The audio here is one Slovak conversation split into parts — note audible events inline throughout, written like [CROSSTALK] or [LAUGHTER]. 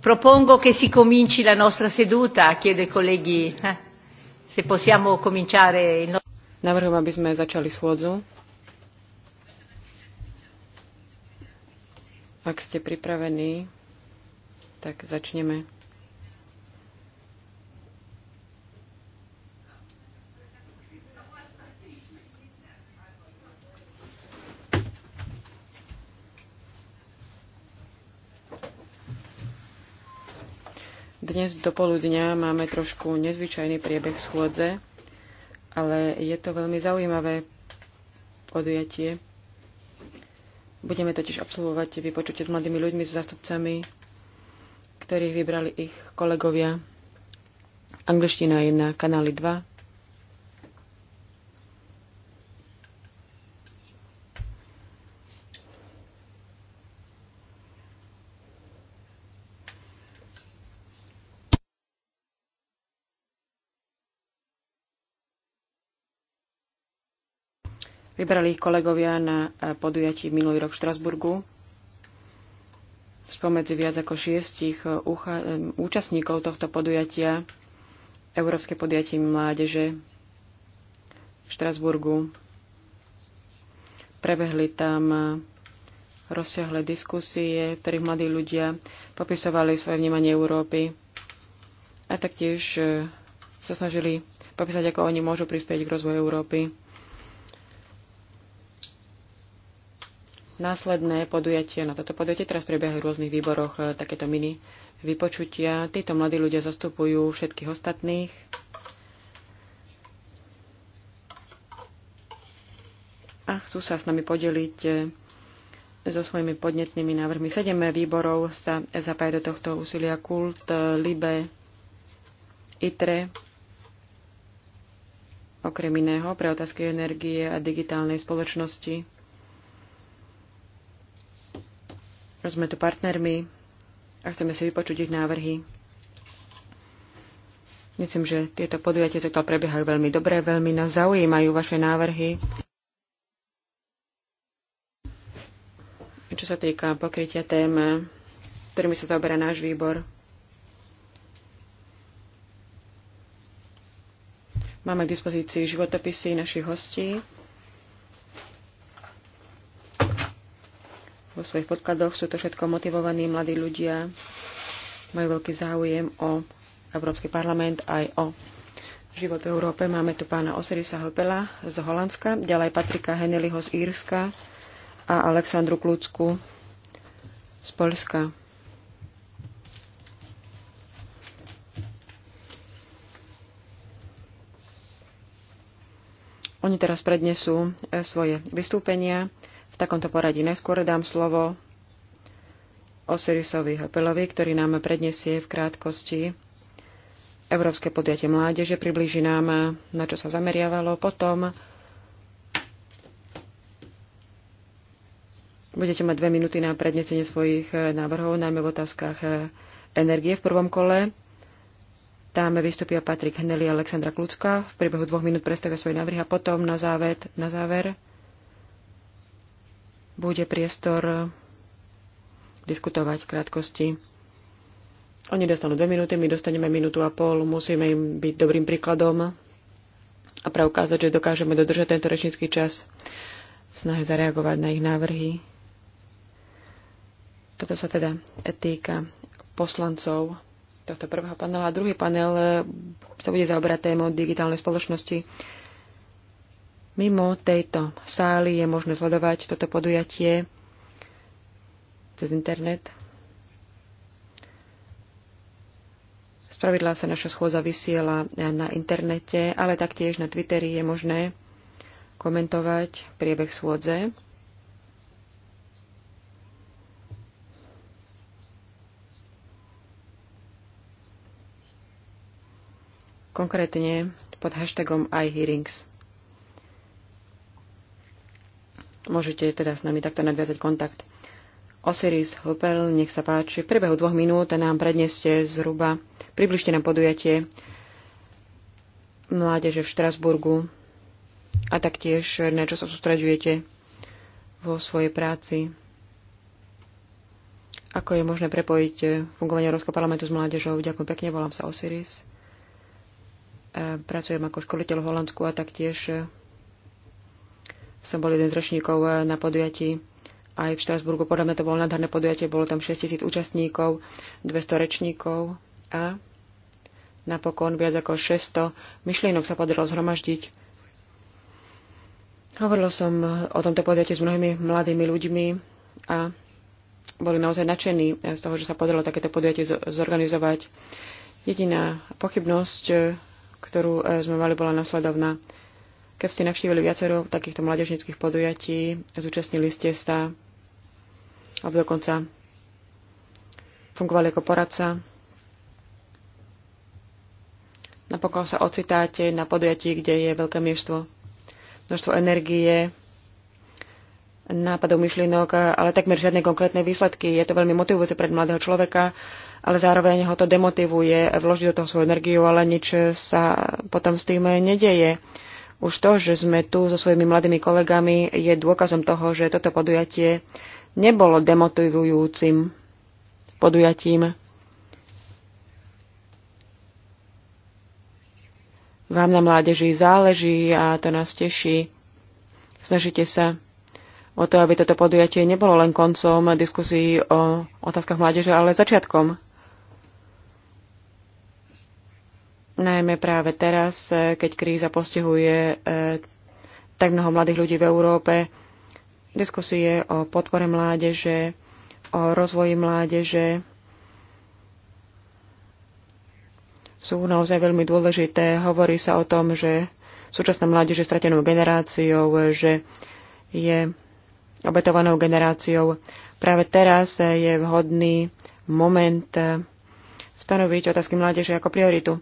Propongo che si cominci la nostra seduta, chiedo ai colleghi eh, se possiamo cominciare il nostro... Navrhujem, aby sme začali schôdzu. Ak ste pripravení, tak začneme. Dnes do poludňa máme trošku nezvyčajný priebeh schôdze, ale je to veľmi zaujímavé podujatie. Budeme totiž absolvovať vypočutie s mladými ľuďmi, s zástupcami, ktorých vybrali ich kolegovia. Angličtina 1, kanály 2, Vybrali ich kolegovia na eh, podujatí minulý rok v Štrasburgu. Spomedzi viac ako šiestich eh, eh, účastníkov tohto podujatia, Európske podujatie mládeže v Štrasburgu, prebehli tam rozsiahle diskusie, v ktorých mladí ľudia popisovali svoje vnímanie Európy a taktiež sa snažili popísať, ako oni môžu prispieť k rozvoju Európy. následné podujatia. Na toto podujatie teraz prebiehajú v rôznych výboroch e, takéto mini vypočutia. Títo mladí ľudia zastupujú všetkých ostatných. A chcú sa s nami podeliť e, so svojimi podnetnými návrhmi. Sedem výborov sa zapája do tohto úsilia. Kult, e, Libe, ITRE, okrem iného pre otázky energie a digitálnej spoločnosti. Sme tu partnermi a chceme si vypočuť ich návrhy. Myslím, že tieto podujatia zatiaľ prebiehajú veľmi dobre, veľmi nás zaujímajú vaše návrhy. Čo sa týka pokrytia tém, ktorými sa zaoberá náš výbor, máme k dispozícii životopisy našich hostí. vo svojich podkladoch. Sú to všetko motivovaní mladí ľudia, majú veľký záujem o Európsky parlament aj o život v Európe. Máme tu pána Osirisa Hopela z Holandska, ďalej Patrika Heneliho z Írska a Aleksandru Klucku z Polska. Oni teraz prednesú e, svoje vystúpenia takomto poradí. Najskôr dám slovo Osirisovi Hopelovi, ktorý nám predniesie v krátkosti Európske podujatie mládeže, priblíži nám, na čo sa zameriavalo. Potom budete mať dve minúty na prednesenie svojich návrhov, najmä v otázkach energie v prvom kole. Tam vystúpia Patrik Henely a Alexandra Klucka. V priebehu dvoch minút predstavia svoje návrhy a potom na záver, na záver bude priestor diskutovať v krátkosti. Oni dostanú dve minúty, my dostaneme minútu a pol, musíme im byť dobrým príkladom a preukázať, že dokážeme dodržať tento rečnícky čas v snahe zareagovať na ich návrhy. Toto sa teda etýka poslancov tohto prvého panela. A druhý panel sa bude zaoberať témou digitálnej spoločnosti. Mimo tejto sály je možné sledovať toto podujatie cez internet. Spravidla sa naša schôza vysiela na internete, ale taktiež na Twitteri je možné komentovať priebeh schôdze. Konkrétne pod hashtagom iHearings. Môžete teda s nami takto nadviazať kontakt. Osiris Hopel, nech sa páči. V priebehu dvoch minút nám predneste zhruba, približte nám podujatie mládeže v Štrasburgu a taktiež na čo sa sústraďujete vo svojej práci. Ako je možné prepojiť eh, fungovanie Európskeho parlamentu s mládežou? Ďakujem pekne, volám sa Osiris. Eh, pracujem ako školiteľ v Holandsku a taktiež eh, som bol jeden z ročníkov eh, na podujatí aj v Štrasburgu. Podľa mňa to bolo nádherné podujatie, bolo tam 6 tisíc účastníkov, 200 rečníkov a napokon viac ako 600 myšlienok sa podarilo zhromaždiť. Hovorila som o tomto podujatí s mnohými mladými ľuďmi a boli naozaj nadšení z toho, že sa podarilo takéto podujatie zorganizovať. Jediná pochybnosť, ktorú eh, sme mali, bola nasledovná. Keď ste navštívili viacero takýchto mládežnických podujatí, zúčastnili ste sa, alebo dokonca fungovali ako poradca, napokon sa ocitáte na podujatí, kde je veľké množstvo, množstvo energie, nápadov, myšlienok, ale takmer žiadne konkrétne výsledky. Je to veľmi motivujúce pre mladého človeka, ale zároveň ho to demotivuje, vloží do toho svoju energiu, ale nič sa potom s tým nedeje. Už to, že sme tu so svojimi mladými kolegami, je dôkazom toho, že toto podujatie nebolo demotivujúcim podujatím. Vám na mládeži záleží a to nás teší. Snažite sa o to, aby toto podujatie nebolo len koncom diskusí o otázkach mládeže, ale začiatkom. najmä práve teraz, e, keď kríza postihuje e, tak mnoho mladých ľudí v Európe. Diskusie o podpore mládeže, o rozvoji mládeže sú naozaj veľmi dôležité. Hovorí sa o tom, že súčasná mládež je stratenou generáciou, e, že je obetovanou generáciou. Práve teraz je vhodný moment stanoviť otázky mládeže ako prioritu.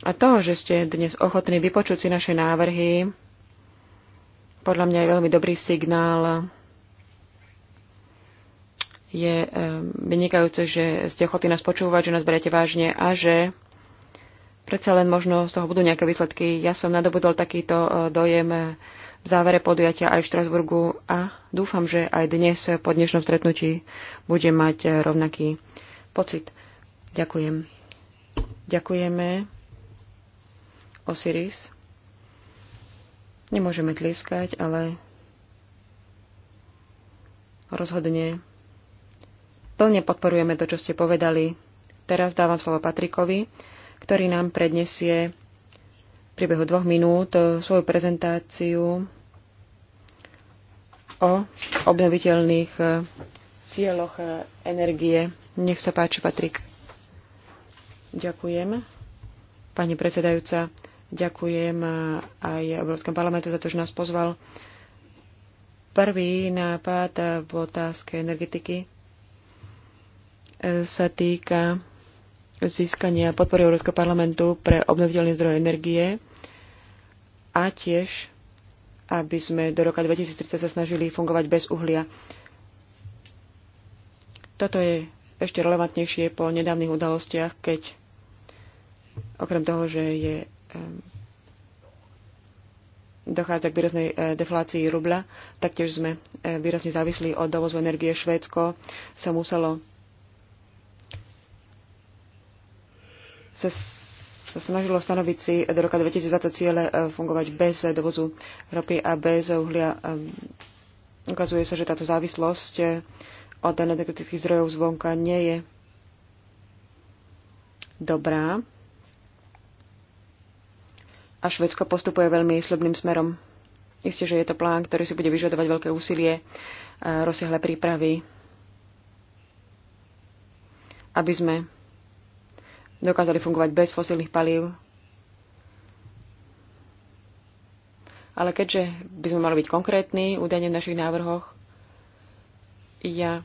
A to, že ste dnes ochotní vypočuť si naše návrhy, podľa mňa je veľmi dobrý signál. Je eh, vynikajúce, že ste ochotní nás počúvať, že nás berete vážne a že predsa len možno z toho budú nejaké výsledky. Ja som nadobudol takýto eh, dojem eh, v závere podujatia aj v Štrasburgu a dúfam, že aj dnes po dnešnom stretnutí budem mať rovnaký pocit. Ďakujem. Ďakujeme. Osiris. Nemôžeme tlieskať, ale rozhodne plne podporujeme to, čo ste povedali. Teraz dávam slovo Patrikovi, ktorý nám prednesie v priebehu dvoch minút eh, svoju prezentáciu o obnoviteľných eh, cieľoch eh, energie. Nech sa páči, Patrik. Ďakujem, pani predsedajúca. Ďakujem aj Európskom parlamentu za to, že nás pozval. Prvý nápad v otázke energetiky sa týka získania podpory Európskeho parlamentu pre obnoviteľné zdroje energie a tiež, aby sme do roka 2030 sa snažili fungovať bez uhlia. Toto je ešte relevantnejšie po nedávnych udalostiach, keď okrem toho, že je dochádza k výraznej e, deflácii rubla. Taktiež sme e, výrazne závislí od dovozu energie. Švédsko sa muselo sa, sa snažilo stanoviť si do roka 2020 ciele e, fungovať bez dovozu ropy a bez uhlia. Ukazuje sa, že táto závislosť od energetických zdrojov zvonka nie je dobrá a Švedsko postupuje veľmi slobným smerom. Isté, že je to plán, ktorý si bude vyžadovať veľké úsilie, a rozsiahle prípravy, aby sme dokázali fungovať bez fosílnych palív. Ale keďže by sme mali byť konkrétni údajne v našich návrhoch, ja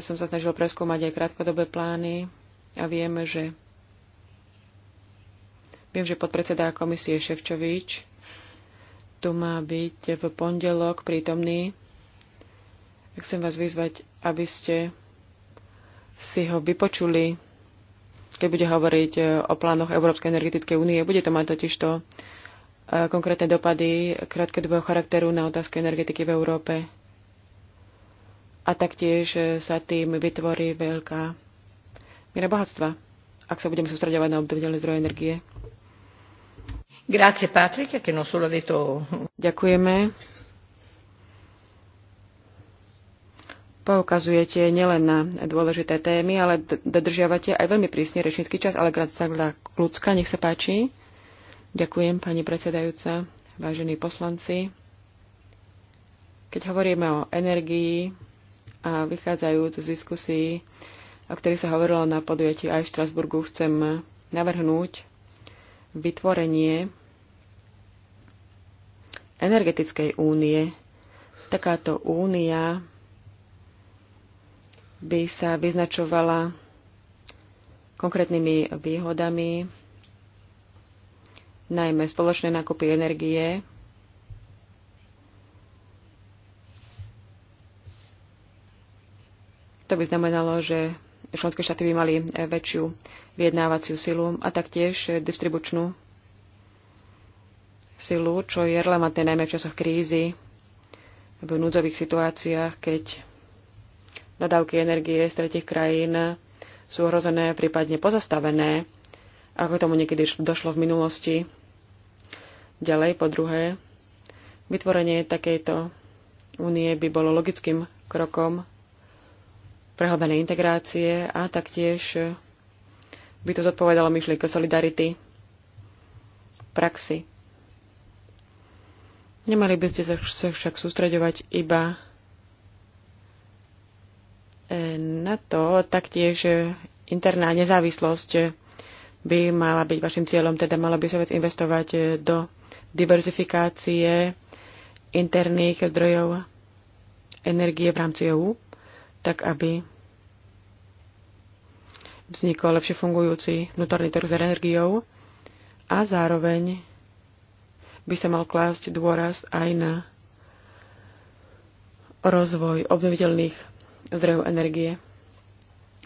som sa snažil preskúmať aj krátkodobé plány a vieme, že Viem, že podpredseda komisie Ševčovič tu má byť v pondelok prítomný. Chcem vás vyzvať, aby ste si ho vypočuli, keď bude hovoriť o plánoch Európskej energetickej únie. Bude to mať totižto e, konkrétne dopady krátke krátkodobého charakteru na otázky energetiky v Európe. A taktiež sa tým vytvorí veľká miera bohatstva, ak sa budeme sústredovať na obnoviteľné zdroje energie. Grazie Patrick, che non solo ha detto... Ďakujeme. Poukazujete nielen na dôležité témy, ale dodržiavate aj veľmi prísne rečnícky čas. Ale Grácagla Klucka, nech sa páči. Ďakujem, pani predsedajúca, vážení poslanci. Keď hovoríme o energii a vychádzajúc z diskusí, o ktorých sa hovorilo na podujatí aj v Štrasburgu, chcem navrhnúť vytvorenie energetickej únie. Takáto únia by sa vyznačovala konkrétnymi výhodami, najmä spoločné nákupy energie, To by znamenalo, že členské štáty by mali väčšiu vyjednávaciu silu a taktiež eh, distribučnú silu, čo je relevantné najmä v časoch krízy, v núdzových situáciách, keď nadávky energie z tretich krajín sú ohrozené, prípadne pozastavené, ako tomu niekedy došlo v minulosti. Ďalej, po druhé, vytvorenie takejto únie by bolo logickým krokom prehlbenej integrácie a taktiež by to zodpovedalo myšlienke solidarity v praxi. Nemali by ste sa však sústreďovať iba e, na to, taktiež e, interná nezávislosť by mala byť vašim cieľom, teda malo by sa vec investovať e, do diverzifikácie interných zdrojov energie v rámci EU, tak aby vznikol lepšie fungujúci vnútorný trh s energiou a zároveň by sa mal klásť dôraz aj na rozvoj obnoviteľných zdrojov energie.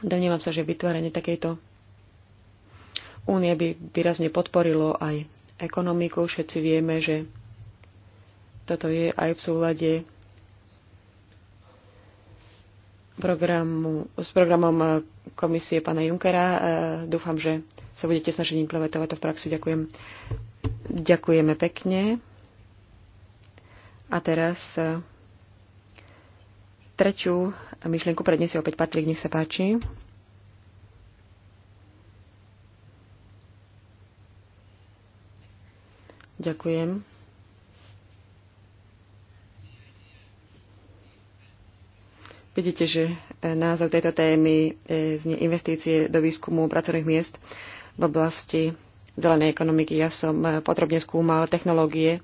Domnievam sa, že vytváranie takejto únie by výrazne podporilo aj ekonomiku. Všetci vieme, že toto je aj v súlade programu, s programom komisie pána Junkera. E, dúfam, že sa budete snažiť implementovať to v praxi. Ďakujem. Ďakujeme pekne. A teraz e, treťú myšlienku predniesie opäť Patrik, nech sa páči. Ďakujem. Vidíte, že e, názov tejto témy e, znie investície do výskumu pracovných miest v oblasti zelenej ekonomiky. Ja som e, podrobne skúmal technológie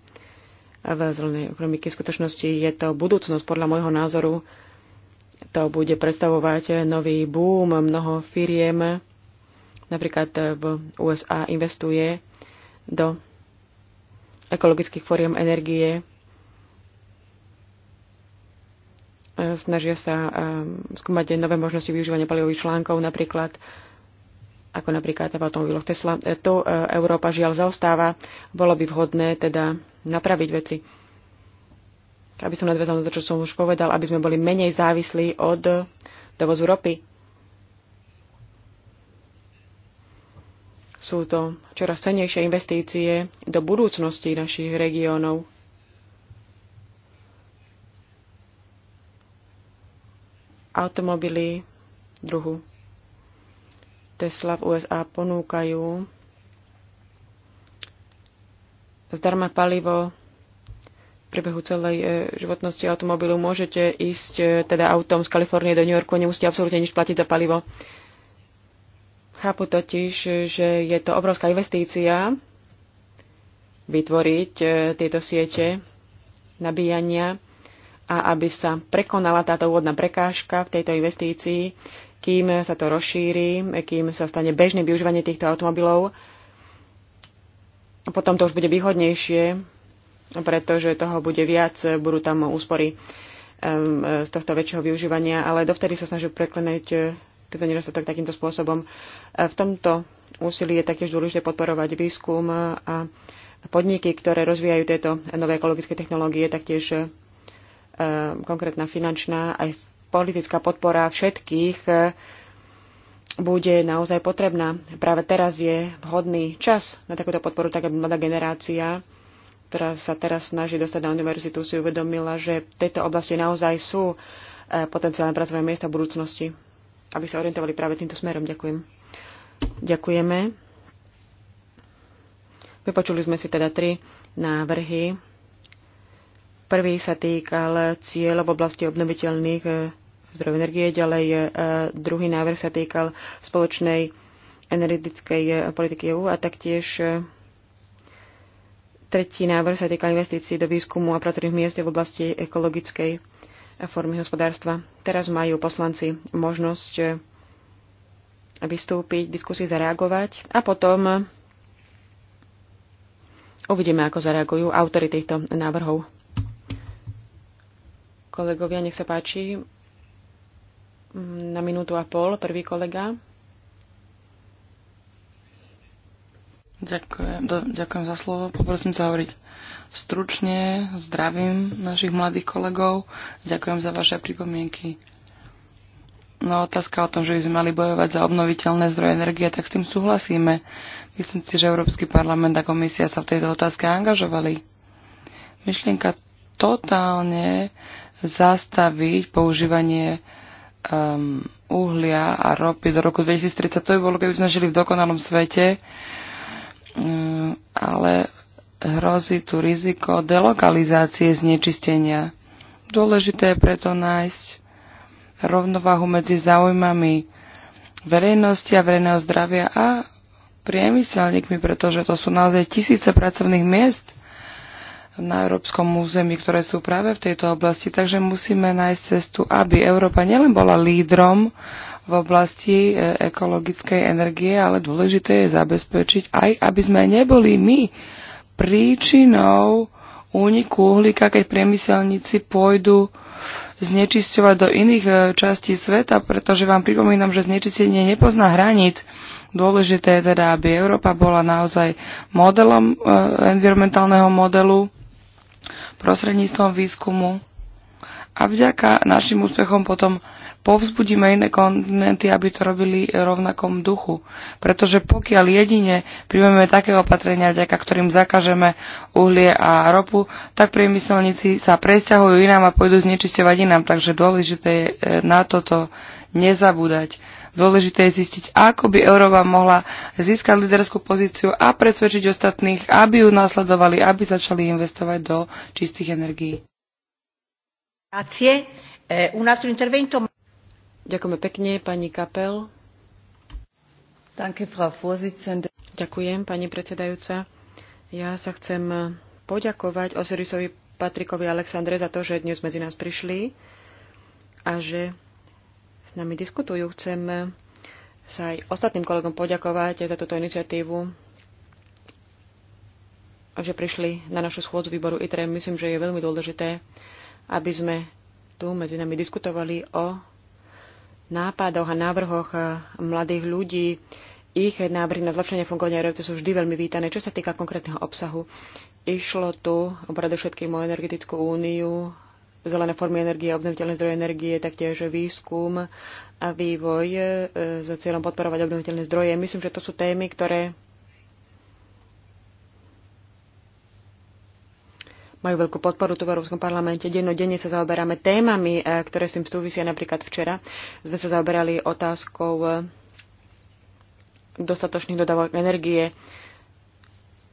v zelenej ekonomiky. V skutočnosti je to budúcnosť podľa môjho názoru. To bude predstavovať nový boom. Mnoho firiem napríklad v USA investuje do ekologických fóriem energie snažia sa eh, skúmať nové možnosti využívania palivových článkov, napríklad ako napríklad v automobiloch Tesla. E, to eh, Európa žiaľ zaostáva. Bolo by vhodné teda napraviť veci. Aby som nadviazal na to, čo som už povedal, aby sme boli menej závislí od eh, dovozu ropy. Sú to čoraz cenejšie investície do budúcnosti našich regiónov. Automobily druhu Tesla v USA ponúkajú zdarma palivo v priebehu celej e, životnosti automobilu. Môžete ísť e, teda autom z Kalifornie do New Yorku, nemusíte absolútne nič platiť za palivo. Chápu totiž, že je to obrovská investícia vytvoriť e, tieto siete nabíjania a aby sa prekonala táto úvodná prekážka v tejto investícii, kým sa to rozšíri, kým sa stane bežné využívanie týchto automobilov. Potom to už bude výhodnejšie, pretože toho bude viac, budú tam úspory ehm, z tohto väčšieho využívania, ale dovtedy sa snažil preklenať eh, tento nedostatok takýmto spôsobom. Eh, v tomto úsilí je taktiež dôležité podporovať výskum a podniky, ktoré rozvíjajú tieto nové ekologické technológie, taktiež eh, Ehm, konkrétna finančná aj politická podpora všetkých e, bude naozaj potrebná. Práve teraz je vhodný čas na takúto podporu, tak aby mladá generácia, ktorá sa teraz snaží dostať na univerzitu, si uvedomila, že v tejto oblasti naozaj sú e, potenciálne pracovné miesta v budúcnosti, aby sa orientovali práve týmto smerom. Ďakujem. Ďakujeme. Vypočuli sme si teda tri návrhy Prvý sa týkal cieľov v oblasti obnoviteľných eh, zdrojov energie, ďalej eh, druhý návrh sa týkal spoločnej energetickej eh, politiky EU a taktiež tretí návrh sa týkal investícií do výskumu a pracovných miest v oblasti ekologickej formy hospodárstva. Teraz majú poslanci možnosť vystúpiť, diskusii zareagovať a potom uvidíme, ako zareagujú autory týchto návrhov. Kolegovia, nech sa páči. Na minútu a pol, prvý kolega. Ďakujem, do, ďakujem za slovo. Poprosím sa hovoriť stručne. Zdravím našich mladých kolegov. Ďakujem za vaše pripomienky. No otázka o tom, že by sme mali bojovať za obnoviteľné zdroje energie, tak s tým súhlasíme. Myslím si, že Európsky parlament a komisia sa v tejto otázke angažovali. Myšlienka totálne zastaviť používanie um, uhlia a ropy do roku 2030. To by bolo, keby sme žili v dokonalom svete, um, ale hrozí tu riziko delokalizácie znečistenia. Dôležité je preto nájsť rovnováhu medzi záujmami verejnosti a verejného zdravia a priemyselníkmi, pretože to sú naozaj tisíce pracovných miest – na európskom území, ktoré sú práve v tejto oblasti, takže musíme nájsť cestu, aby Európa nielen bola lídrom v oblasti e, ekologickej energie, ale dôležité je zabezpečiť aj, aby sme neboli my príčinou úniku uhlíka, keď priemyselníci pôjdu znečisťovať do iných e, častí sveta, pretože vám pripomínam, že znečistenie nepozná hraníc. Dôležité je teda, aby Európa bola naozaj modelom e, environmentálneho modelu prostredníctvom výskumu a vďaka našim úspechom potom povzbudíme iné kontinenty, aby to robili v rovnakom duchu. Pretože pokiaľ jedine príjmeme také opatrenia, vďaka ktorým zakažeme uhlie a ropu, tak priemyselníci sa presťahujú inám a pôjdu znečisťovať inám. Takže dôležité je e, na toto nezabúdať. Dôležité je zistiť, ako by Európa mohla získať liderskú pozíciu a presvedčiť ostatných, aby ju následovali, aby začali investovať do čistých energií. Eh, Ďakujeme pekne, pani Kapel. Ďakujem, pani predsedajúca. Ja sa chcem poďakovať Osirisovi Patrikovi Aleksandre za to, že dnes medzi nás prišli a že nami diskutujú. Chcem sa aj ostatným kolegom poďakovať za túto iniciatívu, že prišli na našu schôdzu výboru ITRE. Myslím, že je veľmi dôležité, aby sme tu medzi nami diskutovali o nápadoch a návrhoch mladých ľudí. Ich návrhy na zlepšenie fungovania Európy sú vždy veľmi vítané. Čo sa týka konkrétneho obsahu, išlo tu všetkým o energetickú úniu zelené formy energie, obnoviteľné zdroje energie, taktiež výskum a vývoj za e, cieľom podporovať obnoviteľné zdroje. Myslím, že to sú témy, ktoré majú veľkú podporu tu v Európskom parlamente. Dennodenne sa zaoberáme témami, e, ktoré s tým súvisia. Napríklad včera sme sa zaoberali otázkou e, dostatočných dodávok energie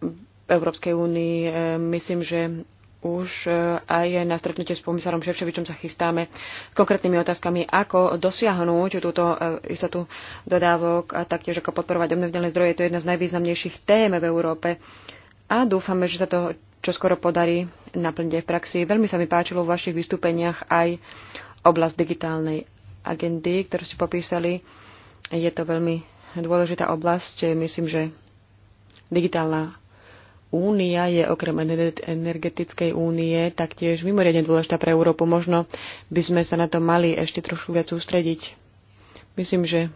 v Európskej únii. Myslím, že už e, aj na stretnutie s komisárom Ševčevičom sa chystáme konkrétnymi otázkami, ako dosiahnuť túto e, istotu dodávok a taktiež ako podporovať obnoviteľné zdroje. To je jedna z najvýznamnejších tém v Európe a dúfame, že sa to čo skoro podarí naplniť aj v praxi. Veľmi sa mi páčilo v vašich vystúpeniach aj oblasť digitálnej agendy, ktorú ste popísali. Je to veľmi dôležitá oblasť. Myslím, že digitálna únia je okrem energetickej únie taktiež mimoriadne dôležitá pre Európu. Možno by sme sa na to mali ešte trošku viac sústrediť. Myslím, že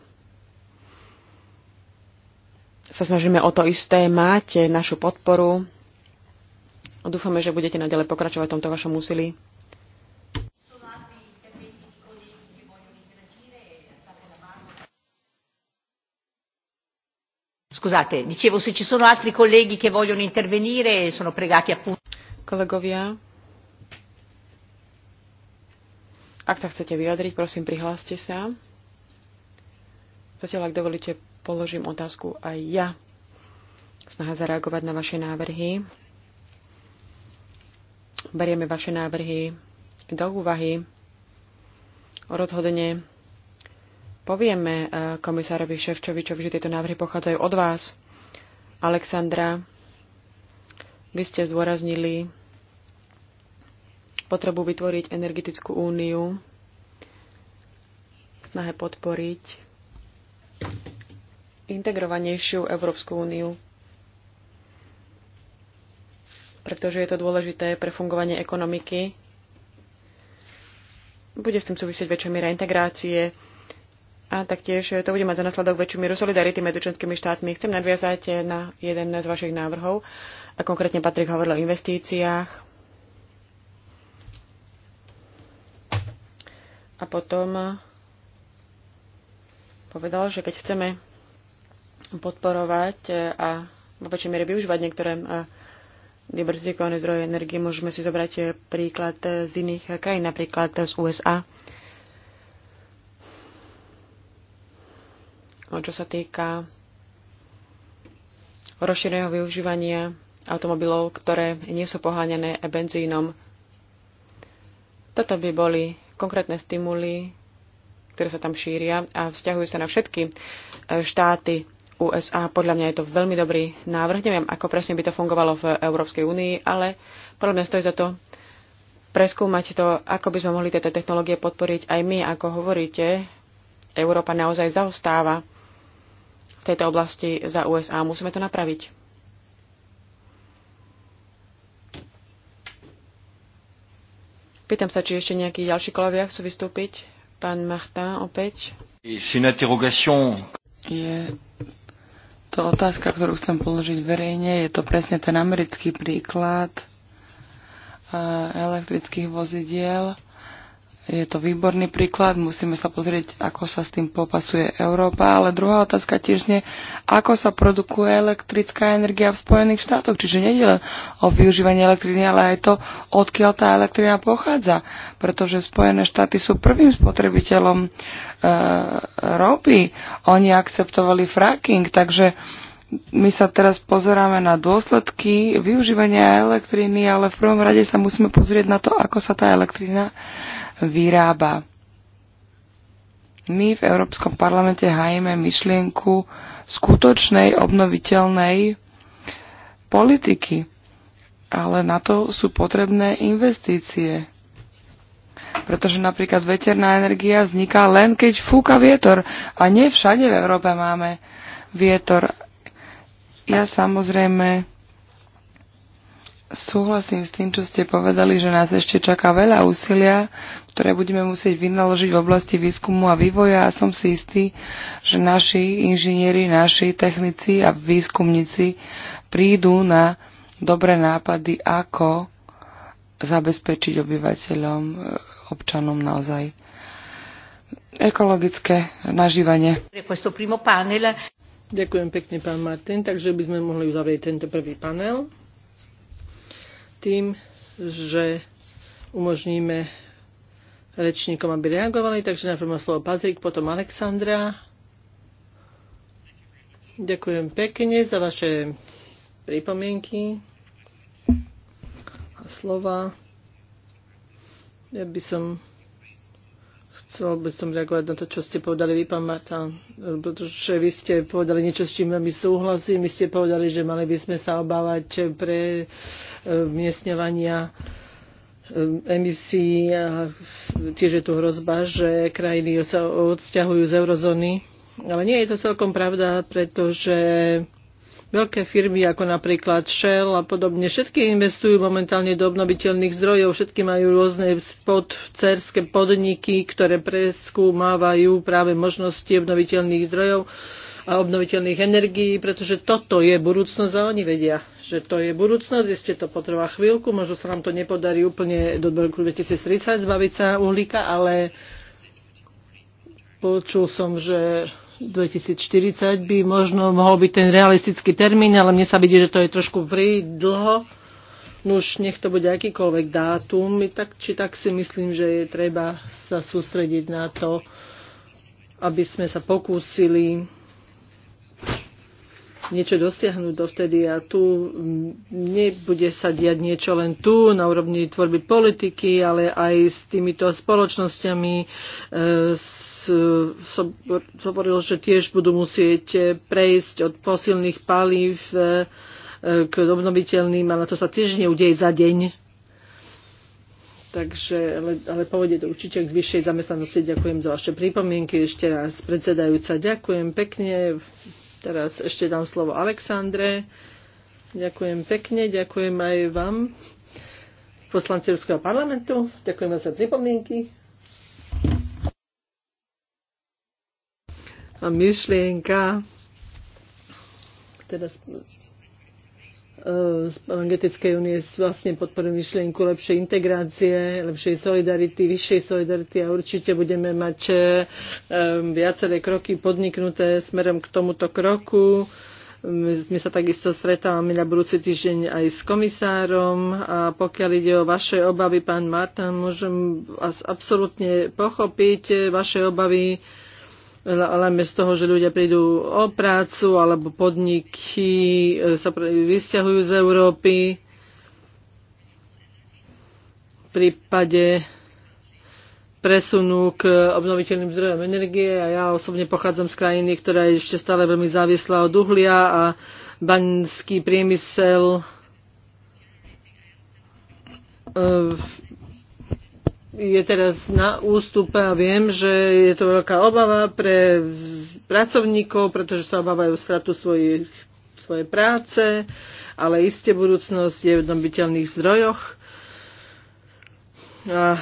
sa snažíme o to isté. Máte našu podporu. Dúfame, že budete naďalej pokračovať v tomto vašom úsilí. Scusate, dicevo se ci sono altri colleghi che vogliono intervenire sono pregati appunto. Kolegovia, ak sa chcete vyjadriť, prosím, prihláste sa. Zatiaľ, ak dovolíte, položím otázku aj ja. Snaha zareagovať na vaše návrhy. Berieme vaše návrhy do úvahy. Rozhodne povieme eh, komisárovi Ševčovičovi, že tieto návrhy pochádzajú od vás. Alexandra, vy ste zdôraznili potrebu vytvoriť energetickú úniu, snahe podporiť integrovanejšiu Európsku úniu, pretože je to dôležité pre fungovanie ekonomiky. Bude s tým súvisieť väčšia miera integrácie, a taktiež to bude mať za následok väčšiu mieru solidarity medzi členskými štátmi. Chcem nadviazať na jeden z vašich návrhov, a konkrétne Patrik hovoril o investíciách a potom povedal, že keď chceme podporovať a vo väčšej miere využívať niektoré eh, diverzifikované zdroje energie, môžeme si zobrať eh, príklad eh, z iných krajín, napríklad z USA. čo sa týka rozšíreného využívania automobilov, ktoré nie sú poháňané benzínom. Toto by boli konkrétne stimuly, ktoré sa tam šíria a vzťahujú sa na všetky e, štáty USA. Podľa mňa je to veľmi dobrý návrh. Neviem, ako presne by to fungovalo v Európskej únii, ale podľa mňa stojí za to preskúmať to, ako by sme mohli tieto technológie podporiť aj my, ako hovoríte. Európa naozaj zaostáva tejto oblasti za USA. Musíme to napraviť. Pýtam sa, či ešte nejakí ďalší kolovia chcú vystúpiť. Pán Martin opäť. Je to otázka, ktorú chcem položiť verejne. Je to presne ten americký príklad elektrických vozidiel je to výborný príklad, musíme sa pozrieť, ako sa s tým popasuje Európa, ale druhá otázka tiež nie, ako sa produkuje elektrická energia v Spojených štátoch. Čiže nie len o využívanie elektriny, ale aj to, odkiaľ tá elektrina pochádza. Pretože Spojené štáty sú prvým spotrebiteľom e, ropy. Oni akceptovali fracking, takže my sa teraz pozeráme na dôsledky využívania elektriny, ale v prvom rade sa musíme pozrieť na to, ako sa tá elektrina vyrába. My v Európskom parlamente hájime myšlienku skutočnej obnoviteľnej politiky, ale na to sú potrebné investície. Pretože napríklad veterná energia vzniká len keď fúka vietor a nie všade v Európe máme vietor. Ja samozrejme súhlasím s tým, čo ste povedali, že nás ešte čaká veľa úsilia, ktoré budeme musieť vynaložiť v oblasti výskumu a vývoja a som si istý, že naši inžinieri, naši technici a výskumníci prídu na dobré nápady, ako zabezpečiť obyvateľom, občanom naozaj ekologické nažívanie. Ďakujem pekne, pán Martin. Takže by sme mohli uzavrieť tento prvý panel tým, že umožníme rečníkom, aby reagovali. Takže najprv má slovo Patrik, potom Alexandra. Ďakujem pekne za vaše pripomienky a slova. Ja by som Chcel by som reagovať na to, čo ste povedali vy, pán Marta, pretože vy ste povedali niečo, s čím veľmi súhlasím. Vy ste povedali, že mali by sme sa obávať pre e, miestňovania e, emisí a tiež je tu hrozba, že krajiny sa odsťahujú z eurozóny. Ale nie je to celkom pravda, pretože Veľké firmy ako napríklad Shell a podobne, všetky investujú momentálne do obnoviteľných zdrojov, všetky majú rôzne podcerské podniky, ktoré preskúmávajú práve možnosti obnoviteľných zdrojov a obnoviteľných energií, pretože toto je budúcnosť a oni vedia, že to je budúcnosť, ešte to potrvá chvíľku, možno sa nám to nepodarí úplne do roku 2030 zbaviť sa uhlíka, ale počul som, že 2040 by možno mohol byť ten realistický termín, ale mne sa vidí, že to je trošku dlho. No už nech to bude akýkoľvek dátum, tak, či tak si myslím, že je treba sa sústrediť na to, aby sme sa pokúsili niečo dosiahnuť dovtedy a tu nebude sa diať niečo len tu na úrovni tvorby politiky, ale aj s týmito spoločnosťami. E, som Hovoril, že tiež budú musieť prejsť od posilných palív e, k obnoviteľným, ale to sa tiež neudeje za deň. Takže, ale, ale povede to určite k vyššej zamestnanosti. Ďakujem za vaše pripomienky ešte raz. Predsedajúca, ďakujem pekne. Teraz ešte dám slovo Alexandre. Ďakujem pekne, ďakujem aj vám, poslanci Ruského parlamentu. Ďakujem vám za pripomienky. A myšlienka, Teraz z energetickej únie vlastne podporil myšlienku lepšej integrácie, lepšej solidarity, vyššej solidarity a určite budeme mať e, viaceré kroky podniknuté smerom k tomuto kroku. My sa takisto stretávame na budúci týždeň aj s komisárom a pokiaľ ide o vaše obavy, pán Martin, môžem vás absolútne pochopiť, e, vaše obavy ale z toho, že ľudia prídu o prácu alebo podniky e, sa vysťahujú z Európy. V prípade presunu k obnoviteľným zdrojom energie a ja osobne pochádzam z krajiny, ktorá je ešte stále veľmi závislá od uhlia a banský priemysel e, je teraz na ústupe a viem, že je to veľká obava pre pracovníkov, pretože sa obávajú stratu svojich, svojej práce, ale iste budúcnosť je v dobiteľných zdrojoch. A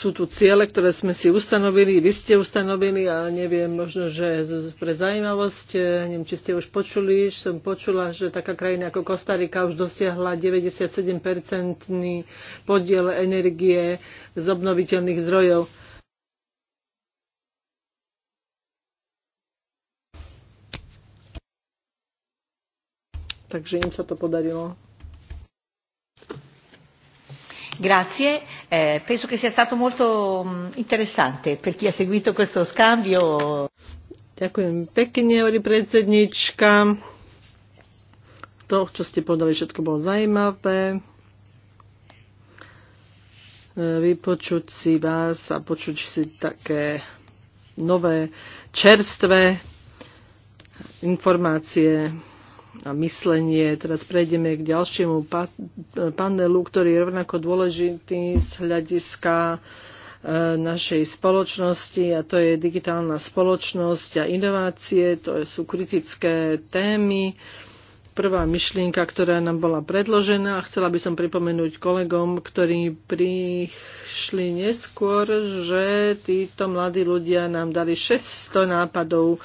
sú tu ciele, ktoré sme si ustanovili, vy ste ustanovili a neviem, možno, že pre zaujímavosť, eh, neviem, či ste už počuli, že som počula, že taká krajina ako Kostarika už dosiahla 97-percentný podiel energie z obnoviteľných zdrojov. Takže im sa to podarilo. Grazie, eh, penso che sia stato molto mm, interessante per chi ha seguito questo scambio. Ďakujem pekne, hovorí predsednička. To, čo ste povedali, všetko bolo zaujímavé eh, vypočuť si vás a počuť si také nové, čerstvé informácie a myslenie. Teraz prejdeme k ďalšiemu panelu, ktorý je rovnako dôležitý z hľadiska e, našej spoločnosti a to je digitálna spoločnosť a inovácie. To sú kritické témy. Prvá myšlienka, ktorá nám bola predložená, chcela by som pripomenúť kolegom, ktorí prišli neskôr, že títo mladí ľudia nám dali 600 nápadov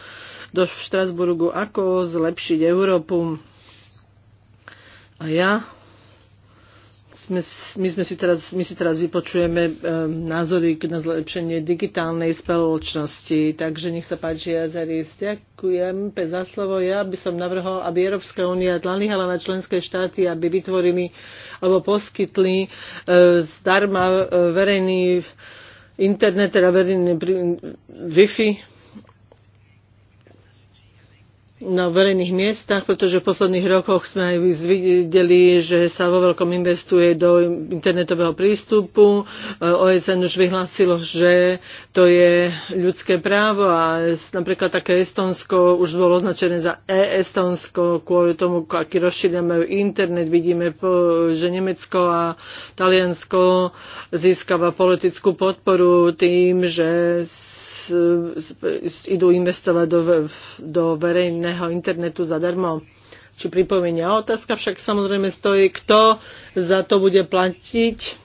do Štrasburgu, ako zlepšiť Európu. A ja sme, my, sme si teraz, my si teraz vypočujeme um, názory na zlepšenie digitálnej spoločnosti. Takže nech sa páči, zariz. Ďakujem za slovo. Ja by som navrhol, aby Európska únia tlalihala na členské štáty, aby vytvorili alebo poskytli uh, zdarma uh, verejný internet, teda verejný Wi-Fi na verejných miestach, pretože v posledných rokoch sme aj videli, že sa vo veľkom investuje do internetového prístupu. OSN už vyhlásilo, že to je ľudské právo a napríklad také Estonsko už bolo označené za e-Estonsko kvôli tomu, aký rozšíria majú internet. Vidíme, že Nemecko a Taliansko získava politickú podporu tým, že idú investovať do, do verejného internetu zadarmo či pripomenia. Otázka však samozrejme stojí, kto za to bude platiť.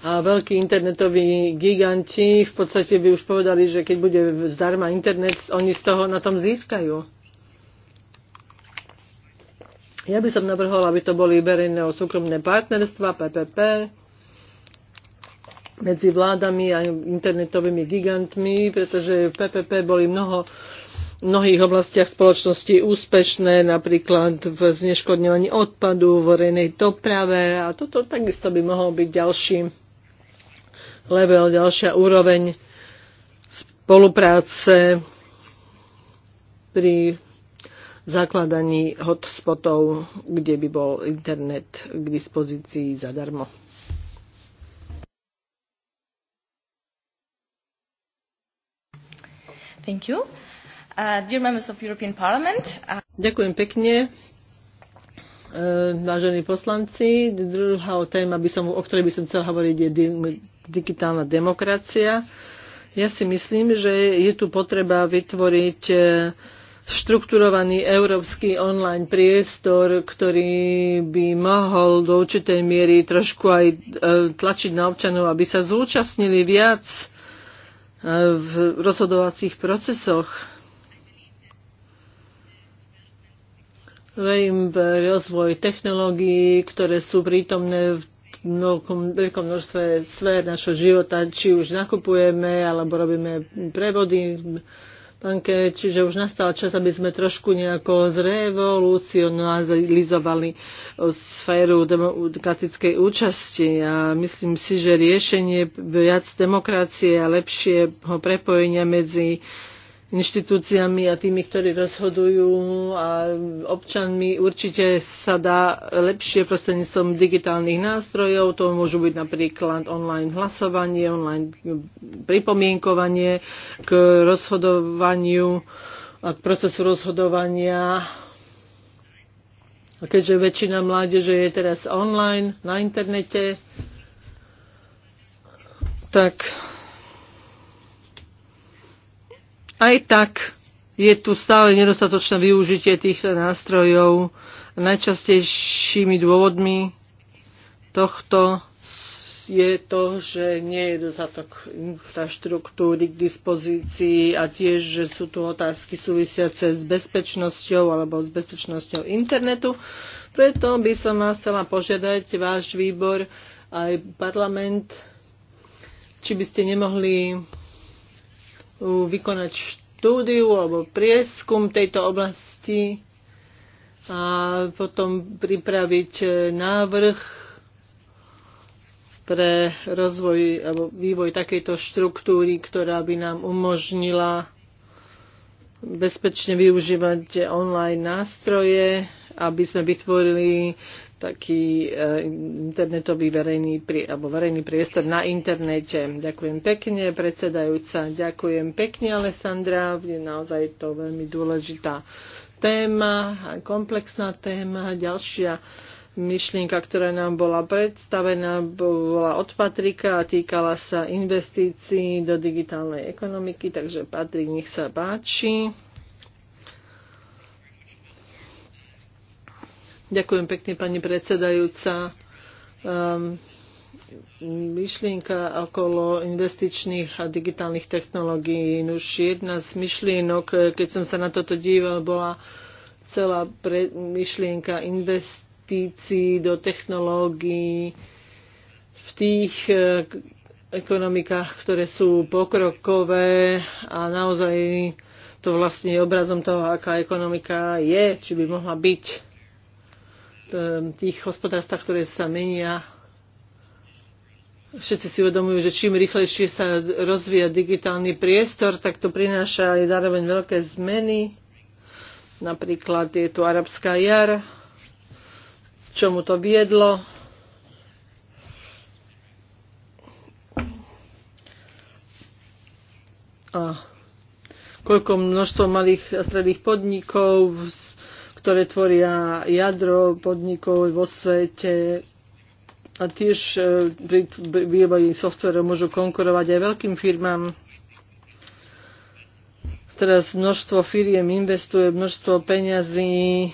A veľkí internetoví giganti v podstate by už povedali, že keď bude zdarma internet, oni z toho na tom získajú. Ja by som navrhol, aby to boli verejné súkromné partnerstva, PPP, medzi vládami a internetovými gigantmi, pretože v PPP boli mnoho v mnohých oblastiach spoločnosti úspešné, napríklad v zneškodňovaní odpadu, v verejnej doprave a toto takisto by mohol byť ďalší level, ďalšia úroveň spolupráce pri zakladaní hotspotov, kde by bol internet k dispozícii zadarmo. Thank you. Uh, dear members of European Parliament. Uh... Ďakujem pekne. Uh, vážení poslanci, druhá téma, by som, o ktorej by som chcel hovoriť, je digitálna demokracia. Ja si myslím, že je tu potreba vytvoriť uh, štrukturovaný európsky online priestor, ktorý by mohol do určitej miery trošku aj uh, tlačiť na občanov, aby sa zúčastnili viac v rozhodovacích procesoch. Verím v rozvoj technológií, ktoré sú prítomné v veľkom množstve sfér našho života, či už nakupujeme alebo robíme prevody, banke, čiže už nastal čas, aby sme trošku nejako zrevolucionalizovali e, sféru demokratickej účasti a myslím si, že riešenie viac demokracie a lepšieho prepojenia medzi inštitúciami a tými, ktorí rozhodujú a občanmi určite sa dá lepšie prostredníctvom digitálnych nástrojov. To môžu byť napríklad online hlasovanie, online pripomienkovanie k rozhodovaniu a k procesu rozhodovania. A keďže väčšina mládeže je teraz online, na internete, tak Aj tak je tu stále nedostatočné využitie týchto nástrojov. Najčastejšími dôvodmi tohto je to, že nie je dostatok infraštruktúry k dispozícii a tiež, že sú tu otázky súvisiace s bezpečnosťou alebo s bezpečnosťou internetu. Preto by som vás chcela požiadať, váš výbor aj parlament, či by ste nemohli vykonať štúdiu alebo prieskum tejto oblasti a potom pripraviť e, návrh pre rozvoj alebo vývoj takejto štruktúry, ktorá by nám umožnila bezpečne využívať online nástroje, aby sme vytvorili taký e, internetový verejný, alebo verejný priestor na internete. Ďakujem pekne, predsedajúca. Ďakujem pekne, Alessandra. Je naozaj to veľmi dôležitá téma, komplexná téma. Ďalšia myšlienka, ktorá nám bola predstavená, bola od Patrika a týkala sa investícií do digitálnej ekonomiky. Takže Patrik, nech sa páči. Ďakujem pekne, pani predsedajúca. Um, myšlienka okolo investičných a digitálnych technológií. Už jedna z myšlienok, keď som sa na toto díval, bola celá pre, myšlienka investícií do technológií v tých e, ekonomikách, ktoré sú pokrokové a naozaj to vlastne je obrazom toho, aká ekonomika je, či by mohla byť Ehm, tých hospodárstvách, ktoré sa menia. Všetci si uvedomujú, že čím rýchlejšie sa rozvíja digitálny priestor, tak to prináša aj zároveň veľké zmeny. Napríklad je tu arabská jar, čomu to viedlo. A koľko množstvo malých a stredných podnikov ktoré tvoria jadro podnikov vo svete a tiež e, pri vývoji softverov môžu konkurovať aj veľkým firmám. Teraz množstvo firiem investuje množstvo peňazí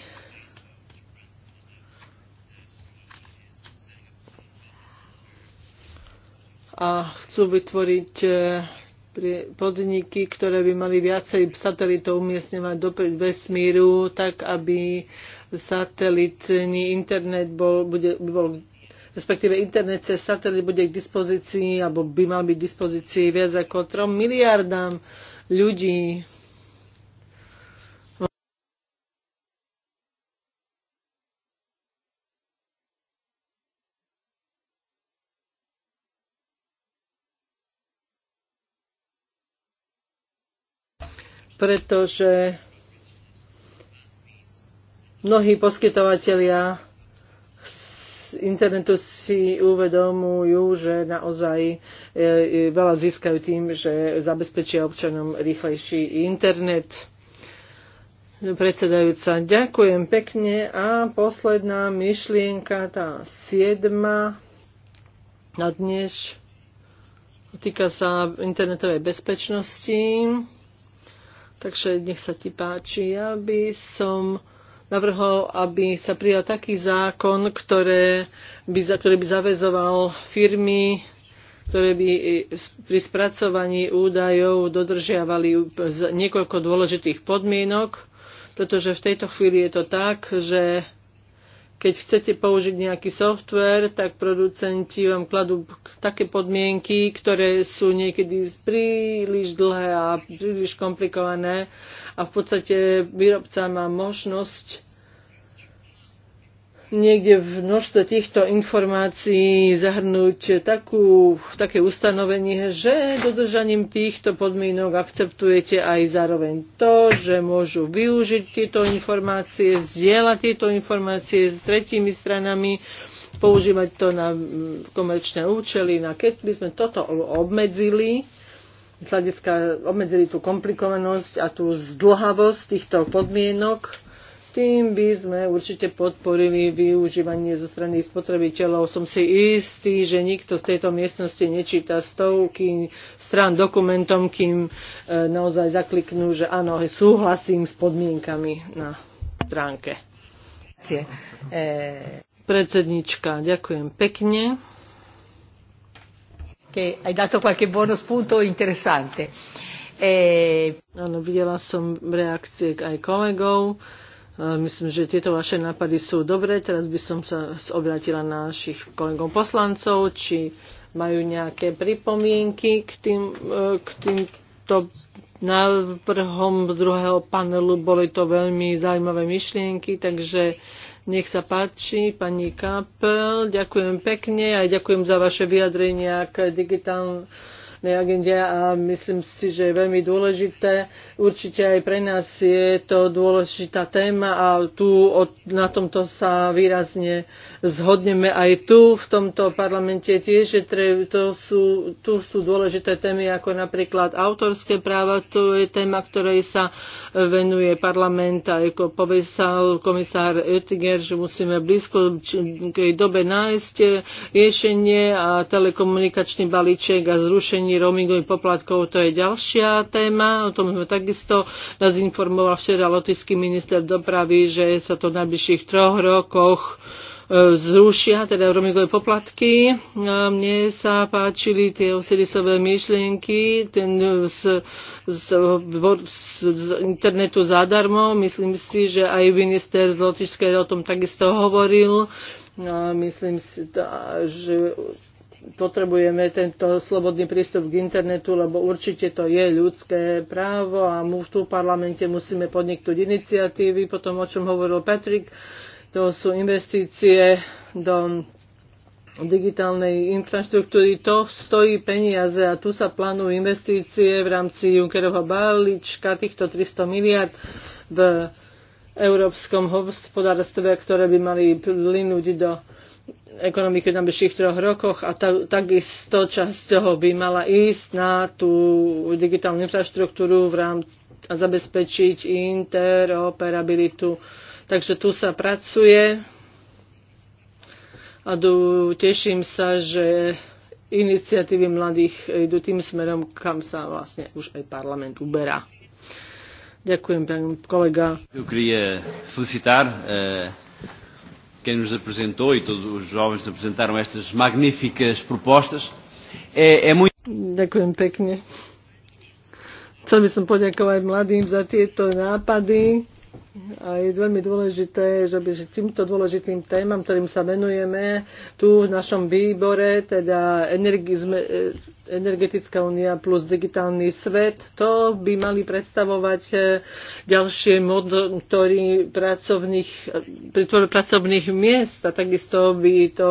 a chcú vytvoriť e, podniky, ktoré by mali viacej satelitov umiestňovať do vesmíru, tak aby satelitný internet bol, bude, bol respektíve internet cez satelit bude k dispozícii, alebo by mal byť k dispozícii viac ako 3 miliardám ľudí pretože mnohí poskytovateľia z internetu si uvedomujú, že naozaj e, e, veľa získajú tým, že zabezpečia občanom rýchlejší internet. Predsedajúca, ďakujem pekne a posledná myšlienka, tá siedma na dnes týka sa internetovej bezpečnosti. Takže nech sa ti páči. Ja by som navrhol, aby sa prijal taký zákon, ktoré by, ktorý by zavezoval firmy, ktoré by e, pri spracovaní údajov dodržiavali niekoľko dôležitých podmienok, pretože v tejto chvíli je to tak, že keď chcete použiť nejaký software, tak producenti vám kladú také podmienky, ktoré sú niekedy príliš dlhé a príliš komplikované a v podstate výrobca má možnosť niekde v množstve týchto informácií zahrnúť takú, také ustanovenie, že dodržaním týchto podmienok akceptujete aj zároveň to, že môžu využiť tieto informácie, zdieľať tieto informácie s tretími stranami, používať to na komerčné účely. Na keď by sme toto obmedzili, z hľadiska obmedzili tú komplikovanosť a tú zdlhavosť týchto podmienok, tým by sme určite podporili využívanie zo strany spotrebiteľov. Som si istý, že nikto z tejto miestnosti nečíta stovky strán dokumentom, kým e, naozaj zakliknú, že áno, súhlasím s podmienkami na stránke. E, Predsednička, ďakujem pekne hai dato qualche bonus punto interessante. E... Áno, videla som reakcie aj kolegov. Myslím, že tieto vaše nápady sú dobré. Teraz by som sa obrátila na našich kolegov poslancov, či majú nejaké pripomienky k, tým, e, k týmto návrhom druhého panelu. Boli to veľmi zaujímavé myšlienky, takže nech sa páči, pani Kapel, ďakujem pekne a ďakujem za vaše vyjadrenia k digitálnym agende a myslím si, že je veľmi dôležité. Určite aj pre nás je to dôležitá téma a tu od, na tomto sa výrazne zhodneme aj tu v tomto parlamente tiež, že tre, to sú, tu sú dôležité témy ako napríklad autorské práva, to je téma, ktorej sa venuje parlament a ako povedal komisár Oettinger, že musíme blízko k dobe nájsť riešenie a telekomunikačný balíček a zrušenie roamingových poplatkov, to je ďalšia téma, o tom sme takisto nás informoval včera lotický minister dopravy, že sa to v najbližších troch rokoch zrušia, teda roamingové poplatky. A mne sa páčili tie osirisové myšlienky ten z, z, z internetu zadarmo. Myslím si, že aj minister z Lotyšskej o tom takisto hovoril. No a myslím si, že potrebujeme tento slobodný prístup k internetu, lebo určite to je ľudské právo a my tu v parlamente musíme podniknúť iniciatívy, potom o čom hovoril Patrick, to sú investície do digitálnej infraštruktúry, to stojí peniaze a tu sa plánujú investície v rámci Junckerovho balíčka týchto 300 miliard v európskom hospodárstve, ktoré by mali plynúť do ekonomiky v najbližších troch rokoch a ta, takisto časť toho by mala ísť na tú digitálnu infraštruktúru v rámci a zabezpečiť interoperabilitu Takže tu sa pracuje a tu teším sa, že iniciatívy mladých idú tým smerom, kam sa vlastne už aj parlament uberá. Ďakujem, pán kolega. Eu queria felicitar eh, quem nos apresentou e todos os jovens que apresentaram estas magníficas propostas. É, é muito... Ďakujem pekne. Chcel by som poďakovať mladým za tieto nápady a je veľmi dôležité, že by týmto dôležitým témam, ktorým sa venujeme tu v našom výbore, teda e, Energetická únia plus digitálny svet, to by mali predstavovať e, ďalšie motory pracovných, e, pracovných miest a takisto by to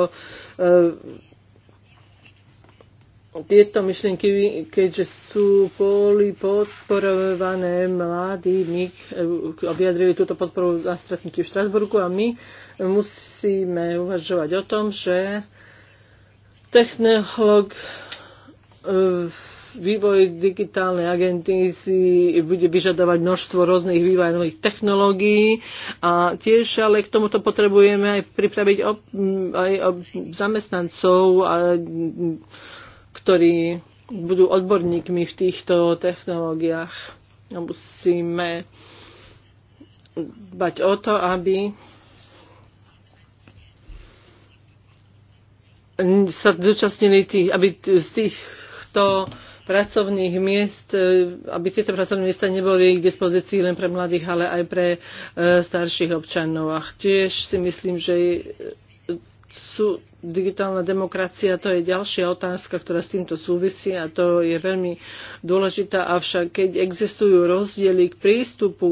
tieto myšlienky, keďže sú boli podporované mladými, vyjadrili e, túto podporu na stretnutí v Štrasburgu a my musíme uvažovať o tom, že technolog e, vývoj digitálnej agenty si bude vyžadovať množstvo rôznych vývojových technológií a tiež ale k tomuto potrebujeme aj pripraviť ob, aj ob zamestnancov a ktorí budú odborníkmi v týchto technológiách. Musíme bať o to, aby sa zúčastnili tých, aby z týchto pracovných miest, e, aby tieto pracovné miesta neboli k dispozícii len pre mladých, ale aj pre e, starších občanov. A tiež si myslím, že sú digitálna demokracia to je ďalšia otázka, ktorá s týmto súvisí a to je veľmi dôležitá. Avšak keď existujú rozdiely k prístupu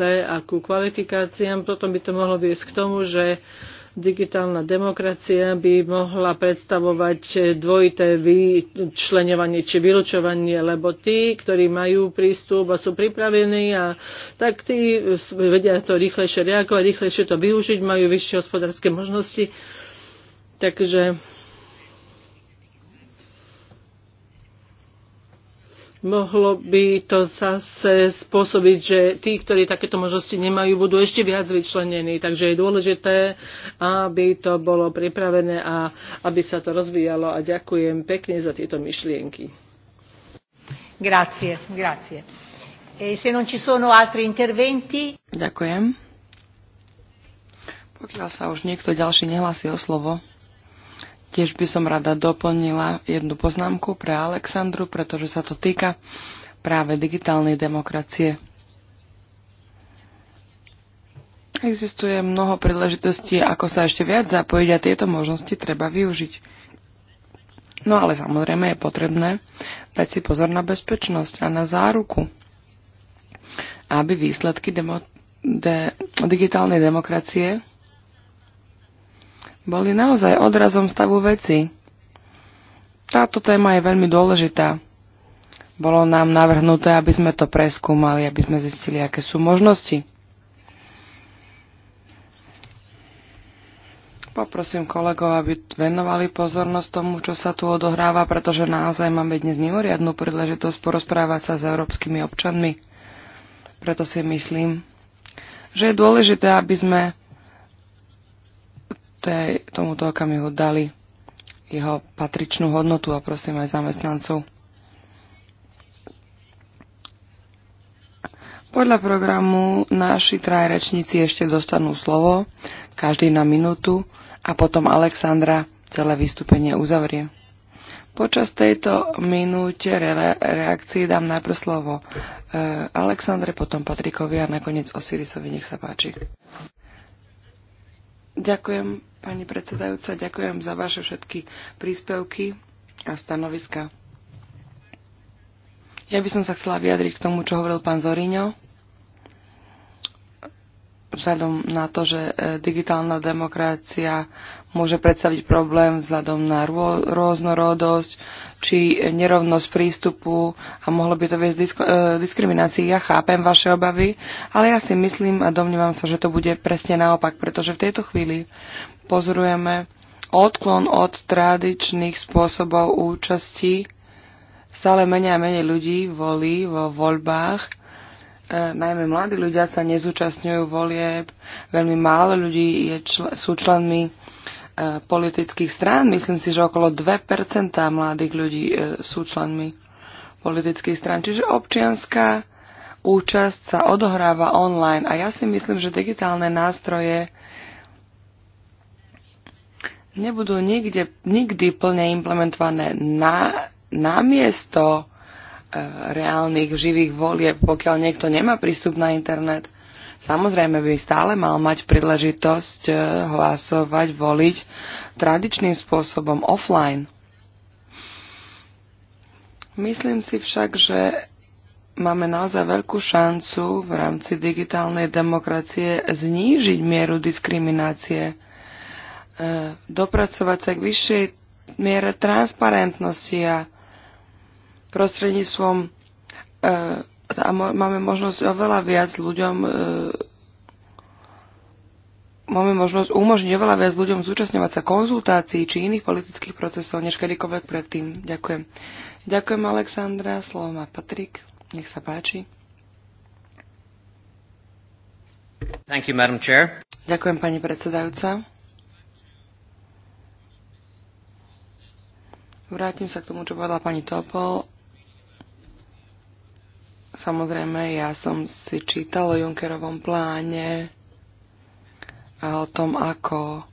a ku kvalifikáciám, potom by to mohlo viesť k tomu, že digitálna demokracia by mohla predstavovať dvojité vyčlenovanie či vylučovanie, lebo tí, ktorí majú prístup a sú pripravení, a tak tí vedia to rýchlejšie reagovať, rýchlejšie to využiť, majú vyššie hospodárske možnosti Takže mohlo by to zase spôsobiť, že tí, ktorí takéto možnosti nemajú, budú ešte viac vyčlenení. Takže je dôležité, aby to bolo pripravené a aby sa to rozvíjalo. A ďakujem pekne za tieto myšlienky. Grazie, grazie. E se non ci sono altri interventi... Ďakujem. Pokiaľ sa už niekto ďalší nehlasí o slovo, Tiež by som rada doplnila jednu poznámku pre Alexandru, pretože sa to týka práve digitálnej demokracie. Existuje mnoho príležitostí, ako sa ešte viac zapojiť a tieto možnosti treba využiť. No ale samozrejme je potrebné dať si pozor na bezpečnosť a na záruku, aby výsledky demo, de, digitálnej demokracie boli naozaj odrazom stavu veci. Táto téma je veľmi dôležitá. Bolo nám navrhnuté, aby sme to preskúmali, aby sme zistili, aké sú možnosti. Poprosím kolegov, aby venovali pozornosť tomu, čo sa tu odohráva, pretože naozaj máme dnes mimoriadnú príležitosť porozprávať sa s európskymi občanmi. Preto si myslím, že je dôležité, aby sme tej, tomuto okamihu dali jeho patričnú hodnotu a prosím aj zamestnancov. Podľa programu naši traj rečníci ešte dostanú slovo, každý na minútu a potom Alexandra celé vystúpenie uzavrie. Počas tejto minúte re- reakcii dám najprv slovo e, Alexandre, potom Patrikovi a nakoniec Osirisovi. Nech sa páči. Ďakujem, Pani predsedajúca, ďakujem za vaše všetky príspevky a stanoviska. Ja by som sa chcela vyjadriť k tomu, čo hovoril pán Zoriňo. Vzhľadom na to, že e, digitálna demokracia môže predstaviť problém vzhľadom na rô, rôznorodosť či nerovnosť prístupu a mohlo by to viesť disk- e, diskriminácii. Ja chápem vaše obavy, ale ja si myslím a domnívam sa, že to bude presne naopak, pretože v tejto chvíli pozorujeme odklon od tradičných spôsobov účasti. Stále menej a menej ľudí volí vo voľbách. E, najmä mladí ľudia sa nezúčastňujú volieb. Veľmi málo ľudí je čl- sú členmi e, politických strán. Myslím si, že okolo 2% mladých ľudí e, sú členmi politických strán. Čiže občianská účasť sa odohráva online. A ja si myslím, že digitálne nástroje nebudú nikde, nikdy plne implementované na, na miesto e, reálnych živých volieb, pokiaľ niekto nemá prístup na internet. Samozrejme by stále mal mať príležitosť e, hlasovať, voliť tradičným spôsobom offline. Myslím si však, že máme naozaj veľkú šancu v rámci digitálnej demokracie znížiť mieru diskriminácie E, dopracovať sa k vyššej miere transparentnosti a prostredníctvom e, a máme možnosť oveľa viac ľuďom e, máme možnosť umožniť oveľa viac ľuďom zúčastňovať sa konzultácií či iných politických procesov než kedykoľvek predtým. Ďakujem. Ďakujem Alexandra, slovo má Patrik, nech sa páči. Thank you, Madam Chair. Ďakujem pani predsedajúca. Vrátim sa k tomu, čo povedala pani Topol. Samozrejme, ja som si čítala o Junckerovom pláne a o tom, ako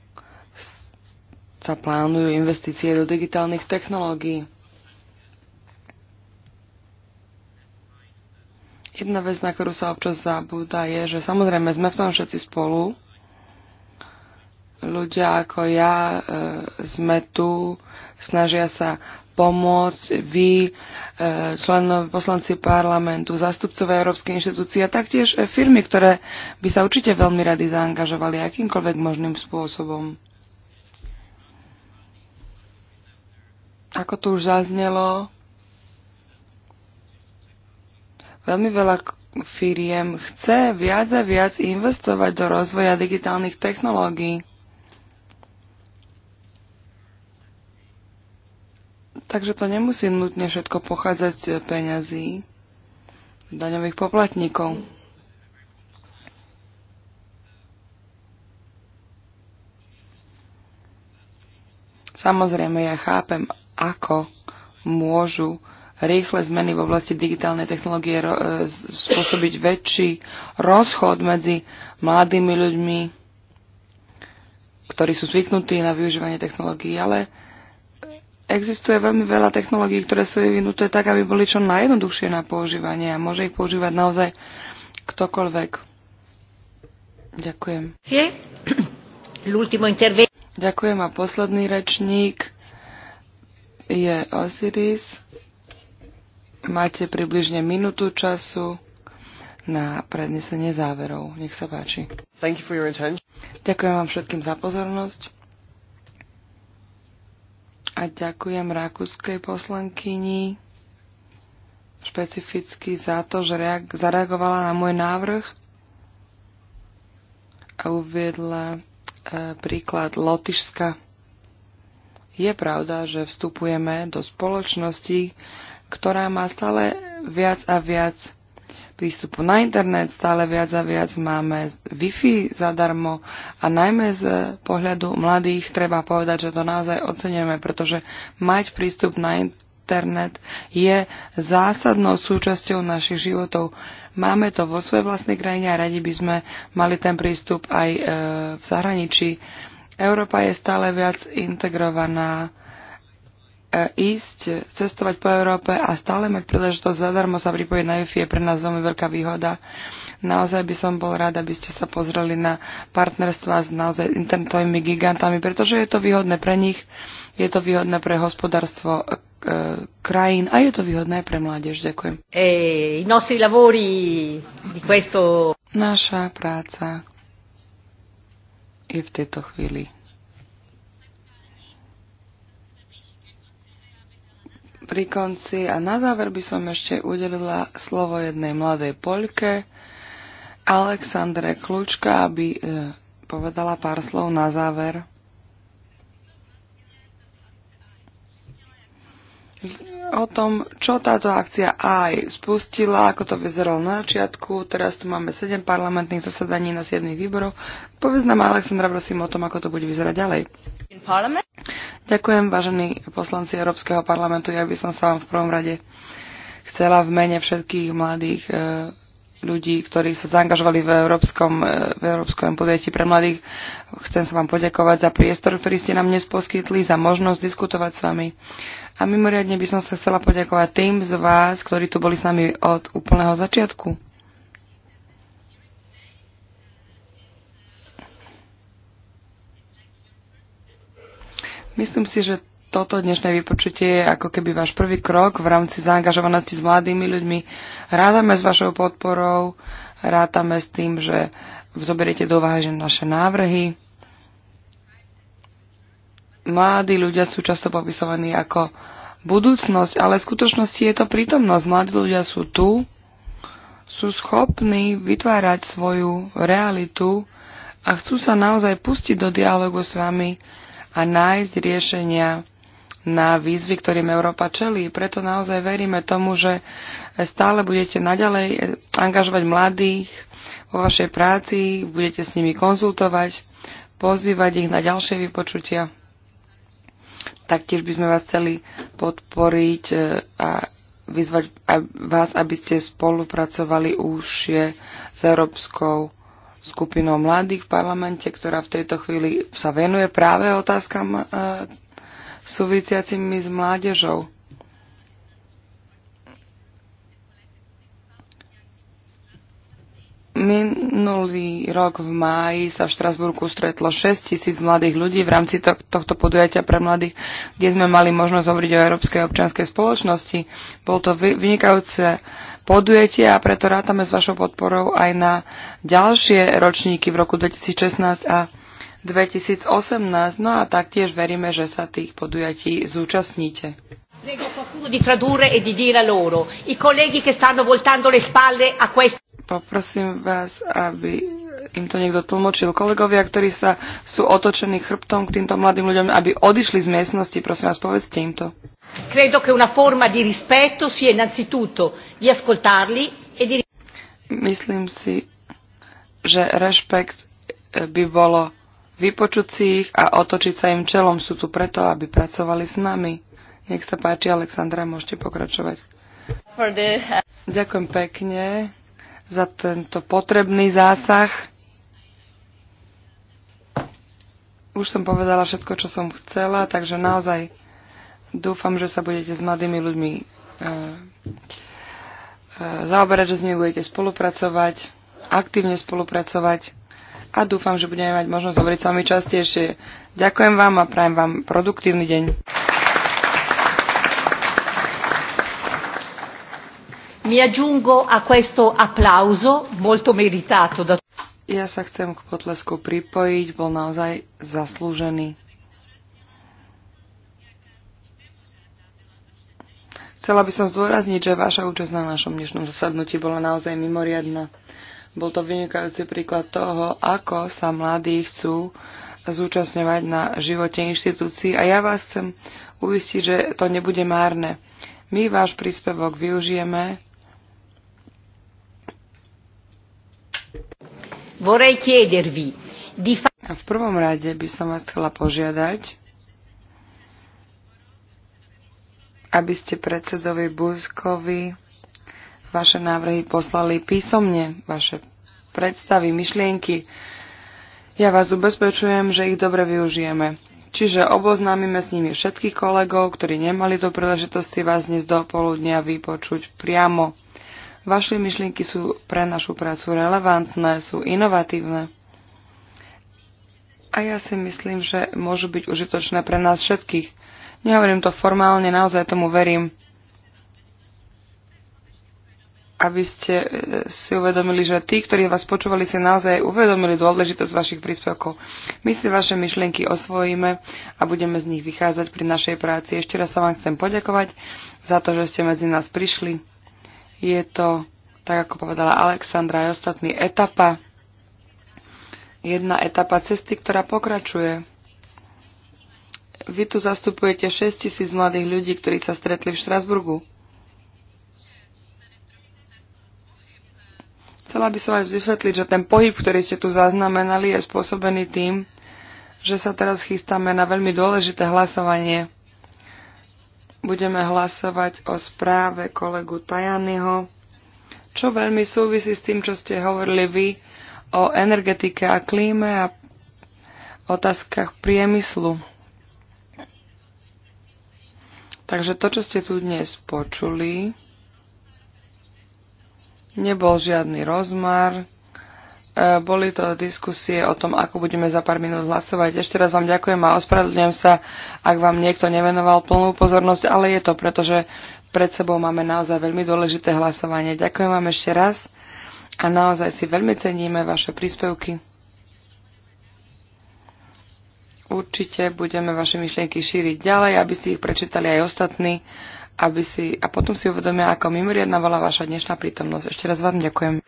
sa plánujú investície do digitálnych technológií. Jedna vec, na ktorú sa občas zabúda, je, že samozrejme sme v tom všetci spolu. Ľudia ako ja e, sme tu snažia sa pomôcť vy, e, členov, poslanci parlamentu, zastupcové európskej inštitúcie a taktiež e, firmy, ktoré by sa určite veľmi rady zaangažovali akýmkoľvek možným spôsobom. Ako tu už zaznelo, veľmi veľa firiem chce viac a viac investovať do rozvoja digitálnych technológií. Takže to nemusí nutne všetko pochádzať z peňazí daňových poplatníkov. Samozrejme, ja chápem, ako môžu rýchle zmeny v oblasti digitálnej technológie e, spôsobiť väčší rozchod medzi mladými ľuďmi, ktorí sú zvyknutí na využívanie technológií, ale Existuje veľmi veľa technológií, ktoré sú vyvinuté tak, aby boli čo najjednoduchšie na používanie a môže ich používať naozaj ktokoľvek. Ďakujem. Ďakujem a posledný rečník je Osiris. Máte približne minútu času na prednesenie záverov. Nech sa páči. You Ďakujem vám všetkým za pozornosť a ďakujem rakúskej poslankyni špecificky za to, že zareagovala na môj návrh a uviedla e, príklad Lotyšska. Je pravda, že vstupujeme do spoločnosti, ktorá má stále viac a viac prístupu na internet, stále viac a viac máme Wi-Fi zadarmo a najmä z pohľadu mladých treba povedať, že to naozaj oceňujeme, pretože mať prístup na internet je zásadnou súčasťou našich životov. Máme to vo svojej vlastnej krajine a radi by sme mali ten prístup aj e, v zahraničí. Európa je stále viac integrovaná E, ísť, cestovať po Európe a stále mať príležitosť zadarmo sa pripojiť na Wi-Fi je pre nás veľmi veľká výhoda. Naozaj by som bol rád, aby ste sa pozreli na partnerstva s naozaj internetovými gigantami, pretože je to výhodné pre nich, je to výhodné pre hospodárstvo e, krajín a je to výhodné aj pre mládež. Ďakujem. Ej, nosi lavori di questo... Naša práca je v tejto chvíli pri konci a na záver by som ešte udelila slovo jednej mladej Poľke, Aleksandre Klučka, aby e, povedala pár slov na záver o tom, čo táto akcia aj spustila, ako to vyzeralo na začiatku. Teraz tu máme 7 parlamentných zasadaní na 7 výborov. Povedz nám, Aleksandra, prosím o tom, ako to bude vyzerať ďalej. Ďakujem, vážení poslanci Európskeho parlamentu. Ja by som sa vám v prvom rade chcela v mene všetkých mladých e, ľudí, ktorí sa zaangažovali v európskom, e, v európskom podujatí pre mladých. Chcem sa vám poďakovať za priestor, ktorý ste nám dnes poskytli, za možnosť diskutovať s vami. A mimoriadne by som sa chcela poďakovať tým z vás, ktorí tu boli s nami od úplného začiatku. Myslím si, že toto dnešné vypočutie je ako keby váš prvý krok v rámci zaangažovanosti s mladými ľuďmi. Rádame s vašou podporou, rátame s tým, že zoberiete do váhy naše návrhy. Mladí ľudia sú často popisovaní ako budúcnosť, ale v skutočnosti je to prítomnosť. Mladí ľudia sú tu, sú schopní vytvárať svoju realitu a chcú sa naozaj pustiť do dialogu s vami a nájsť riešenia na výzvy, ktorým Európa čelí. Preto naozaj veríme tomu, že stále budete naďalej angažovať mladých vo vašej práci, budete s nimi konzultovať, pozývať ich na ďalšie vypočutia. Taktiež by sme vás chceli podporiť e, a vyzvať vás, aby ste spolupracovali je s Európskou skupinou mladých v parlamente, ktorá v tejto chvíli sa venuje práve otázkam e, súvisiacimi s mládežou. Minulý rok v máji sa v Štrasburku stretlo 6 tisíc mladých ľudí v rámci to- tohto podujatia pre mladých, kde sme mali možnosť hovoriť o Európskej občianskej spoločnosti. Bol to vynikajúce podujatie a preto rátame s vašou podporou aj na ďalšie ročníky v roku 2016 a 2018, no a taktiež veríme, že sa tých podujatí zúčastníte. E Poprosím vás, aby im to niekto tlmočil. Kolegovia, ktorí sa sú otočení chrbtom k týmto mladým ľuďom, aby odišli z miestnosti, prosím vás, povedzte im to. Credo che una forma di rispetto sia innanzitutto di ascoltarli e di... Myslím si, že rešpekt eh, by bolo vypočuť si ich a otočiť sa im čelom. Sú tu preto, aby pracovali s nami. Nech sa páči, Alexandra, môžete pokračovať. Ďakujem pekne za tento potrebný zásah. Už som povedala všetko, čo som chcela, takže naozaj dúfam, že sa budete s mladými ľuďmi e, e, zaoberať, že s nimi budete spolupracovať, aktívne spolupracovať a dúfam, že budeme mať možnosť hovoriť s vami častejšie. Ďakujem vám a prajem vám produktívny deň. Mi aggiungo a questo applauso molto meritato da ja sa chcem k potlesku pripojiť, bol naozaj zaslúžený. Chcela by som zdôrazniť, že vaša účasť na našom dnešnom zasadnutí bola naozaj mimoriadná. Bol to vynikajúci príklad toho, ako sa mladí chcú zúčastňovať na živote inštitúcií a ja vás chcem uistiť, že to nebude márne. My váš príspevok využijeme. A v prvom rade by som vás chcela požiadať, aby ste predsedovi Buzkovi vaše návrhy poslali písomne, vaše predstavy, myšlienky. Ja vás ubezpečujem, že ich dobre využijeme. Čiže oboznámime s nimi všetkých kolegov, ktorí nemali do príležitosti vás dnes do poludnia vypočuť priamo. Vaše myšlienky sú pre našu prácu relevantné, sú inovatívne. A ja si myslím, že môžu byť užitočné pre nás všetkých. Nehovorím to formálne, naozaj tomu verím aby ste e, si uvedomili, že tí, ktorí vás počúvali, si naozaj uvedomili dôležitosť vašich príspevkov. My si vaše myšlienky osvojíme a budeme z nich vychádzať pri našej práci. Ešte raz sa vám chcem poďakovať za to, že ste medzi nás prišli. Je to, tak ako povedala Alexandra, aj ostatný etapa. Jedna etapa cesty, ktorá pokračuje. Vy tu zastupujete 6 tisíc mladých ľudí, ktorí sa stretli v Štrasburgu Chcela by som vás vysvetliť, že ten pohyb, ktorý ste tu zaznamenali, je spôsobený tým, že sa teraz chystáme na veľmi dôležité hlasovanie. Budeme hlasovať o správe kolegu Tajanyho, čo veľmi súvisí s tým, čo ste hovorili vy o energetike a klíme a otázkach priemyslu. Takže to, čo ste tu dnes počuli, Nebol žiadny rozmar. E, boli to diskusie o tom, ako budeme za pár minút hlasovať. Ešte raz vám ďakujem a ospravedlňujem sa, ak vám niekto nevenoval plnú pozornosť, ale je to, pretože pred sebou máme naozaj veľmi dôležité hlasovanie. Ďakujem vám ešte raz a naozaj si veľmi ceníme vaše príspevky. Určite budeme vaše myšlienky šíriť ďalej, aby si ich prečítali aj ostatní aby si, a potom si uvedomia, ako mimoriadna bola vaša dnešná prítomnosť. Ešte raz vám ďakujem.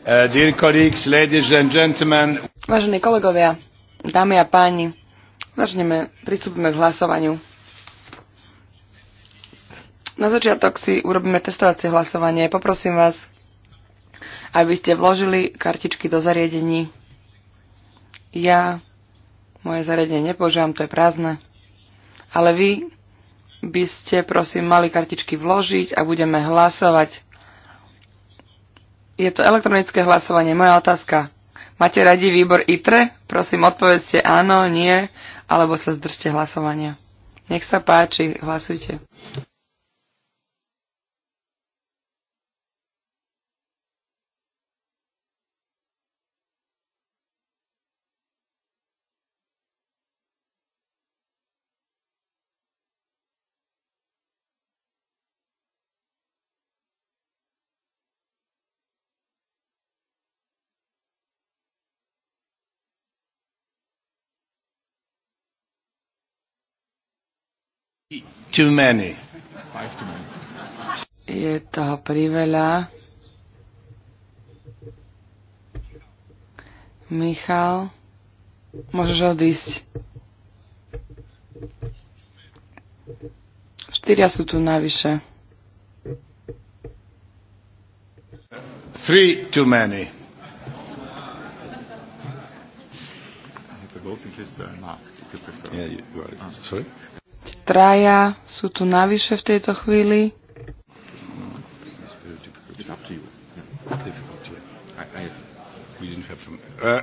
Uh, Vážení kolegovia, dámy a páni, začneme, pristúpime k hlasovaniu. Na začiatok si urobíme testovacie hlasovanie. Poprosím vás, aby ste vložili kartičky do zariadení. Ja moje zariadenie nepožívam, to je prázdne. Ale vy by ste prosím mali kartičky vložiť a budeme hlasovať je to elektronické hlasovanie. Moja otázka. Máte radi výbor ITRE? Prosím, odpovedzte áno, nie, alebo sa zdržte hlasovania. Nech sa páči, hlasujte. too many. Five too many. Je toho priveľa. Michal, môžeš odísť. Štyria sú tu navyše. Three too many. I have a voting list there uh, now, if you prefer. Yeah, you, right. ah. Sorry? traja sú tu navyše v tejto chvíli. Uh,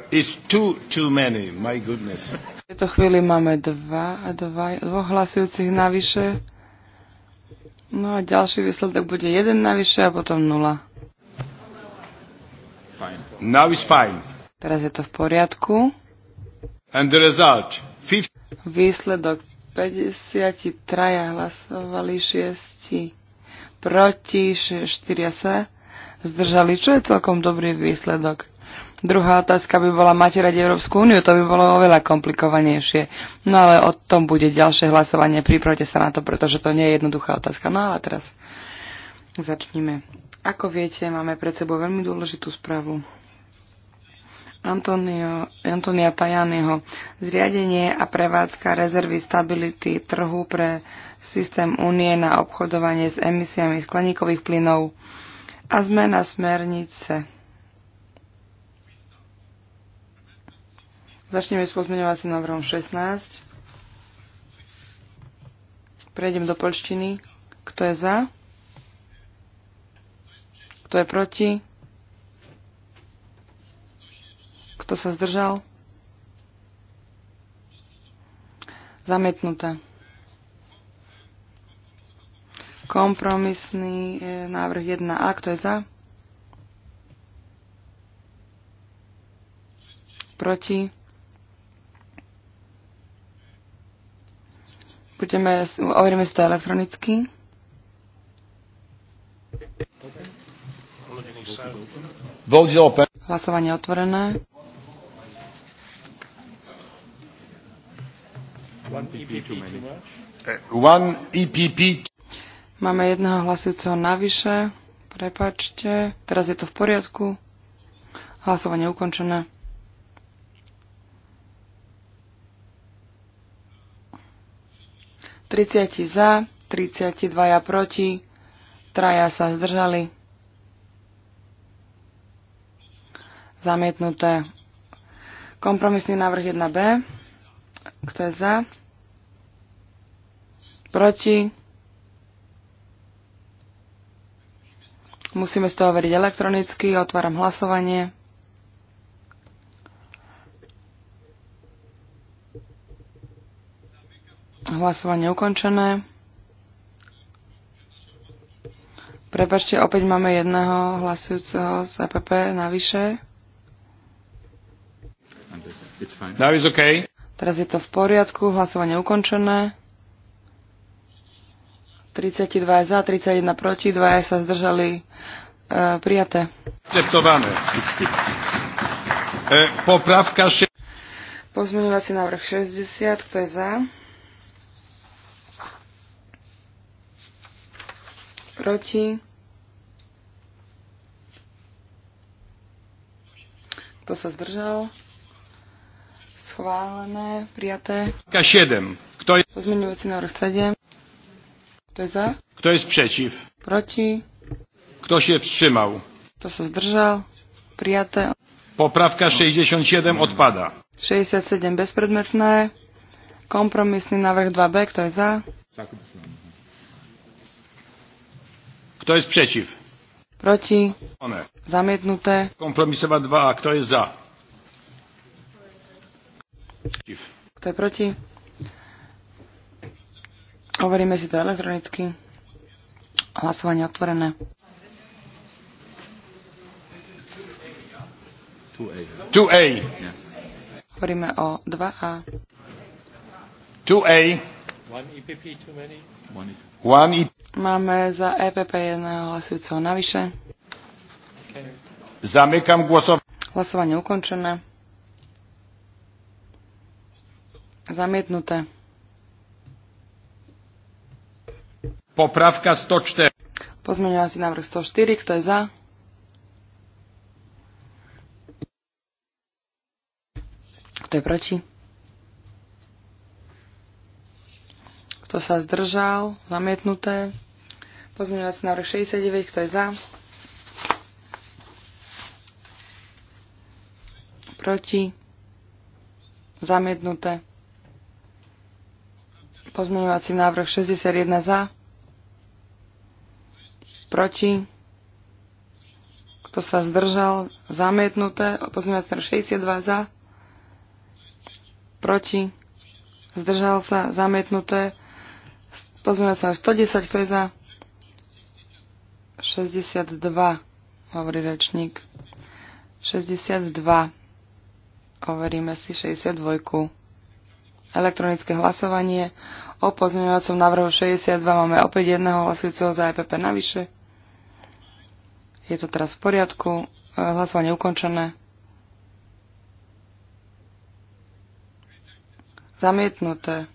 v tejto chvíli máme dva, dva, dvoch hlasujúcich navyše. No a ďalší výsledok bude jeden navyše a potom nula. Now is fine. Teraz je to v poriadku. And the result, 50... Výsledok 53 hlasovali, 6 proti, 4 sa zdržali, čo je celkom dobrý výsledok. Druhá otázka by bola, máte radi Európsku úniu, to by bolo oveľa komplikovanejšie. No ale o tom bude ďalšie hlasovanie, pripravte sa na to, pretože to nie je jednoduchá otázka. No ale teraz Začnime. Ako viete, máme pred sebou veľmi dôležitú správu. Antonio, Antonia Tajaniho. Zriadenie a prevádzka rezervy stability trhu pre systém únie na obchodovanie s emisiami skleníkových plynov a zmena smernice. Začneme s pozmeňovacím návrhom 16. Prejdem do polštiny. Kto je za? Kto je proti? Kto sa zdržal? Zamietnuté. Kompromisný e, návrh 1a. Kto je za? Proti? Budeme, overíme si to elektronicky. Hlasovanie otvorené. One EPP e e Máme jedného hlasujúceho navyše. Prepačte. Teraz je to v poriadku. Hlasovanie ukončené. Tridsiati za, 32 ja proti, traja sa zdržali. Zamietnuté. Kompromisný návrh 1b. Kto je za? Proti? Musíme z toho veriť elektronicky. Otváram hlasovanie. Hlasovanie ukončené. Prepačte, opäť máme jedného hlasujúceho z EPP navyše. Now is okay. Teraz je to v poriadku, hlasovanie ukončené. 32 za, 31 proti, 2 sa zdržali e, prijaté. Akceptované. E, popravka še... Pozmeňovací návrh 60, kto je za? Proti? Kto sa zdržal? Schválené, prijaté. Ka 7. Kto je... Pozmeňujúci návrh 7. Kto je za? Kto je przeciw? Proti. Kto się wstrzymał? Kto się zdrżał? Prijate. Poprawka 67 odpada. 67 bezpredmetne. Kompromisny návrh 2b. Kto jest za? Kto jest przeciw? Proti. One. Zamietnuté. Kompromisowa 2a. Kto jest za? Kto je proti? Overíme si to elektronicky. Hlasovanie otvorené. 2A. Hovoríme o 2A. 2A. E e Máme za EPP jedného hlasujúceho navyše. Zamykam głosowanie. Hlasovanie ukončené. Zamietnuté. Popravka 104. si návrh 104. Kto je za? Kto je proti? Kto sa zdržal? Zamietnuté. si návrh 69. Kto je za? Proti? Zamietnuté. Pozmeňovací návrh 61 za. Proti. Kto sa zdržal? Zamietnuté. Pozmeňovací návrh 62 za. Proti. Zdržal sa? Zamietnuté. Pozmeňovací návrh 110. Kto je za? 62, hovorí rečník. 62. Overíme si 62 elektronické hlasovanie. O pozmeňovacom návrhu 62 máme opäť jedného hlasujúceho za EPP navyše. Je to teraz v poriadku. E, hlasovanie ukončené. Zamietnuté.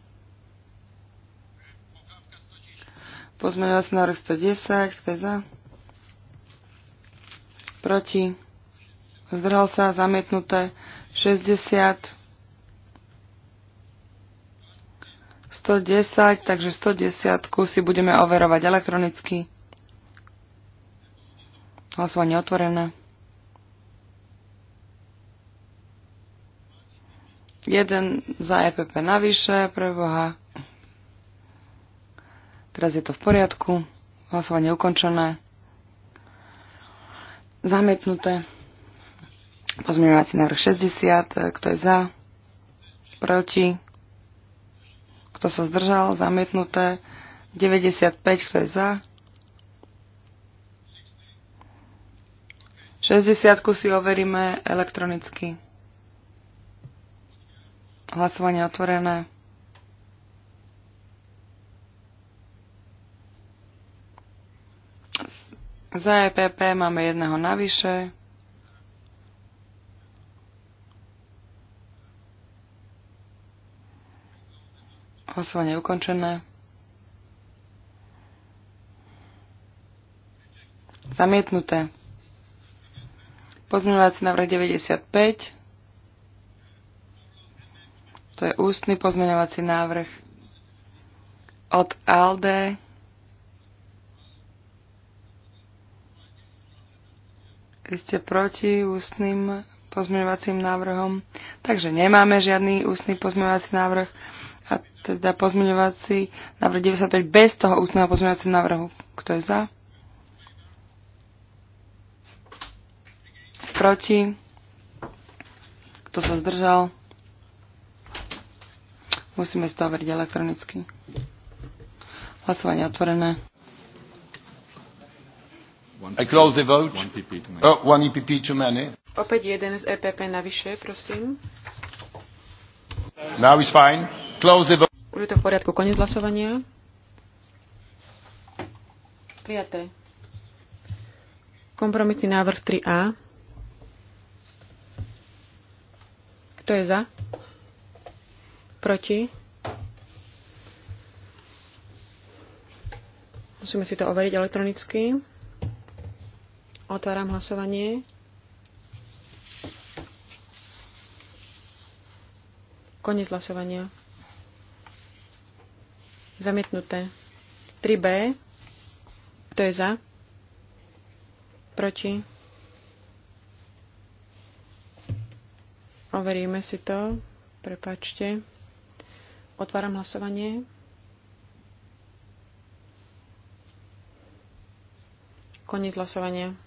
Pozmeňovací návrh 110. Kto je za? Proti. Zdrhal sa. Zamietnuté. 60. 110, takže 110 si budeme overovať elektronicky. Hlasovanie otvorené. 1 za EPP navyše, preboha. Teraz je to v poriadku. Hlasovanie ukončené. Zamietnuté. Pozmeňovací návrh 60. Kto je za? Proti? kto sa zdržal, zamietnuté. 95, kto je za. 60 si overíme elektronicky. Hlasovanie otvorené. Za EPP máme jedného navyše. Hlasovanie je ukončené. Zamietnuté. Pozmeňovací návrh 95. To je ústny pozmeňovací návrh od ALDE. Vy ste proti ústnym pozmeňovacím návrhom, takže nemáme žiadny ústny pozmeňovací návrh. A teda pozmeňovací návrh 95 bez toho ústneho pozmeňovacieho návrhu. Kto je za? Proti? Kto sa zdržal? Musíme si to veriť elektronicky. Hlasovanie otvorené. I close the vote. One EPP too many. Oh, one EPP too many. Opäť jeden z EPP navyše, prosím. Now it's fine. Už je to v poriadku. Konec hlasovania. Prijaté. Kompromisný návrh 3A. Kto je za? Proti? Musíme si to overiť elektronicky. Otváram hlasovanie. Konec hlasovania. Zamietnuté. 3B. Kto je za? Proti? Overíme si to. Prepačte. Otváram hlasovanie. Koniec hlasovania.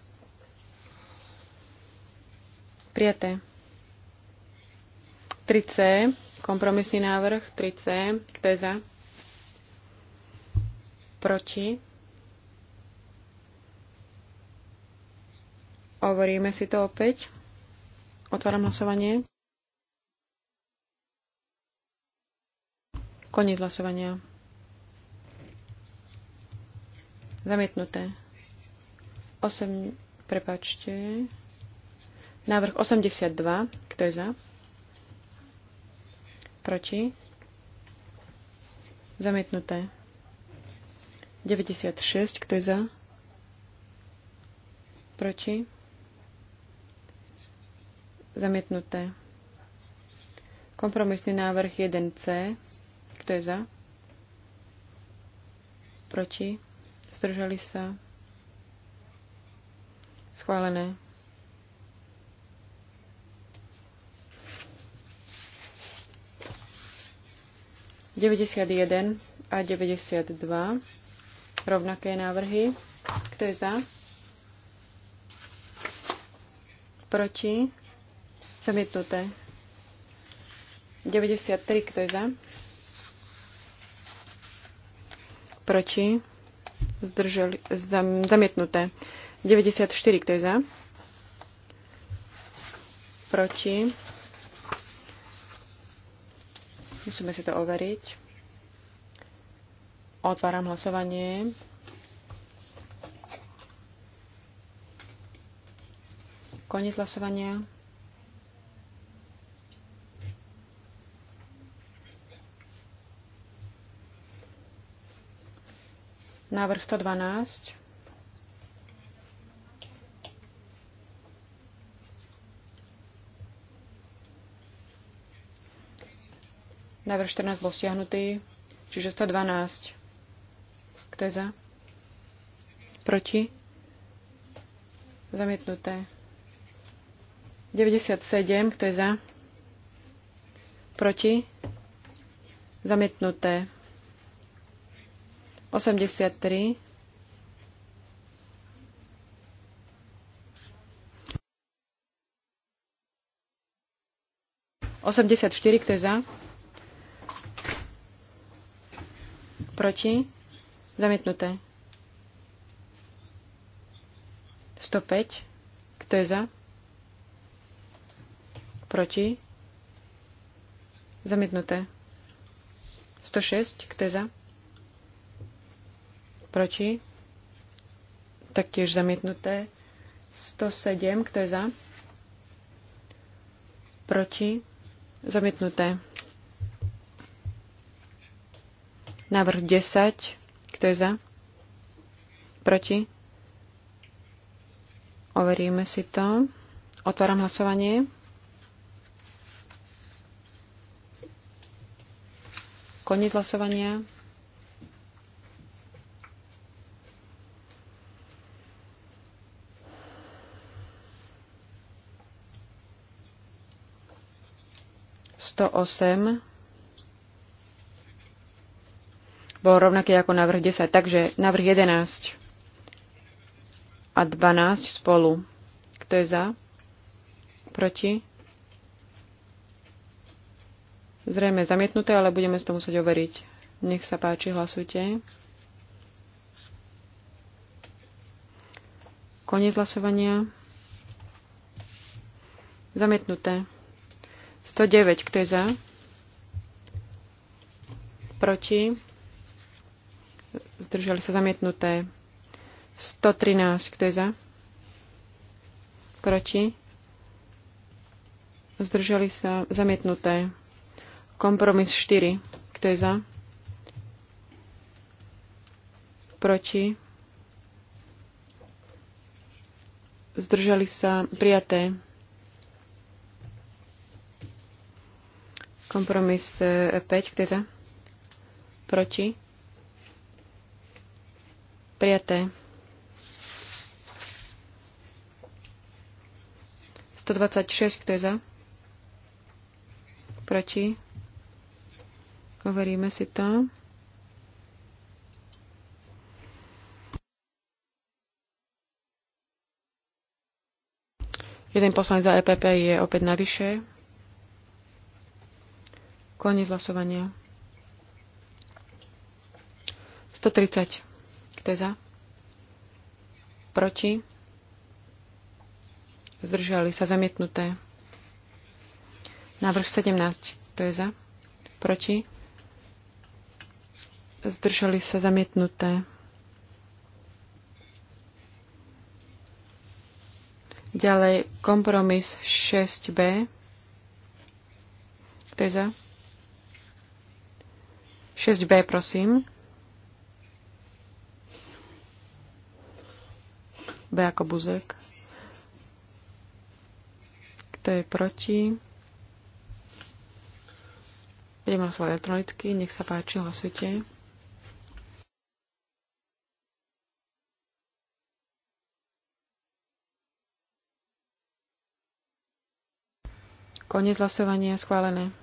Prijaté. 3C. Kompromisný návrh 3C. Kto je za? proti. Hovoríme si to opäť. Otváram hlasovanie. Koniec hlasovania. Zamietnuté. 8, prepačte. Návrh 82. Kto je za? Proti? Zamietnuté. 96, kto je za? Proti? Zamietnuté. Kompromisný návrh 1C, kto je za? Proti? Zdržali sa? Schválené. Девятьдесят один, a девятьдесят два rovnaké návrhy. Kto je za? Proti? Zamietnuté. 93. Kto je za? Proti? Zdrželi? zam, zamietnuté. 94. Kto je za? Proti? Musíme si to overiť. Otváram hlasovanie. Koniec hlasovania. Návrh 112. Návrh 14 bol stiahnutý, čiže 112. Kto je za? Proti? Zamietnuté. 97. Kto je za? Proti? Zamietnuté. 83. Osemdesiat štyri, kto je za? Proti? Zamietnuté. 105. Kto je za? Proti? Zamietnuté. 106. Kto je za? Proti? Taktiež zamietnuté. 107. Kto je za? Proti? Zamietnuté. Návrh 10. Kto je za? Proti? Overíme si to. Otváram hlasovanie. Koniec hlasovania. Sto osem. bol rovnaký ako návrh 10. Takže návrh 11 a 12 spolu. Kto je za? Proti? Zrejme zamietnuté, ale budeme to musieť overiť. Nech sa páči, hlasujte. Koniec hlasovania. Zamietnuté. 109. Kto je za? Proti? zdržali sa zamietnuté. 113, kto je za? Proti? Zdržali sa zamietnuté. Kompromis 4, kto je za? Proti? Zdržali sa prijaté. Kompromis 5, e, kto je za? Proti? Prijaté. 126, kto je za? Proti? Overíme si to. Jeden poslanec za EPP je opäť navyše. Koniec hlasovania. 130. Kto je za? Proti? Zdržali sa zamietnuté. Návrh 17. Kto je za? Proti? Zdržali sa zamietnuté. Ďalej kompromis 6b. Kto je za? 6b, prosím. B ako Buzek. Kto je proti? Budem hlasovať elektronicky. Nech sa páči, hlasujte. Koniec hlasovania schválené.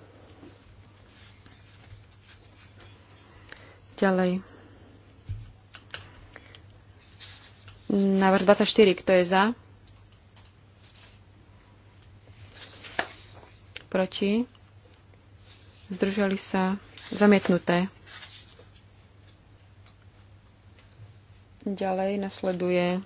Ďalej. Návrh 24. Kto je za? Proti? Zdržali sa? Zamietnuté. Ďalej nasleduje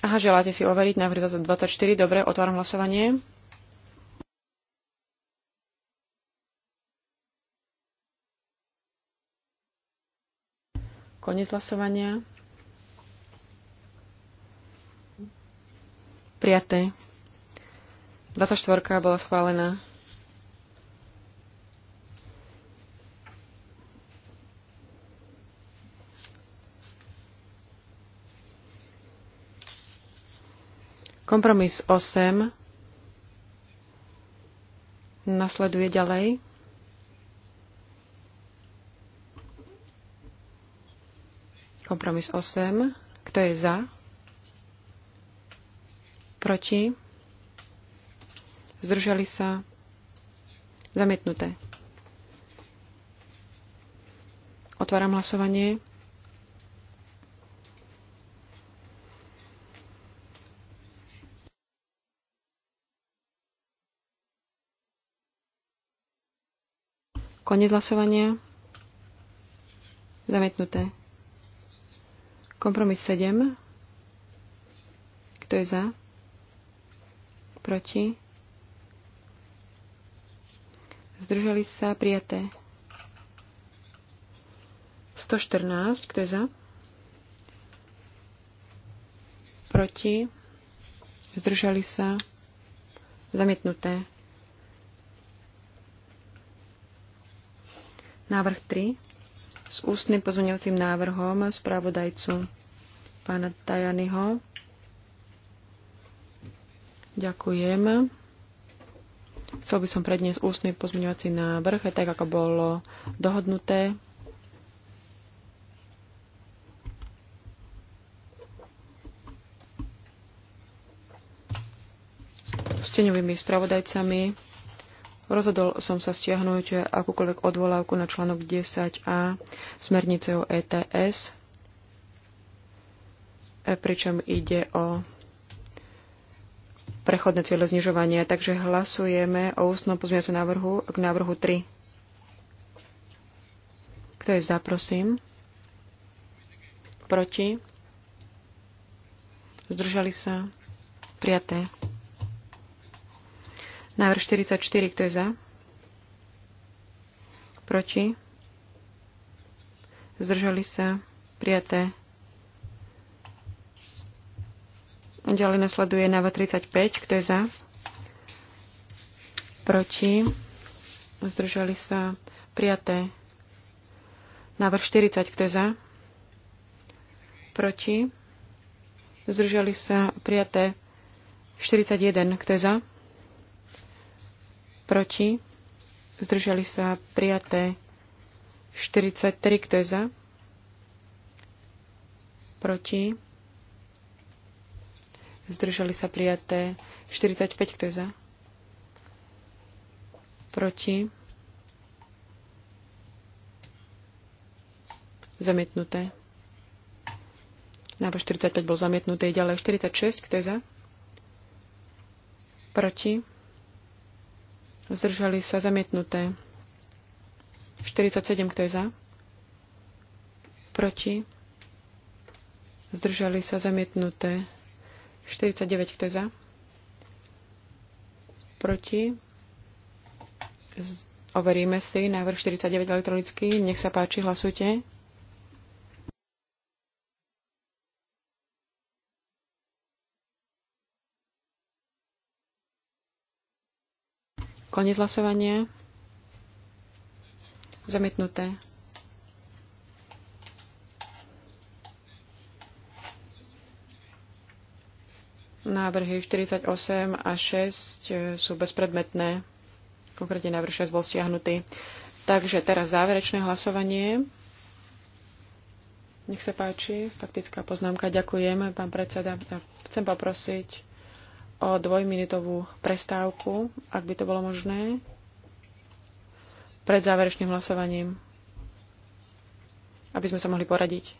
Aha, želáte si overiť návrh 24. Dobre, otváram hlasovanie. koniec hlasovania. Prijaté. 24 bola schválená. Kompromis 8 nasleduje ďalej. Kompromis 8. Kto je za? Proti? Zdržali sa? Zamietnuté. Otváram hlasovanie. Koniec hlasovania. Zamietnuté. Kompromis 7. Kto je za? Proti? Zdržali sa prijaté. 114. Kto je za? Proti? Zdržali sa zamietnuté. Návrh 3 s ústnym pozmeňovacím návrhom spravodajcu pána Tajanyho. Ďakujem. Chcel by som predniesť ústny pozmeňovací návrh, aj tak ako bolo dohodnuté. S teňovými spravodajcami Rozhodol som sa stiahnuť akúkoľvek odvolávku na článok 10a smernice o ETS, e, pričom ide o prechodné cieľe znižovania. Takže hlasujeme o ústnom pozmeňovacom návrhu k návrhu 3. Kto je za, prosím? Proti? Zdržali sa? Prijaté. Návrh 44, kto je za? Proti? Zdržali sa? Prijaté. Ďalej nasleduje návrh 35, kto je za? Proti? Zdržali sa? Prijaté. Návrh 40, kto je za? Proti? Zdržali sa? Prijaté. 41, kto je za? proti, zdržali sa prijaté 43, kto je za, proti, zdržali sa prijaté 45, kto je za, proti, zamietnuté. Návrh 45 bol zamietnutý. Ďalej 46, kto je za? Proti? Zdržali sa zamietnuté. 47, kto je za? Proti? Zdržali sa zamietnuté. 49, kto je za? Proti? Overíme si návrh 49 elektronicky. Nech sa páči, hlasujte. Koniec hlasovania. Zamietnuté. Návrhy 48 a 6 e, sú bezpredmetné. Konkrétne návrh 6 bol stiahnutý. Takže teraz záverečné hlasovanie. Nech sa páči, faktická poznámka. Ďakujem, pán predseda. Chcem poprosiť o dvojminútovú prestávku, ak by to bolo možné, pred záverečným hlasovaním, aby sme sa mohli poradiť.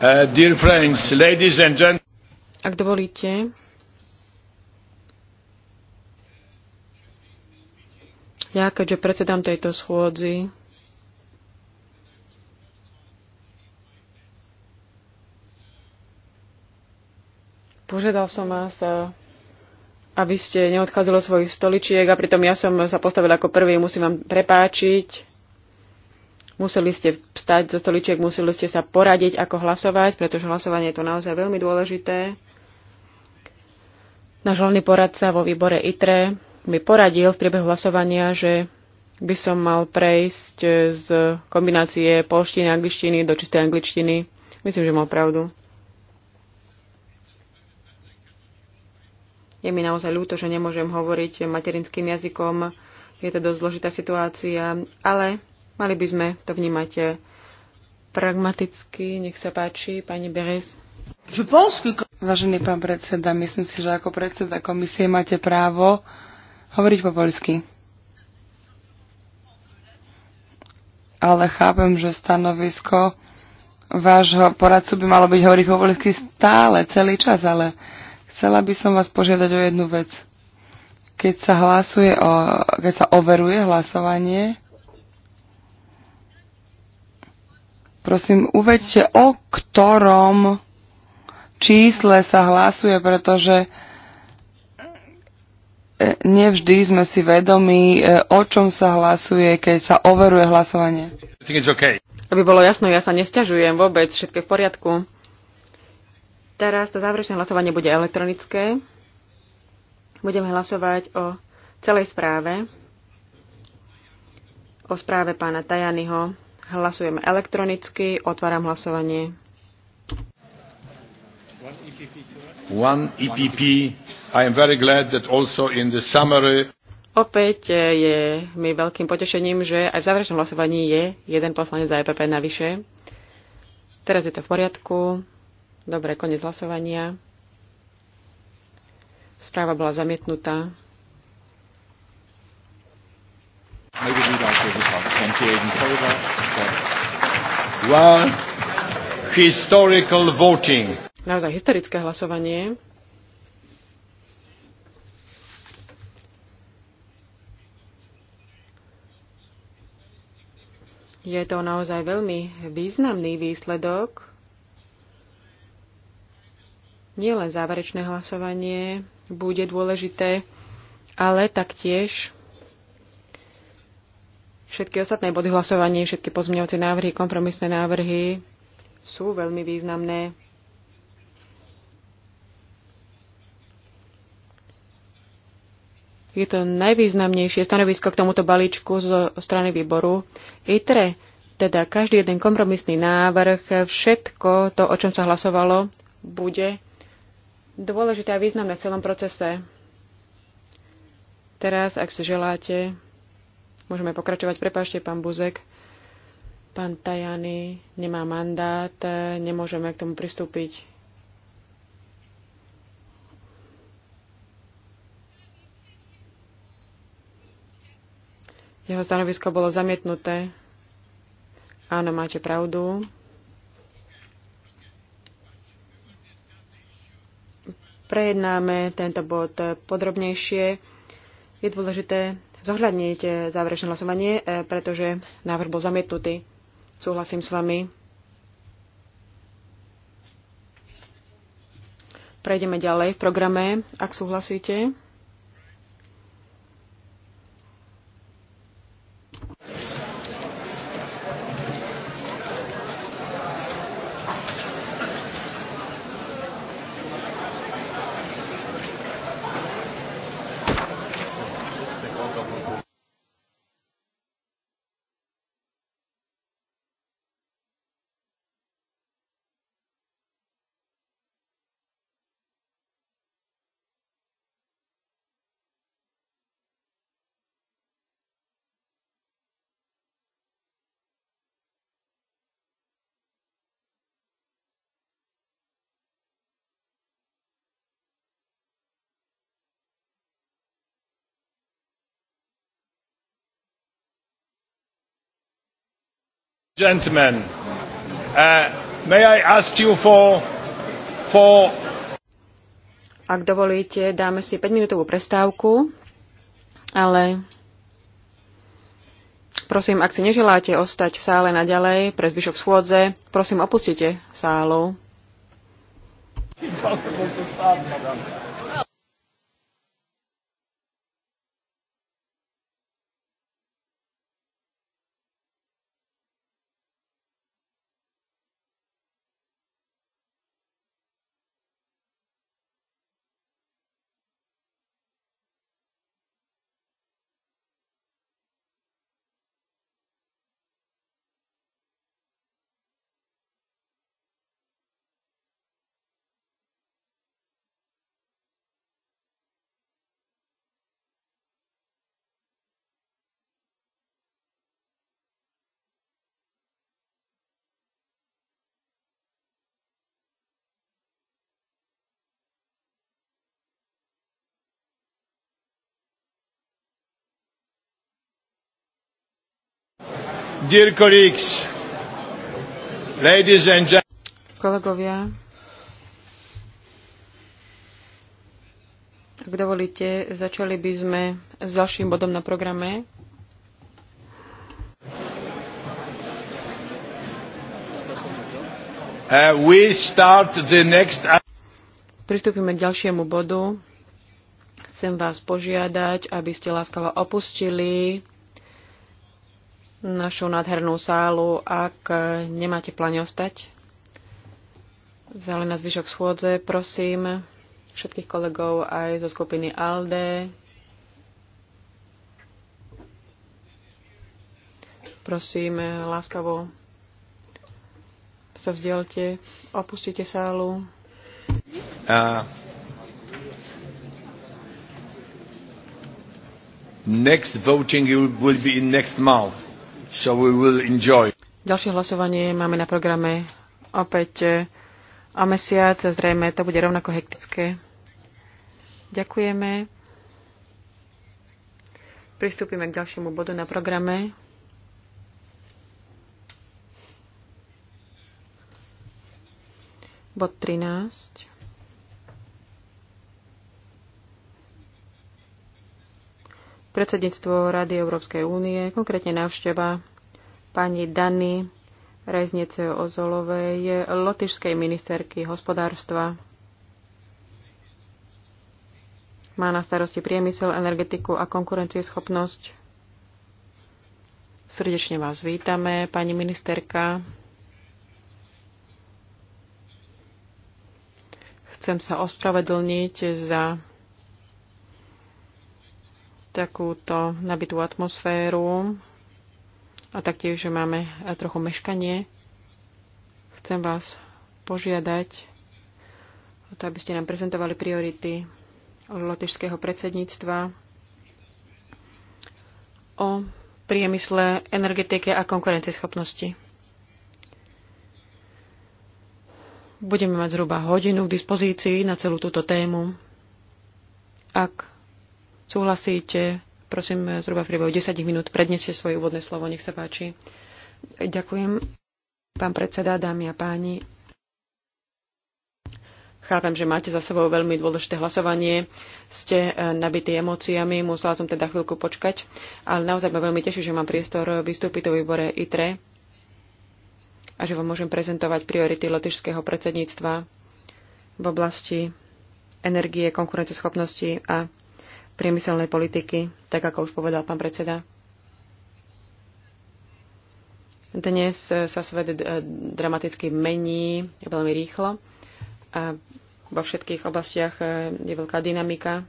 Uh, dear friends, ladies and gentlemen. Ak dovolíte, ja, keďže predsedám tejto schôdzi, požiadal som vás, eh, aby ste neodchádzali svojich stoličiek a pritom ja som sa postavil ako prvý, musím vám prepáčiť. Museli ste vstať zo stoličiek, museli ste sa poradiť, ako hlasovať, pretože hlasovanie je to naozaj veľmi dôležité. Náš hlavný poradca vo výbore ITRE mi poradil v priebehu hlasovania, že by som mal prejsť z kombinácie polštiny a angličtiny do čistej angličtiny. Myslím, že mal pravdu. Je mi naozaj ľúto, že nemôžem hovoriť materinským jazykom. Je to dosť zložitá situácia, ale Mali by sme to vnímať eh, pragmaticky. Nech sa páči, pani Beres. Vážený pán predseda, myslím si, že ako predseda komisie máte právo hovoriť po poľsky. Ale chápem, že stanovisko vášho poradcu by malo byť hovoriť po poľsky stále, celý čas, ale chcela by som vás požiadať o jednu vec. Keď sa hlasuje o, keď sa overuje hlasovanie, Prosím, uvedte, o ktorom čísle sa hlasuje, pretože e, nevždy sme si vedomi, e, o čom sa hlasuje, keď sa overuje hlasovanie. Aby bolo jasno, ja sa nesťažujem vôbec, všetko je v poriadku. Teraz to záverečné hlasovanie bude elektronické. Budeme hlasovať o celej správe, o správe pána Tajanyho Hlasujeme elektronicky. Otváram hlasovanie. One EPP. I am very glad that also in the summary Opäť eh, je mi veľkým potešením, že aj v záverečnom hlasovaní je jeden poslanec za EPP navyše. Teraz je to v poriadku. Dobre, koniec hlasovania. Správa bola zamietnutá. Maybe we like to Well, historical voting. Naozaj historické hlasovanie. Je to naozaj veľmi významný výsledok. len záverečné hlasovanie bude dôležité, ale taktiež Všetky ostatné body hlasovania, všetky pozmeňovacie návrhy, kompromisné návrhy sú veľmi významné. Je to najvýznamnejšie stanovisko k tomuto balíčku zo strany výboru ITRE. Teda každý jeden kompromisný návrh, všetko to, o čom sa hlasovalo, bude dôležité a významné v celom procese. Teraz, ak si želáte, Môžeme pokračovať. Prepašte, pán Buzek. Pán Tajany nemá mandát, nemôžeme k tomu pristúpiť. Jeho stanovisko bolo zamietnuté. Áno, máte pravdu. Prejednáme tento bod podrobnejšie. Je dôležité zohľadniť záverečné hlasovanie, e, pretože návrh bol zamietnutý. Súhlasím s vami. Prejdeme ďalej v programe, ak súhlasíte. Gentlemen, uh, may I ask you for, for... Ak dovolíte, dáme si 5-minútovú prestávku, ale prosím, ak si neželáte ostať v sále naďalej pre zvyšok schôdze, prosím, opustite sálu. Impossible to madame. Dear colleagues, ladies and gentlemen. Kolegovia, ak dovolíte, začali by sme s ďalším bodom na programe. Uh, we start the next... Pristúpime k ďalšiemu bodu. Chcem vás požiadať, aby ste láskavo opustili našu nádhernú sálu, ak nemáte plán ostať. Vzali na zvyšok schôdze, prosím všetkých kolegov aj zo skupiny ALDE. Prosím, láskavo sa vzdielte, opustite sálu. A... next voting will be in next month. So we will enjoy. Ďalšie hlasovanie máme na programe opäť o e, mesiac. Zrejme to bude rovnako hektické. Ďakujeme. Pristúpime k ďalšiemu bodu na programe. Bod 13. predsedníctvo Rady Európskej únie, konkrétne návšteva pani Dany Reznice Ozolovej, lotišskej ministerky hospodárstva. Má na starosti priemysel, energetiku a konkurencieschopnosť. Srdečne vás vítame, pani ministerka. Chcem sa ospravedlniť za takúto nabitú atmosféru a taktiež, že máme trochu meškanie, chcem vás požiadať o to, aby ste nám prezentovali priority lotyšského predsedníctva o priemysle, energetike a konkurencieschopnosti. Budeme mať zhruba hodinu k dispozícii na celú túto tému. Ak súhlasíte, prosím, zhruba v priebehu 10 minút predneste svoje úvodné slovo. Nech sa páči. Ďakujem, pán predseda, dámy a páni. Chápem, že máte za sebou veľmi dôležité hlasovanie, ste eh, nabití emóciami, musela som teda chvíľku počkať, ale naozaj ma veľmi teší, že mám priestor vystúpiť do výbore ITRE a že vám môžem prezentovať priority lotyšského predsedníctva v oblasti energie, konkurenceschopnosti a priemyselnej politiky, tak ako už povedal pán predseda. Dnes sa svet dramaticky mení veľmi rýchlo a vo všetkých oblastiach e, je veľká dynamika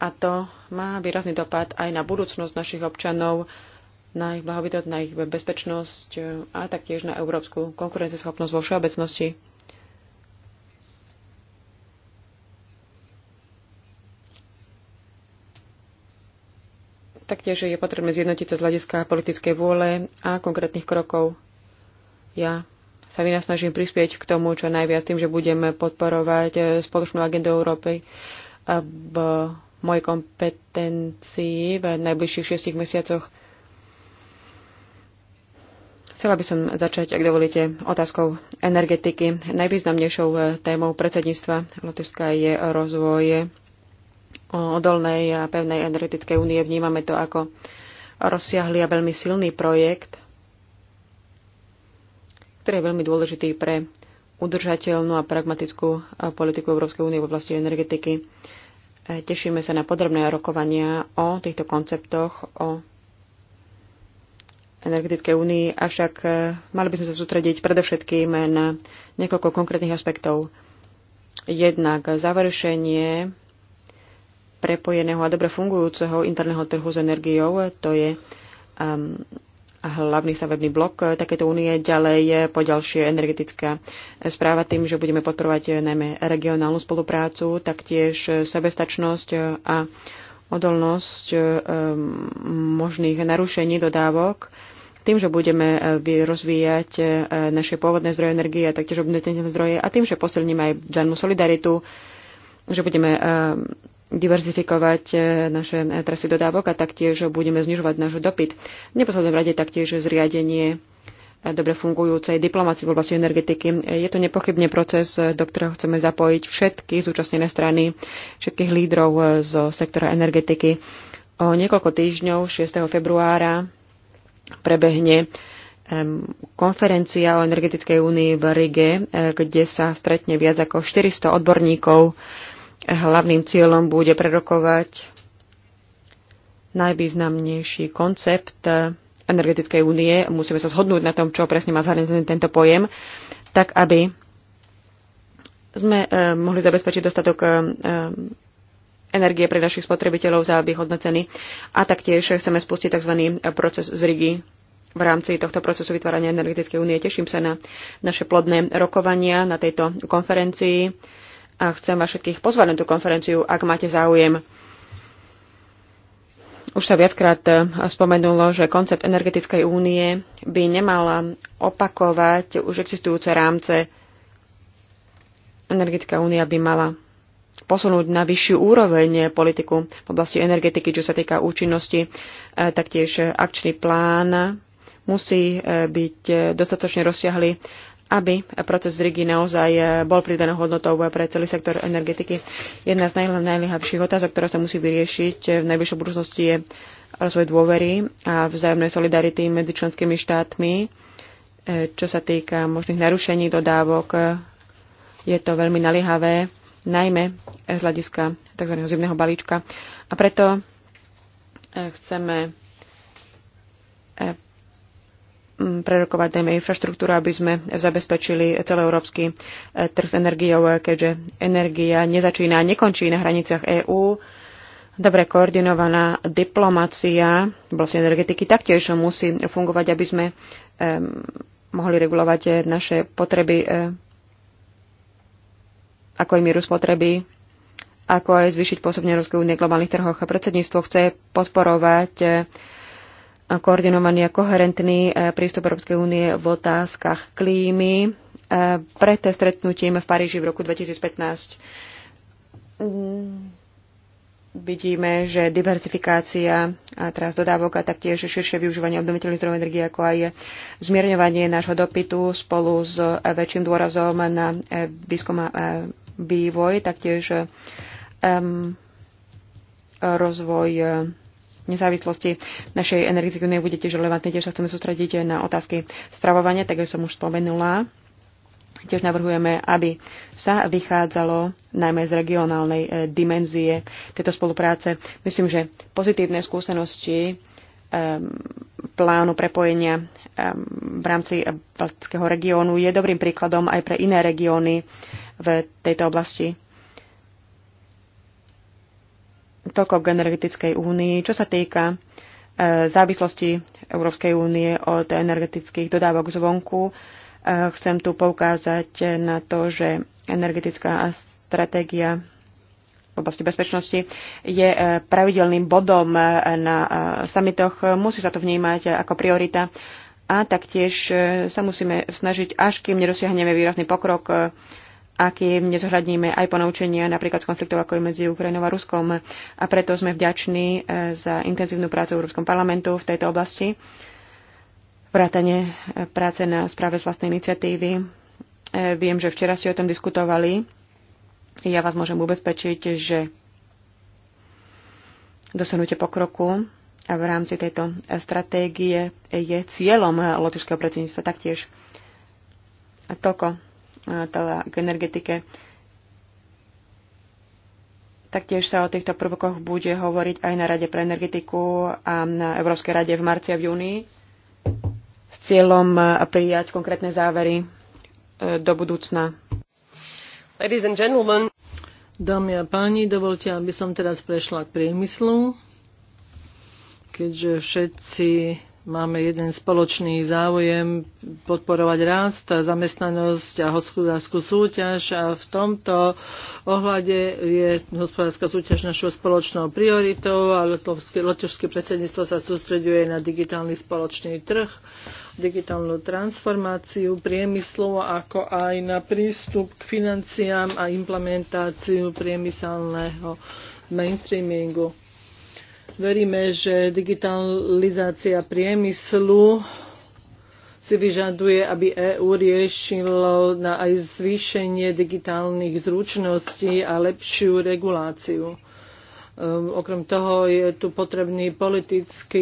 a to má výrazný dopad aj na budúcnosť našich občanov, na ich blahobytot, na ich bezpečnosť e, a taktiež na európsku konkurenceschopnosť vo všeobecnosti. Taktiež je potrebné zjednotiť sa z hľadiska politickej vôle a konkrétnych krokov. Ja sa vynasnažím prispieť k tomu, čo najviac tým, že budeme podporovať eh, spoločnú agendu Európy eh, v mojej kompetencii v najbližších šiestich mesiacoch. Chcela by som začať, ak dovolíte, otázkou energetiky. Najvýznamnejšou eh, témou predsedníctva Lotyšska je rozvoj odolnej a pevnej energetickej únie. Vnímame to ako rozsiahly a veľmi silný projekt, ktorý je veľmi dôležitý pre udržateľnú a pragmatickú politiku Európskej únie v oblasti energetiky. E, tešíme sa na podrobné rokovania o týchto konceptoch, o energetickej únii, avšak e, mali by sme sa sústrediť predovšetkým na niekoľko konkrétnych aspektov. Jednak završenie prepojeného a dobre fungujúceho interného trhu s energiou. To je um, hlavný stavebný blok takéto únie. Ďalej po ďalšie energetická správa tým, že budeme podporovať najmä regionálnu spoluprácu, taktiež sebestačnosť a odolnosť um, možných narušení dodávok tým, že budeme uh, rozvíjať uh, naše pôvodné zdroje energie a taktiež obnoviteľné zdroje a tým, že posilníme aj vzájomnú solidaritu, že budeme um, diverzifikovať e, naše e, trasy dodávok a taktiež budeme znižovať náš dopyt. V neposlednom rade taktiež zriadenie e, dobre fungujúcej diplomácie v oblasti energetiky. Je to nepochybne proces, do ktorého chceme zapojiť všetky zúčastnené strany, všetkých lídrov zo sektora energetiky. O niekoľko týždňov, 6. februára, prebehne konferencia o energetickej únii v Rige, kde sa stretne viac ako 400 odborníkov Hlavným cieľom bude prerokovať najvýznamnejší koncept energetickej únie. Musíme sa zhodnúť na tom, čo presne má zahraniť tento pojem, tak aby sme e, mohli zabezpečiť dostatok e, e, energie pre našich spotrebiteľov za výhodné ceny. A taktiež chceme spustiť tzv. proces z Rigi v rámci tohto procesu vytvárania energetickej únie. Teším sa na naše plodné rokovania na tejto konferencii a chcem vás všetkých pozvať na tú konferenciu, ak máte záujem. Už sa viackrát eh, spomenulo, že koncept energetickej únie by nemala opakovať už existujúce rámce. Energetická únia by mala posunúť na vyššiu úroveň politiku v oblasti energetiky, čo sa týka účinnosti. Eh, taktiež akčný plán musí eh, byť dostatočne rozsiahly aby proces z Rigi naozaj e, bol pridanou hodnotou pre celý sektor energetiky. Jedna z najlihavších otázok, ktorá sa musí vyriešiť e, v najbližšej budúcnosti je rozvoj dôvery a vzájomnej solidarity medzi členskými štátmi, e, čo sa týka možných narušení dodávok. Je to veľmi naliehavé, najmä z hľadiska tzv. zimného balíčka. A preto chceme prerokovať najmä infraštruktúru, aby sme zabezpečili celoeurópsky e, trh s energiou, keďže energia nezačína a nekončí na hraniciach EÚ. Dobre koordinovaná diplomácia v oblasti energetiky taktiež musí fungovať, aby sme um, mohli regulovať e, naše potreby, um, ako aj mieru spotreby, ako aj zvýšiť pôsobne Európskej únie globálnych trhoch. Predsedníctvo chce podporovať um, koordinovaný a koherentný e, prístup Európskej únie v otázkach klímy e, pred stretnutím v Paríži v roku 2015. Mm, vidíme, že diverzifikácia a teraz dodávok a taktiež širšie využívanie obnoviteľných zdrojov energie, ako aj zmierňovanie nášho dopytu spolu s e, väčším dôrazom na výskum a vývoj, taktiež um, rozvoj nezávislosti našej energetiky únie bude tiež relevantné. Tiež sa chceme sústrediť na otázky stravovania, tak som už spomenula. Tiež navrhujeme, aby sa vychádzalo najmä z regionálnej eh, dimenzie tejto spolupráce. Myslím, že pozitívne skúsenosti ehm, plánu prepojenia ehm, v rámci eh, Baltického regiónu je dobrým príkladom aj pre iné regióny v tejto oblasti. Toľko k energetickej únii. Čo sa týka e, závislosti Európskej únie od energetických dodávok zvonku, e, chcem tu poukázať na to, že energetická stratégia v oblasti bezpečnosti je e, pravidelným bodom na samitoch. Musí sa to vnímať ako priorita a taktiež sa musíme snažiť, až kým nedosiahneme výrazný pokrok akým nezohľadníme aj ponaučenia napríklad z konfliktov, ako je medzi Ukrajinou a Ruskom. A preto sme vďační e, za intenzívnu prácu v Európskom parlamentu v tejto oblasti, vrátane e, práce na správe z vlastnej iniciatívy. E, viem, že včera ste o tom diskutovali. Ja vás môžem ubezpečiť, že dosiahnutie pokroku a v rámci tejto stratégie je cieľom lotišského predsedníctva taktiež. A toľko teda k energetike. Taktiež sa o týchto prvkoch bude hovoriť aj na Rade pre energetiku a na Európskej rade v marci a v júni s cieľom e, prijať konkrétne závery e, do budúcna. Ladies and gentlemen. Dámy a páni, dovolte, aby som teraz prešla k priemyslu, keďže všetci máme jeden spoločný záujem podporovať rast, zamestnanosť a hospodárskú súťaž a v tomto ohľade je hospodárska súťaž našou spoločnou prioritou a lotovské predsedníctvo sa sústreďuje na digitálny spoločný trh, digitálnu transformáciu priemyslu, ako aj na prístup k financiám a implementáciu priemyselného mainstreamingu Veríme, že digitalizácia priemyslu si vyžaduje, aby EÚ riešilo na aj zvýšenie digitálnych zručností a lepšiu reguláciu. Ehm, okrem toho je tu potrebné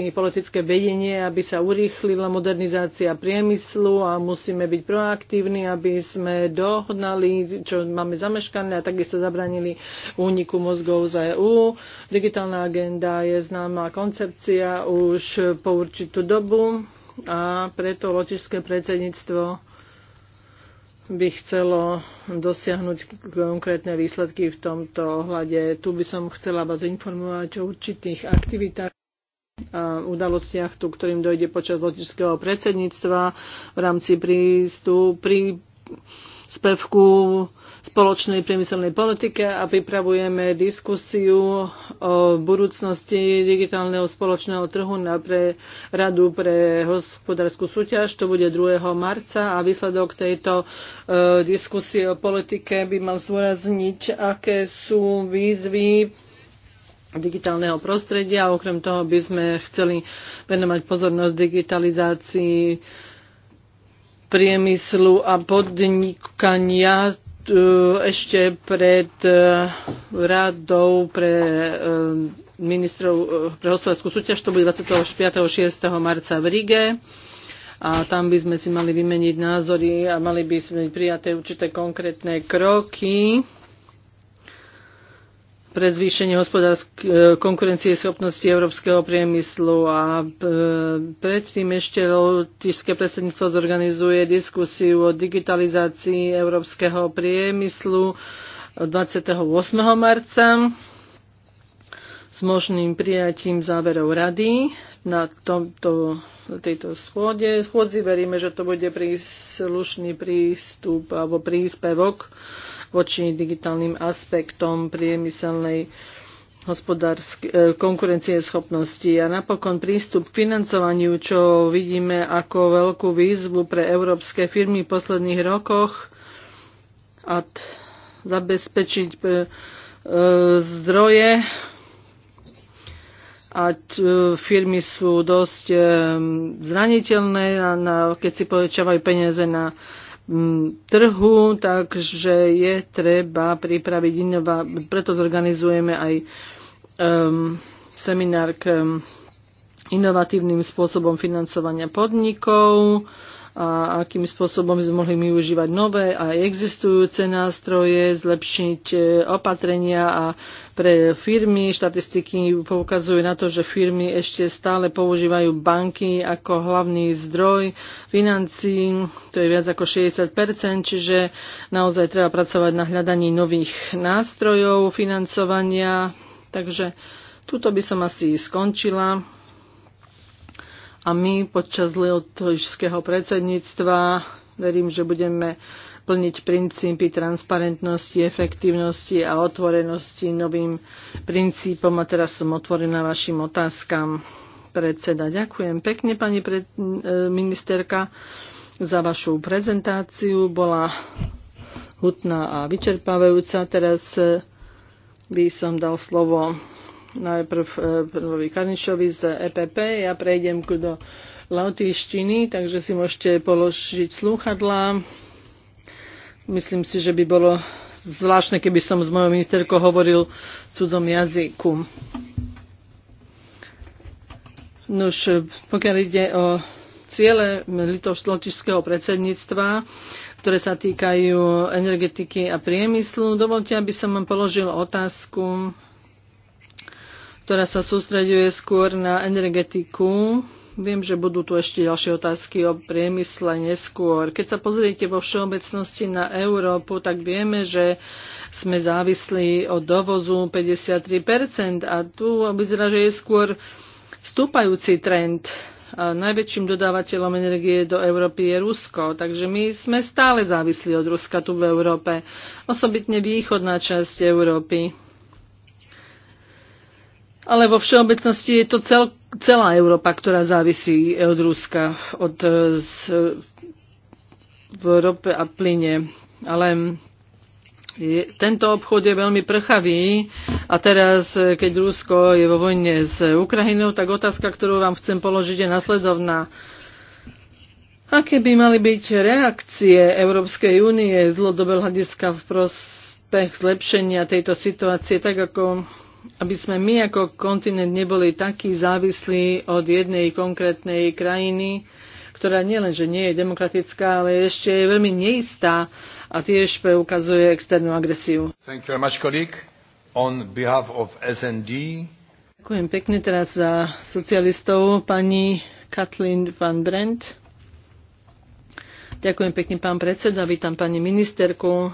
politické vedenie, aby sa urýchlila modernizácia priemyslu a musíme byť proaktívni, aby sme dohnali, čo máme zameškané a takisto zabranili úniku mozgov za EÚ. Digitálna agenda je známa koncepcia už po určitú dobu a preto lotičské predsedníctvo by chcelo dosiahnuť konkrétne výsledky v tomto ohľade. Tu by som chcela vás informovať o určitých aktivitách a udalostiach, tu, ktorým dojde počas lotičského predsedníctva v rámci prístupu pri spevku spoločnej priemyselnej politike a pripravujeme diskusiu o budúcnosti digitálneho spoločného trhu na pre Radu pre hospodárskú súťaž. To bude 2. marca a výsledok tejto e, diskusie o politike by mal zdôrazniť, aké sú výzvy digitálneho prostredia. Okrem toho by sme chceli venovať pozornosť digitalizácii priemyslu a podnikania ešte pred eh, radou pre eh, ministrov eh, pre hospodárskú súťaž, to bude 25. 6. marca v Rige a tam by sme si mali vymeniť názory a mali by sme prijaté určité konkrétne kroky pre zvýšenie hospodárskej konkurencie schopnosti európskeho priemyslu a e, predtým ešte lotišské predsedníctvo zorganizuje diskusiu o digitalizácii európskeho priemyslu 28. marca s možným prijatím záverov rady na tomto, tejto schôde. Schôdzi veríme, že to bude príslušný prístup alebo príspevok voči digitálnym aspektom priemyselnej e, konkurencie schopnosti a napokon prístup k financovaniu, čo vidíme ako veľkú výzvu pre európske firmy v posledných rokoch a zabezpečiť e, e, zdroje a firmy sú dosť zraniteľné, na, na, keď si povečiavajú peniaze na trhu, takže je treba pripraviť inová, preto zorganizujeme aj um, seminár k inovatívnym spôsobom financovania podnikov a akým spôsobom sme mohli využívať nové a existujúce nástroje, zlepšiť e, opatrenia a pre firmy. Štatistiky poukazujú na to, že firmy ešte stále používajú banky ako hlavný zdroj financí, to je viac ako 60%, čiže naozaj treba pracovať na hľadaní nových nástrojov financovania. Takže tuto by som asi skončila a my počas liotského predsedníctva verím, že budeme plniť princípy transparentnosti, efektívnosti a otvorenosti novým princípom. A teraz som otvorená vašim otázkam predseda. Ďakujem pekne, pani pred, eh, ministerka, za vašu prezentáciu. Bola hutná a vyčerpávajúca. Teraz eh, by som dal slovo najprv e, prvovi Kaničovi z EPP, ja prejdem ku do lautištiny, takže si môžete položiť slúchadlá. Myslím si, že by bolo zvláštne, keby som s mojou ministerkou hovoril v cudzom jazyku. Nož, pokiaľ ide o ciele litovského predsedníctva, ktoré sa týkajú energetiky a priemyslu, dovolte, aby som vám položil otázku, ktorá sa sústreďuje skôr na energetiku. Viem, že budú tu ešte ďalšie otázky o priemysle neskôr. Keď sa pozriete vo všeobecnosti na Európu, tak vieme, že sme závislí od dovozu 53% a tu vyzerá, že je skôr stúpajúci trend. A najväčším dodávateľom energie do Európy je Rusko, takže my sme stále závislí od Ruska tu v Európe, osobitne východná časť Európy ale vo všeobecnosti je to cel, celá Európa, ktorá závisí od Ruska, od e, z, v Európe a plyne. Ale je, tento obchod je veľmi prchavý a teraz, e, keď Rusko je vo vojne s Ukrajinou, tak otázka, ktorú vám chcem položiť, je nasledovná. Aké by mali byť reakcie Európskej únie z dlhodobého hľadiska v prospech zlepšenia tejto situácie, tak ako aby sme my ako kontinent neboli takí závislí od jednej konkrétnej krajiny, ktorá nielenže že nie je demokratická, ale ešte je veľmi neistá a tiež preukazuje externú agresiu. Thank you very much, On behalf of SND. Ďakujem pekne teraz za socialistov pani Katlin van Brent. Ďakujem pekne, pán predseda, vítam pani ministerku.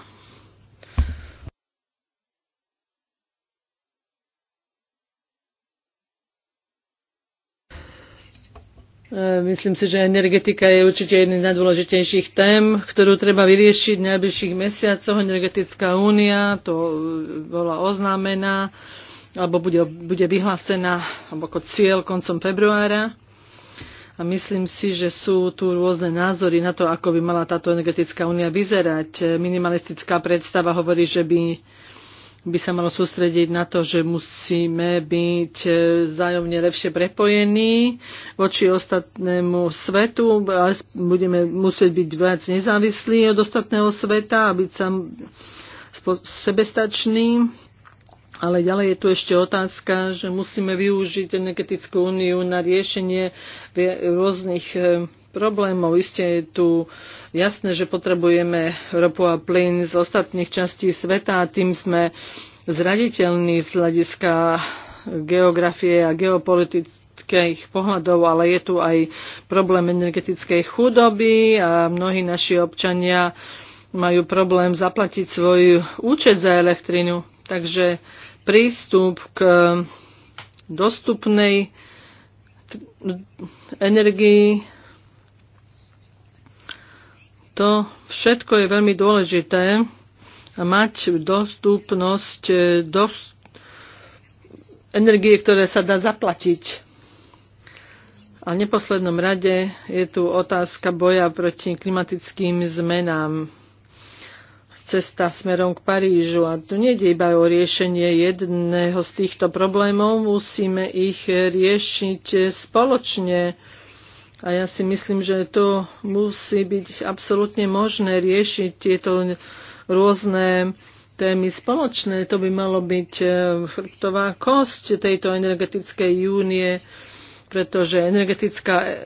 E, myslím si, že energetika je určite jedným z najdôležitejších tém, ktorú treba vyriešiť v najbližších mesiacoch. Energetická únia, to e, bola oznámená, alebo bude, bude vyhlásená ako cieľ koncom februára. A myslím si, že sú tu rôzne názory na to, ako by mala táto energetická únia vyzerať. E, minimalistická predstava hovorí, že by by sa malo sústrediť na to, že musíme byť e, zájomne lepšie prepojení voči ostatnému svetu. Budeme musieť byť viac nezávislí od ostatného sveta a byť sam sebestačný. Ale ďalej je tu ešte otázka, že musíme využiť energetickú úniu na riešenie rôznych e, problémov. Isté je tu Jasné, že potrebujeme ropu a plyn z ostatných častí sveta a tým sme zraditeľní z hľadiska geografie a geopolitických pohľadov, ale je tu aj problém energetickej chudoby a mnohí naši občania majú problém zaplatiť svoj účet za elektrinu. Takže prístup k dostupnej energii to všetko je veľmi dôležité a mať dostupnosť e, dos- energie, ktoré sa dá zaplatiť. A v neposlednom rade je tu otázka boja proti klimatickým zmenám cesta smerom k Parížu. A tu nie je iba o riešenie jedného z týchto problémov, musíme ich riešiť spoločne a ja si myslím, že to musí byť absolútne možné riešiť tieto rôzne témy spoločné. To by malo byť chrbtová e, kosť tejto energetickej únie, pretože, energetická, e,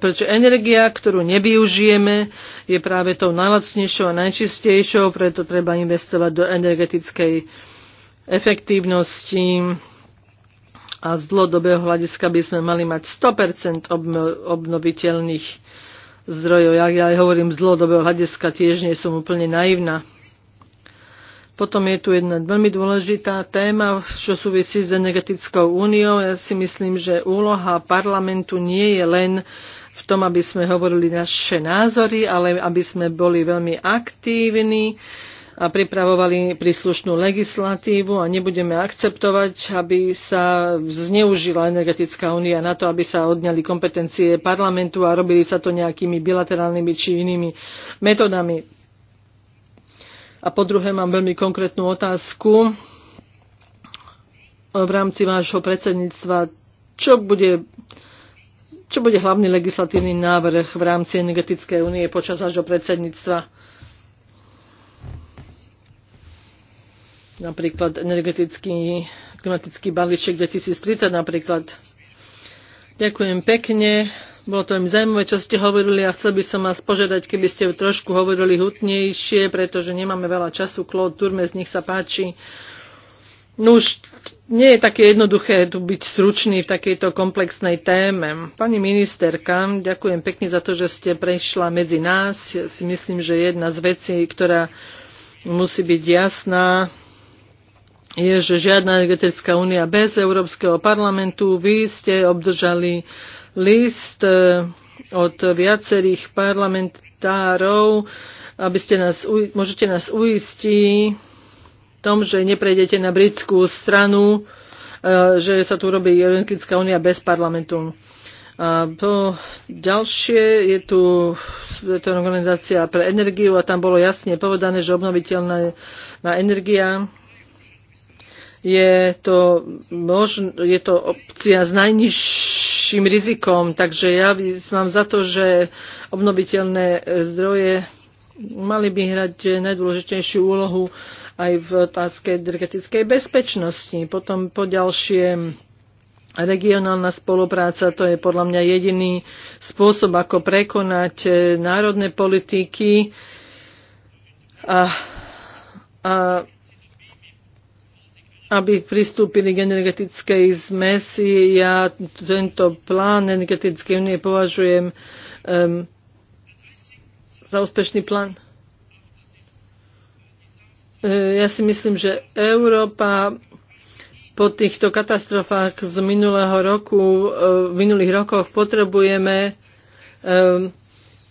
pretože energia, ktorú nevyužijeme, je práve tou najlacnejšou a najčistejšou, preto treba investovať do energetickej efektívnosti a z dlhodobého hľadiska by sme mali mať 100% obnoviteľných zdrojov. Ja, ja hovorím z dlhodobého hľadiska, tiež nie som úplne naivná. Potom je tu jedna veľmi dôležitá téma, čo súvisí s energetickou úniou. Ja si myslím, že úloha parlamentu nie je len v tom, aby sme hovorili naše názory, ale aby sme boli veľmi aktívni a pripravovali príslušnú legislatívu a nebudeme akceptovať, aby sa zneužila energetická únia na to, aby sa odňali kompetencie parlamentu a robili sa to nejakými bilaterálnymi či inými metodami. A po druhé mám veľmi konkrétnu otázku v rámci vášho predsedníctva. Čo bude čo bude hlavný legislatívny návrh v rámci energetickej únie počas vášho predsedníctva? napríklad energetický klimatický balíček 2030 napríklad. Ďakujem pekne. Bolo to veľmi zaujímavé, čo ste hovorili a chcel by som vás požiadať, keby ste trošku hovorili hutnejšie, pretože nemáme veľa času. Claude Turmes, nech sa páči. No už nie je také jednoduché tu byť stručný v takejto komplexnej téme. Pani ministerka, ďakujem pekne za to, že ste prešla medzi nás. Ja si myslím, že jedna z vecí, ktorá musí byť jasná, je, že žiadna energetická únia bez Európskeho parlamentu. Vy ste obdržali list e, od viacerých parlamentárov, aby ste nás, môžete nás uistiť tom, že neprejdete na britskú stranu, e, že sa tu robí energetická únia bez parlamentu. A po ďalšie je tu Svetová organizácia pre energiu a tam bolo jasne povedané, že obnoviteľná energia je to, možn- je to opcia s najnižším rizikom, takže ja mám za to, že obnoviteľné zdroje mali by hrať najdôležitejšiu úlohu aj v otázke energetickej bezpečnosti. Potom po ďalšie regionálna spolupráca, to je podľa mňa jediný spôsob, ako prekonať národné politiky a, a aby pristúpili k energetickej zmesi. Ja tento plán energetickej únie považujem um, za úspešný plán. E, ja si myslím, že Európa po týchto katastrofách z minulého roku, e, v minulých rokoch potrebujeme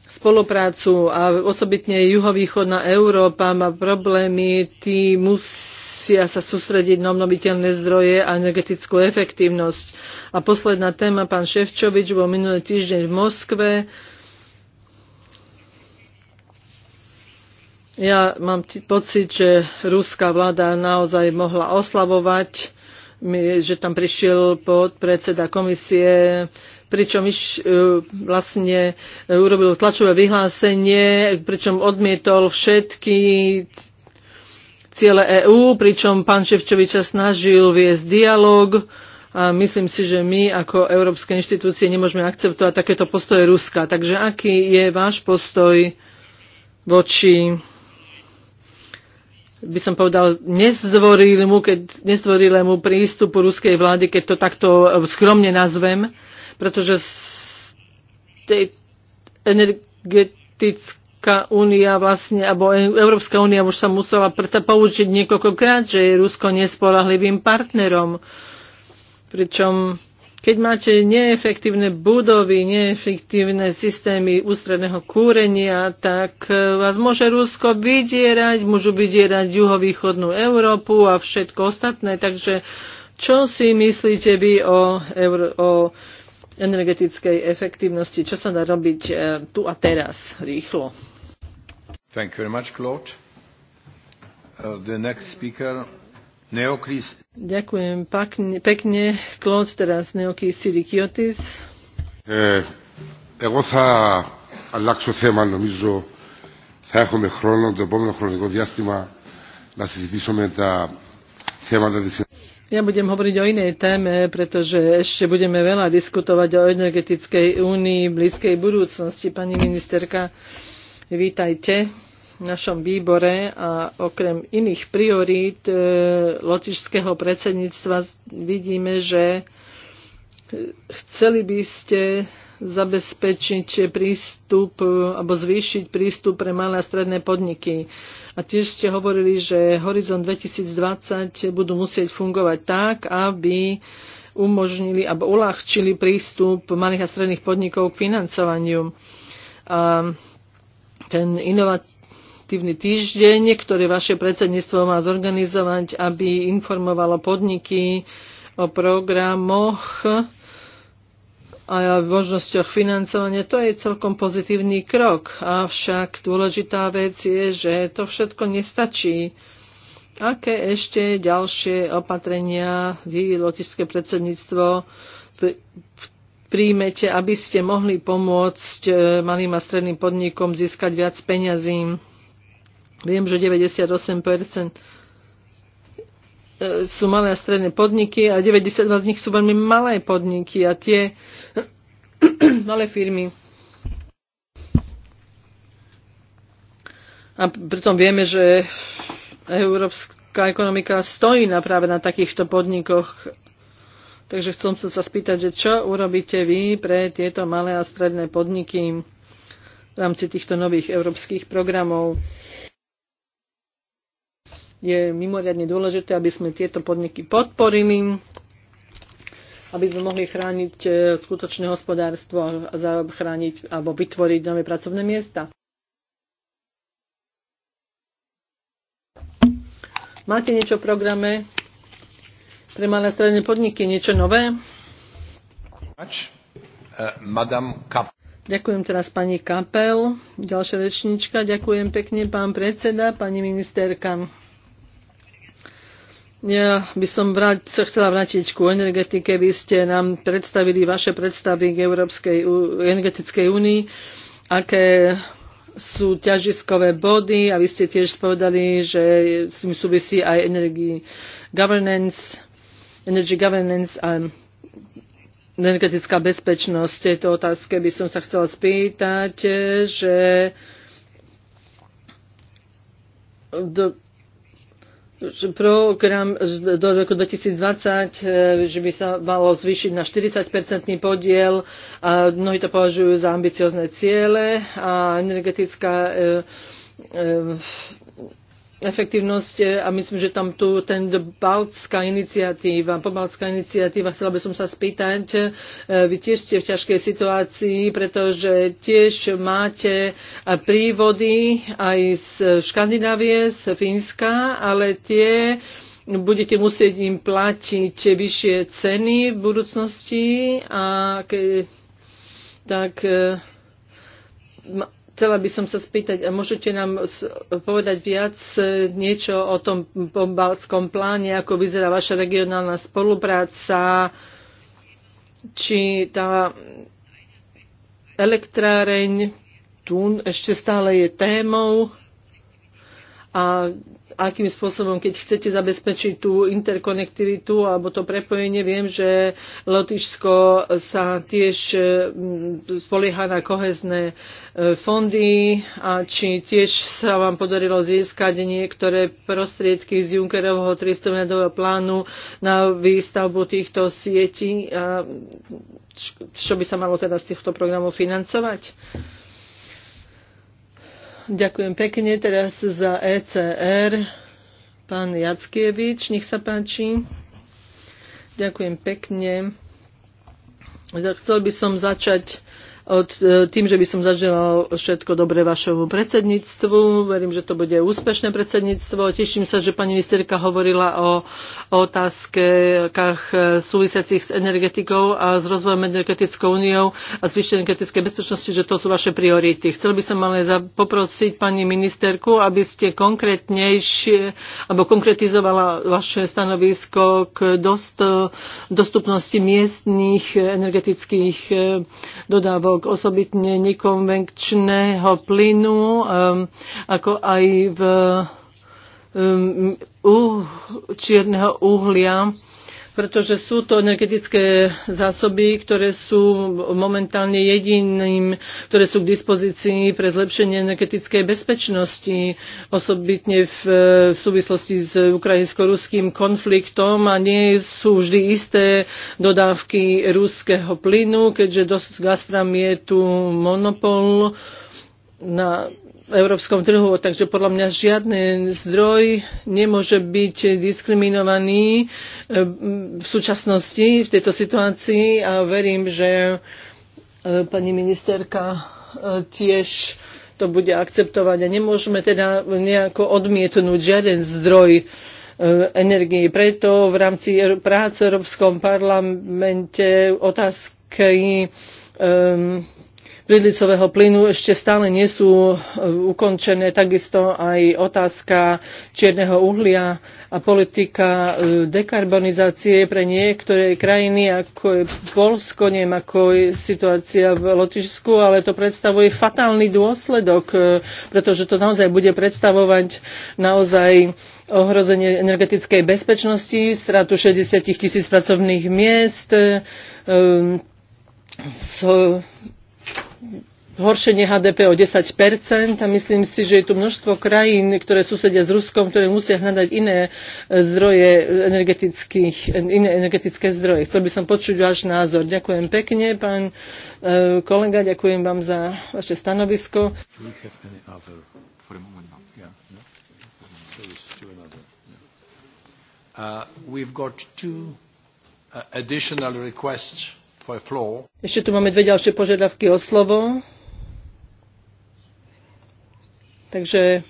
spoluprácu a osobitne juhovýchodná Európa má problémy, tí mus, musia sa sústrediť na obnoviteľné zdroje a energetickú efektívnosť. A posledná téma, pán Ševčovič bol minulý týždeň v Moskve. Ja mám pocit, že ruská vláda naozaj mohla oslavovať, že tam prišiel predseda komisie pričom iš, e, vlastne e, urobil tlačové vyhlásenie, pričom odmietol všetky ciele EÚ, pričom pán Ševčovič sa snažil viesť dialog a myslím si, že my ako európske inštitúcie nemôžeme akceptovať takéto postoje Ruska. Takže aký je váš postoj voči by som povedal, nezdvorilému, keď, nezdvorilému prístupu ruskej vlády, keď to takto skromne nazvem, pretože z tej energetické Európska únia vlastne, alebo Európska únia už sa musela predsa poučiť niekoľkokrát, že je Rusko nespolahlivým partnerom. Pričom keď máte neefektívne budovy, neefektívne systémy ústredného kúrenia, tak e, vás môže Rusko vydierať, môžu vydierať juhovýchodnú Európu a všetko ostatné. Takže čo si myslíte vy o, o energetickej efektívnosti? Čo sa dá robiť e, tu a teraz rýchlo? Thank you very much, Claude. Uh, the next speaker, Neoklis. Ďakujem pekne, pekne Claude, teraz Neoklis Sirikiotis. Ε, εγώ θα αλλάξω θέμα, νομίζω θα έχουμε χρόνο, το επόμενο χρονικό διάστημα να συζητήσουμε τα θέματα της ja budem hovoriť o inej téme, pretože ešte budeme veľa diskutovať o energetickej únii v blízkej budúcnosti. Pani ministerka, Vítajte v našom výbore a okrem iných priorít e, lotišského predsedníctva vidíme, že chceli by ste zabezpečiť prístup e, alebo zvýšiť prístup pre malé a stredné podniky. A tiež ste hovorili, že Horizon 2020 budú musieť fungovať tak, aby umožnili alebo uľahčili prístup malých a stredných podnikov k financovaniu. A ten inovatívny týždeň, ktorý vaše predsedníctvo má zorganizovať, aby informovalo podniky o programoch a možnosťoch financovania, to je celkom pozitívny krok. Avšak dôležitá vec je, že to všetko nestačí. Aké ešte ďalšie opatrenia vy, lotišské predsedníctvo, príjmete, aby ste mohli pomôcť e, malým a stredným podnikom získať viac peňazí. Viem, že 98 e, sú malé a stredné podniky a 92 z nich sú veľmi malé podniky a tie [CLEARS THROAT] malé firmy. A pritom vieme, že európska ekonomika stojí na práve na takýchto podnikoch Takže chcem sa spýtať, že čo urobíte vy pre tieto malé a stredné podniky v rámci týchto nových európskych programov. Je mimoriadne dôležité, aby sme tieto podniky podporili, aby sme mohli chrániť e, skutočné hospodárstvo a zachrániť alebo vytvoriť nové pracovné miesta. Máte niečo v programe? pre malé stredné podniky niečo nové? Eh, Ďakujem teraz pani Kapel, ďalšia rečnička. Ďakujem pekne pán predseda, pani ministerka. Ja by som sa chcela vrátiť ku energetike. Vy ste nám predstavili vaše predstavy k Európskej energetickej únii, aké sú ťažiskové body a vy ste tiež spovedali, že s tým súvisí aj energy governance energy governance a energetická bezpečnosť. V tejto otázke by som sa chcela spýtať, že do, program do roku 2020, eh, že by sa malo zvýšiť na 40-percentný podiel. A mnohí to považujú za ambiciozne ciele a energetická eh, eh, efektivnosť e, a myslím, že tam tu ten baltská iniciatíva, pobaltská iniciatíva, chcela by som sa spýtať, e, vy tiež ste v ťažkej situácii, pretože tiež máte e, prívody aj z Škandinávie, z Fínska, ale tie budete musieť im platiť vyššie ceny v budúcnosti a ke, tak chcela by som sa spýtať, a môžete nám povedať viac e, niečo o tom pobalskom pláne, ako vyzerá vaša regionálna spolupráca, či tá elektráreň tu ešte stále je témou a akým spôsobom, keď chcete zabezpečiť tú interkonektivitu alebo to prepojenie, viem, že Lotyšsko sa tiež mm, spolieha na kohezné e, fondy a či tiež sa vám podarilo získať niektoré prostriedky z Junckerovho 300 plánu na výstavbu týchto sietí, a čo by sa malo teda z týchto programov financovať? Ďakujem pekne teraz za ECR. Pán Jackievič, nech sa páči. Ďakujem pekne. Chcel by som začať od, e, tým, že by som zaželal všetko dobré vašemu predsedníctvu. Verím, že to bude úspešné predsedníctvo. Teším sa, že pani ministerka hovorila o, o otázkach e, súvisiacich s energetikou a s rozvojom energetickou úniou a zvýšením energetickej bezpečnosti, že to sú vaše priority. Chcel by som ale poprosiť pani ministerku, aby ste konkrétnejšie alebo konkretizovala vaše stanovisko k dost, dostupnosti miestných energetických e, dodávok k osobitne nekonvenčného plynu, um, ako aj v um, u čierneho uhlia pretože sú to energetické zásoby, ktoré sú momentálne jediným, ktoré sú k dispozícii pre zlepšenie energetickej bezpečnosti, osobitne v, v súvislosti s ukrajinsko-ruským konfliktom a nie sú vždy isté dodávky ruského plynu, keďže dosť Gazprom je tu monopol na európskom trhu, takže podľa mňa žiadny zdroj nemôže byť diskriminovaný e, v súčasnosti, v tejto situácii a verím, že e, pani ministerka e, tiež to bude akceptovať a nemôžeme teda nejako odmietnúť žiaden zdroj energie. Preto v rámci práce v Európskom parlamente otázky um, bridlicového plynu ešte stále nie sú e, ukončené. Takisto aj otázka čierneho uhlia a politika e, dekarbonizácie pre niektoré krajiny, ako je Polsko, neviem, ako je situácia v Lotyšsku, ale to predstavuje fatálny dôsledok, e, pretože to naozaj bude predstavovať naozaj ohrozenie energetickej bezpečnosti, stratu 60 tisíc pracovných miest, so horšenie HDP o 10 a myslím si, že je tu množstvo krajín, ktoré susedia s Ruskom, ktoré musia hľadať iné e, zdroje energetických, e, iné energetické zdroje. Chcel by som počuť váš názor. Ďakujem pekne, pán e, kolega, ďakujem vám za vaše stanovisko. Uh, we've got two uh, additional requests ešte tu máme dve ďalšie požiadavky o slovo. Takže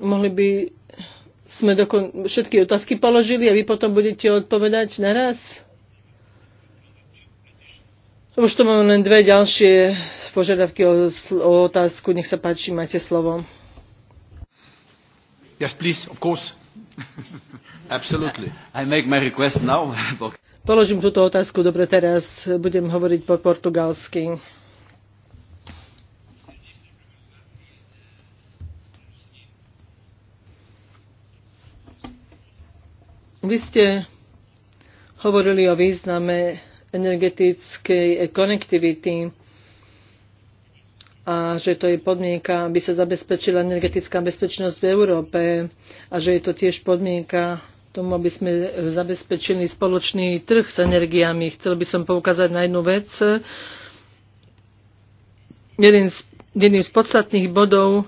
mohli by sme dokon- všetky otázky položili a vy potom budete odpovedať naraz. Už tu máme len dve ďalšie požiadavky o, o otázku. Nech sa páči, máte slovo. Yes, please, of course. [LAUGHS] Absolutely. I make my request now. [LAUGHS] Položím túto otázku, dobre teraz budem hovoriť po portugalsky. Vy ste hovorili o význame energetickej konektivity a že to je podmienka, aby sa zabezpečila energetická bezpečnosť v Európe a že je to tiež podmienka tomu, aby sme e, zabezpečili spoločný trh s energiami. Chcel by som poukázať na jednu vec. Jeden z, jedným z podstatných bodov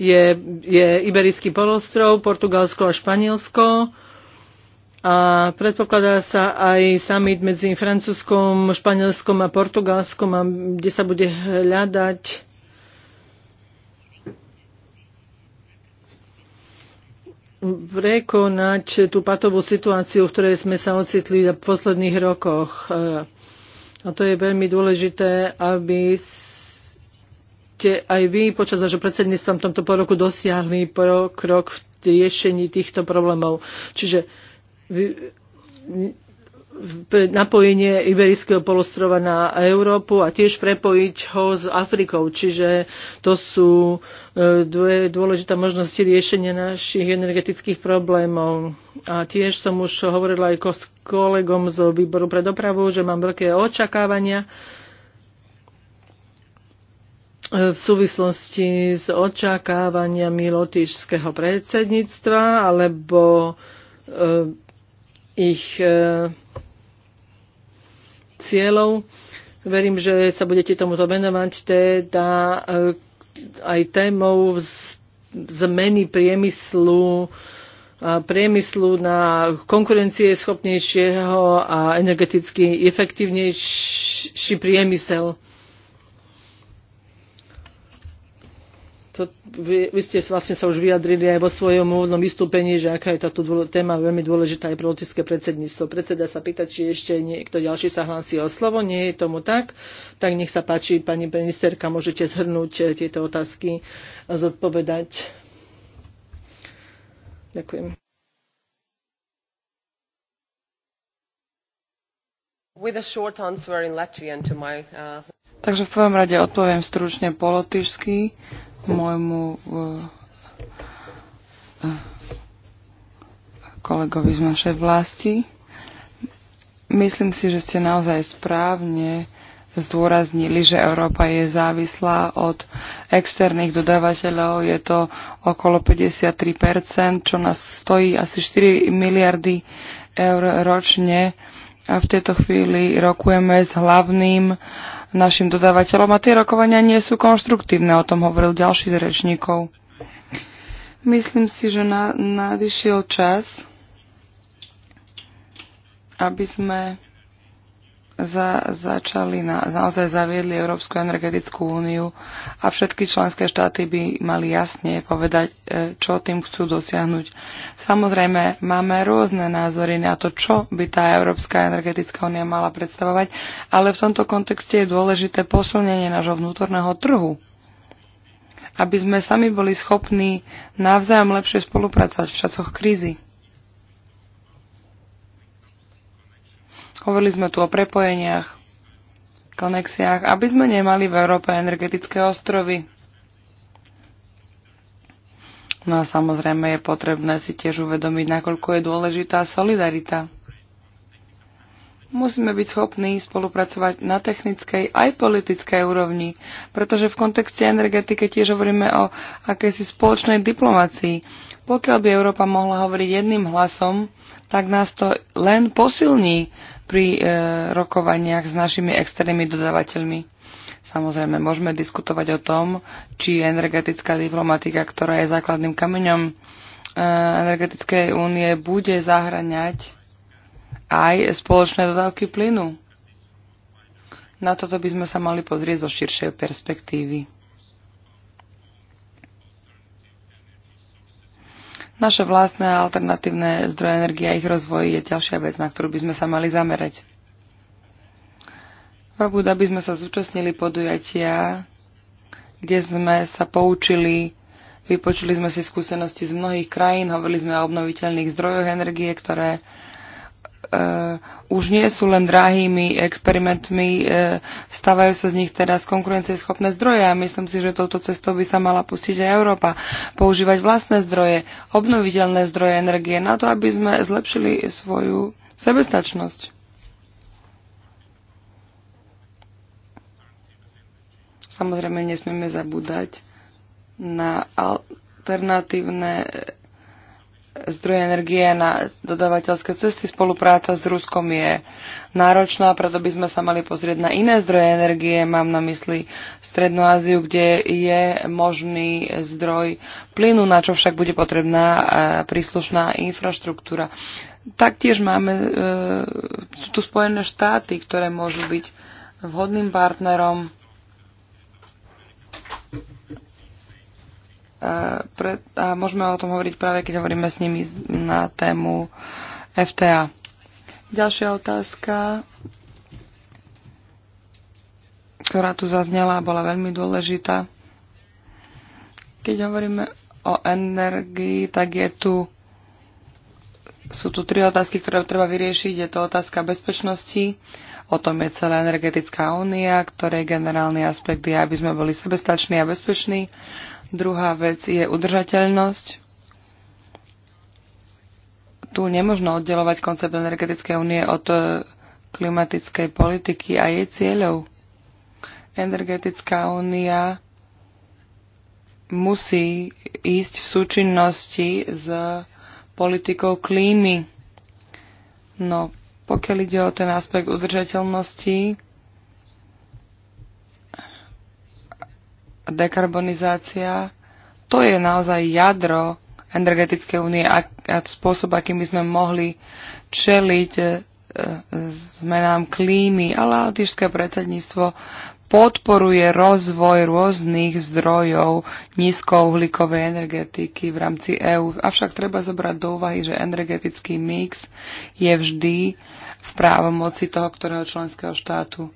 je, je Iberijský polostrov, Portugalsko a Španielsko. A predpokladá sa aj summit medzi Francúzskom, Španielskom a Portugalskom, kde sa bude hľadať prekonať tú patovú situáciu, v ktorej sme sa ocitli v posledných rokoch. A to je veľmi dôležité, aby ste aj vy počas vášho predsedníctva v tomto poroku dosiahli krok v riešení týchto problémov. Čiže vy, napojenie Iberijského polostrova na Európu a tiež prepojiť ho s Afrikou. Čiže to sú e, dve dôležité možnosti riešenia našich energetických problémov. A tiež som už hovorila aj s kolegom z výboru pre dopravu, že mám veľké očakávania e, v súvislosti s očakávaniami lotišského predsedníctva alebo e, ich cieľov. Verím, že sa budete tomuto venovať teda e, aj témou zmeny priemyslu a priemyslu na schopnejšieho a energeticky efektívnejší priemysel. to, vy, vy ste vlastne sa už vyjadrili aj vo svojom úvodnom vystúpení, že aká je táto dôle, téma veľmi dôležitá aj pre lotické predsedníctvo. Predseda sa pýta, či ešte niekto ďalší sa hlási o slovo. Nie je tomu tak. Tak nech sa páči, pani ministerka, môžete zhrnúť eh, tieto otázky a zodpovedať. Ďakujem. With a short answer in Latvian to my, uh... Takže v prvom rade odpoviem stručne po lotyšsky môjmu eh, eh, kolegovi z našej vlasti. Myslím si, že ste naozaj správne zdôraznili, že Európa je závislá od externých dodávateľov. Je to okolo 53%, čo nás stojí asi 4 miliardy eur ročne. A v tejto chvíli rokujeme s hlavným uh, našim dodávateľom a tie rokovania nie sú konštruktívne, o tom hovoril ďalší z rečníkov. Myslím si, že na, nadišiel čas, aby sme za, začali na, naozaj zaviedli Európsku energetickú úniu a všetky členské štáty by mali jasne povedať, e, čo tým chcú dosiahnuť. Samozrejme, máme rôzne názory na to, čo by tá Európska energetická únia mala predstavovať, ale v tomto kontexte je dôležité posilnenie nášho vnútorného trhu aby sme sami boli schopní navzájom lepšie spolupracovať v časoch krízy. Hovorili sme tu o prepojeniach, konexiách, aby sme nemali v Európe energetické ostrovy. No a samozrejme je potrebné si tiež uvedomiť, nakoľko je dôležitá solidarita. Musíme byť schopní spolupracovať na technickej aj politickej úrovni, pretože v kontexte energetike tiež hovoríme o akejsi spoločnej diplomácii. Pokiaľ by Európa mohla hovoriť jedným hlasom, tak nás to len posilní pri e, rokovaniach s našimi externými dodávateľmi. Samozrejme, môžeme diskutovať o tom, či energetická diplomatika, ktorá je základným kameňom e, energetickej únie, bude zahraňať aj spoločné dodávky plynu. Na toto by sme sa mali pozrieť zo širšej perspektívy. Naše vlastné alternatívne zdroje energie a ich rozvoj je ďalšia vec, na ktorú by sme sa mali zamerať. V Abu Dhabi sme sa zúčastnili podujatia, kde sme sa poučili, vypočuli sme si skúsenosti z mnohých krajín, hovorili sme o obnoviteľných zdrojoch energie, ktoré Eh, už nie sú len drahými experimentmi, eh, stávajú sa z nich teraz konkurencieschopné zdroje a myslím si, že touto cestou by sa mala pustiť aj Európa. Používať vlastné zdroje, obnoviteľné zdroje energie na to, aby sme zlepšili svoju sebestačnosť. Samozrejme nesmieme zabúdať na alternatívne zdroje energie na dodávateľské cesty. Spolupráca s Ruskom je náročná, preto by sme sa mali pozrieť na iné zdroje energie. Mám na mysli Strednú Áziu, kde je možný zdroj plynu, na čo však bude potrebná e, príslušná infraštruktúra. Taktiež máme e, tu Spojené štáty, ktoré môžu byť vhodným partnerom pre, a môžeme o tom hovoriť práve, keď hovoríme s nimi na tému FTA. Ďalšia otázka, ktorá tu zaznela a bola veľmi dôležitá. Keď hovoríme o energii, tak je tu, sú tu tri otázky, ktoré treba vyriešiť. Je to otázka bezpečnosti, o tom je celá energetická únia, ktorej generálny aspekt je, aby sme boli sebestační a bezpeční. Druhá vec je udržateľnosť. Tu nemožno oddelovať koncept energetickej únie od e, klimatickej politiky a jej cieľov. Energetická únia musí ísť v súčinnosti s politikou klímy. No, pokiaľ ide o ten aspekt udržateľnosti, dekarbonizácia, to je naozaj jadro energetickej únie a, a spôsob, akým by sme mohli čeliť e, zmenám klímy. ale Lotyšské predsedníctvo podporuje rozvoj rôznych zdrojov nízkouhlíkovej energetiky v rámci EÚ. Avšak treba zobrať do úvahy, že energetický mix je vždy v právomoci toho, ktorého členského štátu.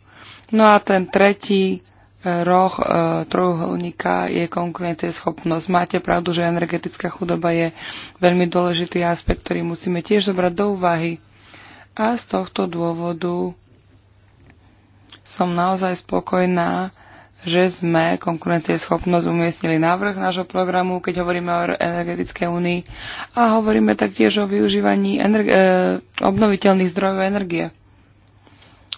No a ten tretí roh e, trojuholníka je konkurencieschopnosť. Máte pravdu, že energetická chudoba je veľmi dôležitý aspekt, ktorý musíme tiež zobrať do úvahy. A z tohto dôvodu som naozaj spokojná, že sme konkurencieschopnosť umiestnili návrh nášho programu, keď hovoríme o energetickej únii a hovoríme taktiež o využívaní energi- e, obnoviteľných zdrojov energie.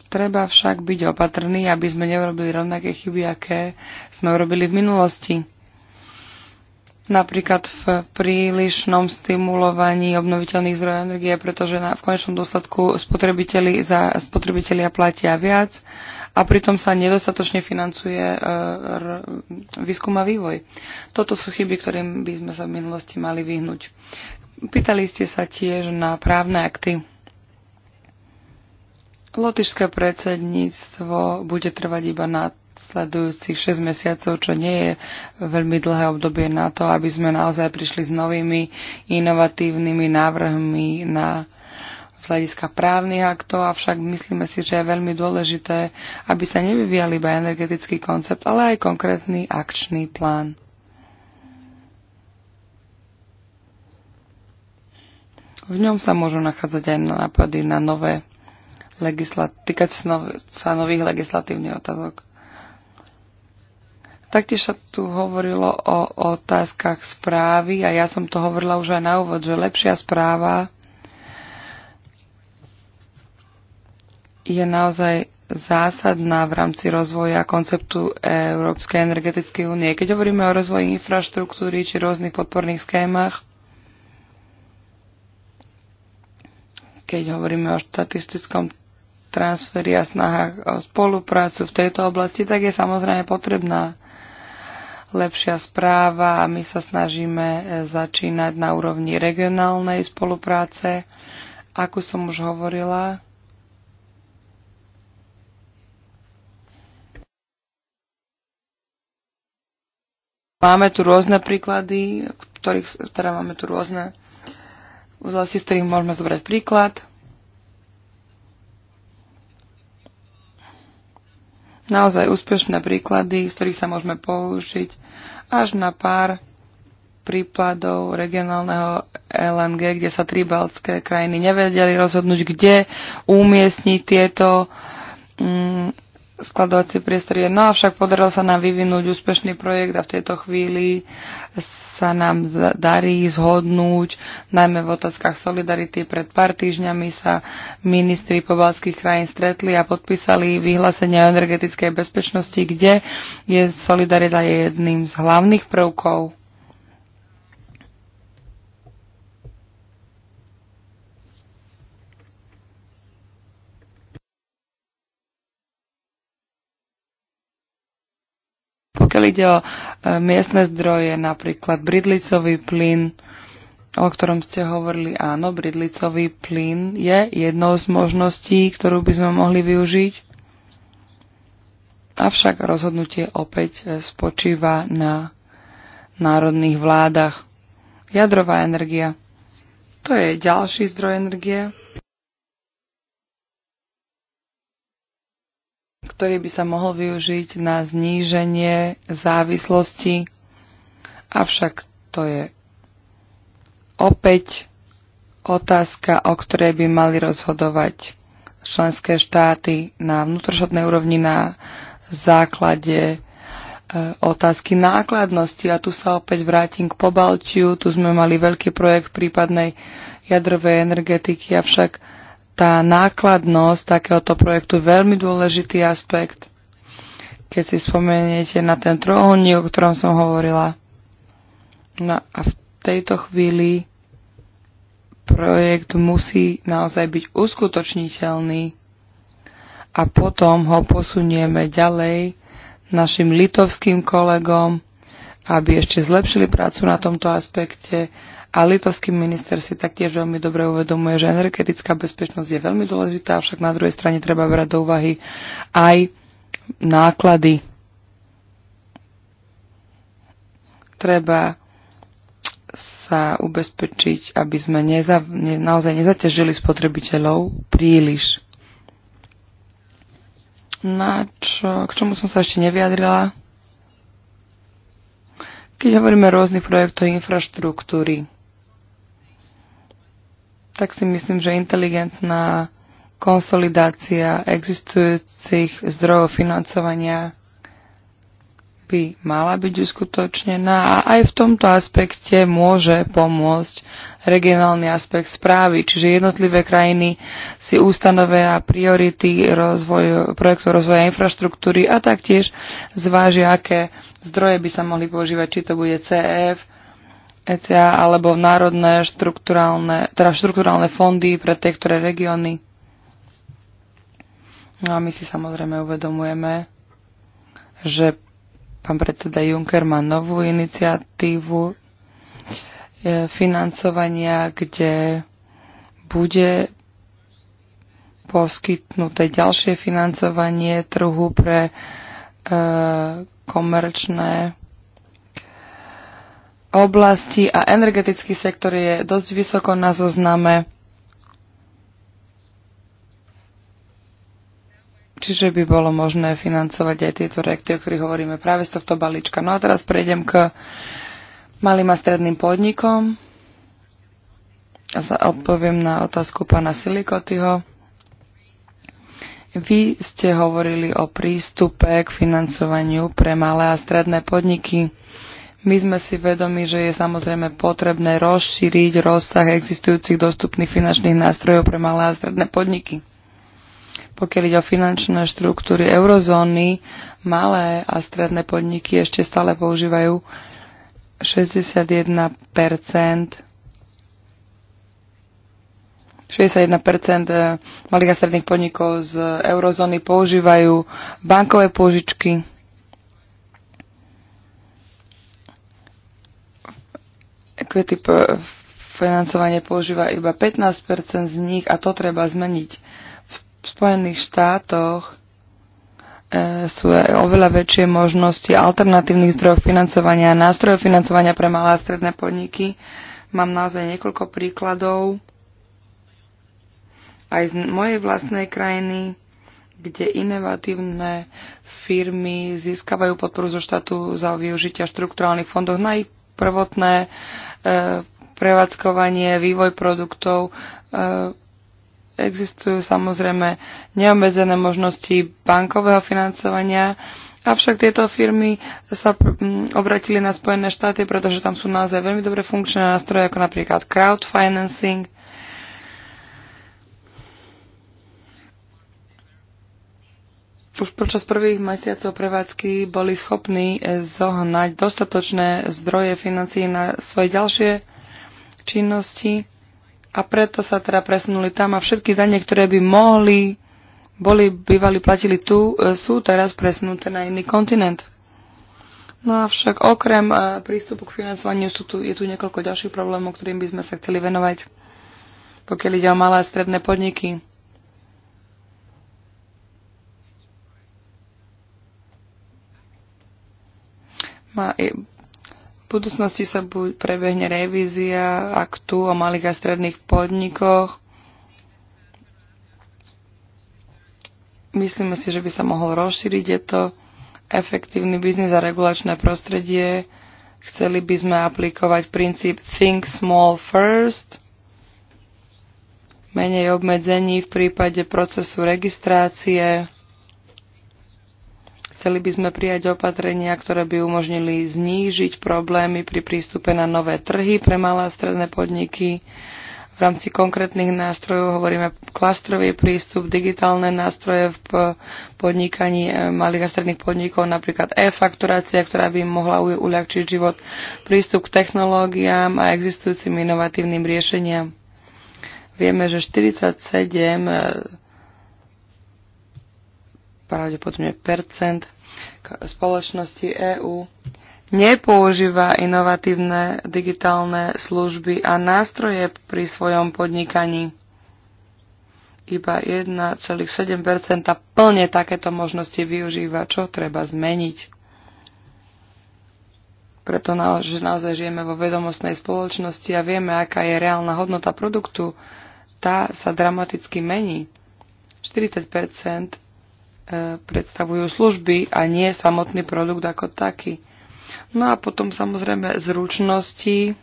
Treba však byť opatrný, aby sme neurobili rovnaké chyby, aké sme urobili v minulosti. Napríklad v prílišnom stimulovaní obnoviteľných zdrojov energie, pretože na, v konečnom dôsledku spotrebiteľi za spotrebitelia platia viac a pritom sa nedostatočne financuje e, r, výskum a vývoj. Toto sú chyby, ktorým by sme sa v minulosti mali vyhnúť. Pýtali ste sa tiež na právne akty. Lotyšské predsedníctvo bude trvať iba na sledujúcich 6 mesiacov, čo nie je veľmi dlhé obdobie na to, aby sme naozaj prišli s novými inovatívnymi návrhmi na z hľadiska právnych aktov, avšak myslíme si, že je veľmi dôležité, aby sa nevyvíjal iba energetický koncept, ale aj konkrétny akčný plán. V ňom sa môžu nachádzať aj nápady na nové týkať sa nových legislatívnych otázok. Taktiež sa tu hovorilo o otázkach správy a ja som to hovorila už aj na úvod, že lepšia správa je naozaj zásadná v rámci rozvoja konceptu Európskej energetickej únie. Keď hovoríme o rozvoji infraštruktúry či rôznych podporných schémach, keď hovoríme o štatistickom transfery a snahách o spoluprácu v tejto oblasti, tak je samozrejme potrebná lepšia správa a my sa snažíme e, začínať na úrovni regionálnej spolupráce. Ako som už hovorila, Máme tu rôzne príklady, ktorých, teda máme tu rôzne udalosti, z ktorých môžeme zobrať príklad. naozaj úspešné príklady, z ktorých sa môžeme použiť až na pár prípadov regionálneho LNG, kde sa tri baltské krajiny nevedeli rozhodnúť, kde umiestniť tieto mm, skladovací priestor no avšak podarilo sa nám vyvinúť úspešný projekt a v tejto chvíli sa nám darí zhodnúť, najmä v otázkach solidarity. Pred pár týždňami sa ministri pobalských krajín stretli a podpísali vyhlásenie o energetickej bezpečnosti, kde je solidarita jedným z hlavných prvkov Pokiaľ ide o e, miestne zdroje, napríklad bridlicový plyn, o ktorom ste hovorili, áno, bridlicový plyn je jednou z možností, ktorú by sme mohli využiť. Avšak rozhodnutie opäť e, spočíva na národných vládach. Jadrová energia. To je ďalší zdroj energie. ktorý by sa mohol využiť na zníženie závislosti, avšak to je opäť otázka, o ktorej by mali rozhodovať členské štáty na vnútrošodnej úrovni na základe e, otázky nákladnosti. A tu sa opäť vrátim k pobaltiu. Tu sme mali veľký projekt prípadnej jadrovej energetiky, avšak tá nákladnosť takéhoto projektu veľmi dôležitý aspekt, keď si spomeniete na ten trojuholník, o ktorom som hovorila. No a v tejto chvíli projekt musí naozaj byť uskutočniteľný a potom ho posunieme ďalej našim litovským kolegom, aby ešte zlepšili prácu na tomto aspekte, a litovský minister si taktiež veľmi dobre uvedomuje, že energetická bezpečnosť je veľmi dôležitá, avšak na druhej strane treba brať do úvahy aj náklady. Treba sa ubezpečiť, aby sme neza, ne, naozaj nezaťažili spotrebiteľov príliš. Na čo, k čomu som sa ešte nevyjadrila? Keď hovoríme o rôznych projektoch infraštruktúry, tak si myslím, že inteligentná konsolidácia existujúcich zdrojov financovania by mala byť uskutočnená a aj v tomto aspekte môže pomôcť regionálny aspekt správy, čiže jednotlivé krajiny si ustanovia priority rozvoju, projektov rozvoja infraštruktúry a taktiež zvážia, aké zdroje by sa mohli používať, či to bude CF, ETA alebo národné štrukturálne, teda štrukturálne fondy pre tie, ktoré regióny. No a my si samozrejme uvedomujeme, že pán predseda Juncker má novú iniciatívu e, financovania, kde bude poskytnuté ďalšie financovanie trhu pre e, komerčné oblasti a energetický sektor je dosť vysoko na zozname. Čiže by bolo možné financovať aj tieto reakty, o ktorých hovoríme práve z tohto balíčka. No a teraz prejdem k malým a stredným podnikom. A sa odpoviem na otázku pána Silikotyho. Vy ste hovorili o prístupe k financovaniu pre malé a stredné podniky. My sme si vedomi, že je samozrejme potrebné rozšíriť rozsah existujúcich dostupných finančných nástrojov pre malé a stredné podniky. Pokiaľ ide o finančné štruktúry eurozóny, malé a stredné podniky ešte stále používajú 61 61 eh, malých a stredných podnikov z eurozóny používajú bankové pôžičky equity e, financovanie používa iba 15% z nich a to treba zmeniť. V Spojených štátoch e, sú oveľa väčšie možnosti alternatívnych zdrojov financovania a nástrojov financovania pre malé a stredné podniky. Mám naozaj niekoľko príkladov aj z mojej vlastnej krajiny, kde inovatívne firmy získavajú podporu zo štátu za využitia štrukturálnych fondov na ich prvotné prevádzkovanie, vývoj produktov. E, existujú samozrejme neobmedzené možnosti bankového financovania, avšak tieto firmy sa obratili na Spojené štáty, pretože tam sú naozaj veľmi dobre funkčné nástroje, ako napríklad crowdfinancing, už počas prvých mesiacov prevádzky boli schopní zohnať dostatočné zdroje financií na svoje ďalšie činnosti a preto sa teda presunuli tam a všetky dane, ktoré by mohli, boli bývali platili tu, e, sú teraz presunuté na iný kontinent. No avšak okrem e, prístupu k financovaniu sú tu, je tu niekoľko ďalších problémov, ktorým by sme sa chceli venovať, pokiaľ ide o malé a stredné podniky. Má, v budúcnosti sa buď prebehne revízia aktu o malých a stredných podnikoch. Myslíme si, že by sa mohol rozšíriť. Je to efektívny biznis a regulačné prostredie. Chceli by sme aplikovať princíp Think Small First, menej obmedzení v prípade procesu registrácie Chceli by sme prijať opatrenia, ktoré by umožnili znížiť problémy pri prístupe na nové trhy pre malé a stredné podniky. V rámci konkrétnych nástrojov hovoríme klastrový prístup, digitálne nástroje v podnikaní e, malých a stredných podnikov, napríklad e-fakturácia, ktorá by mohla uľahčiť život, prístup k technológiám a existujúcim inovatívnym riešeniam. Vieme, že 47 pravdepodobne percent spoločnosti EÚ nepoužíva inovatívne digitálne služby a nástroje pri svojom podnikaní. Iba 1,7 plne takéto možnosti využíva, čo treba zmeniť. Preto že naozaj žijeme vo vedomostnej spoločnosti a vieme, aká je reálna hodnota produktu, tá sa dramaticky mení. 40 predstavujú služby a nie samotný produkt ako taký. No a potom samozrejme zručnosti.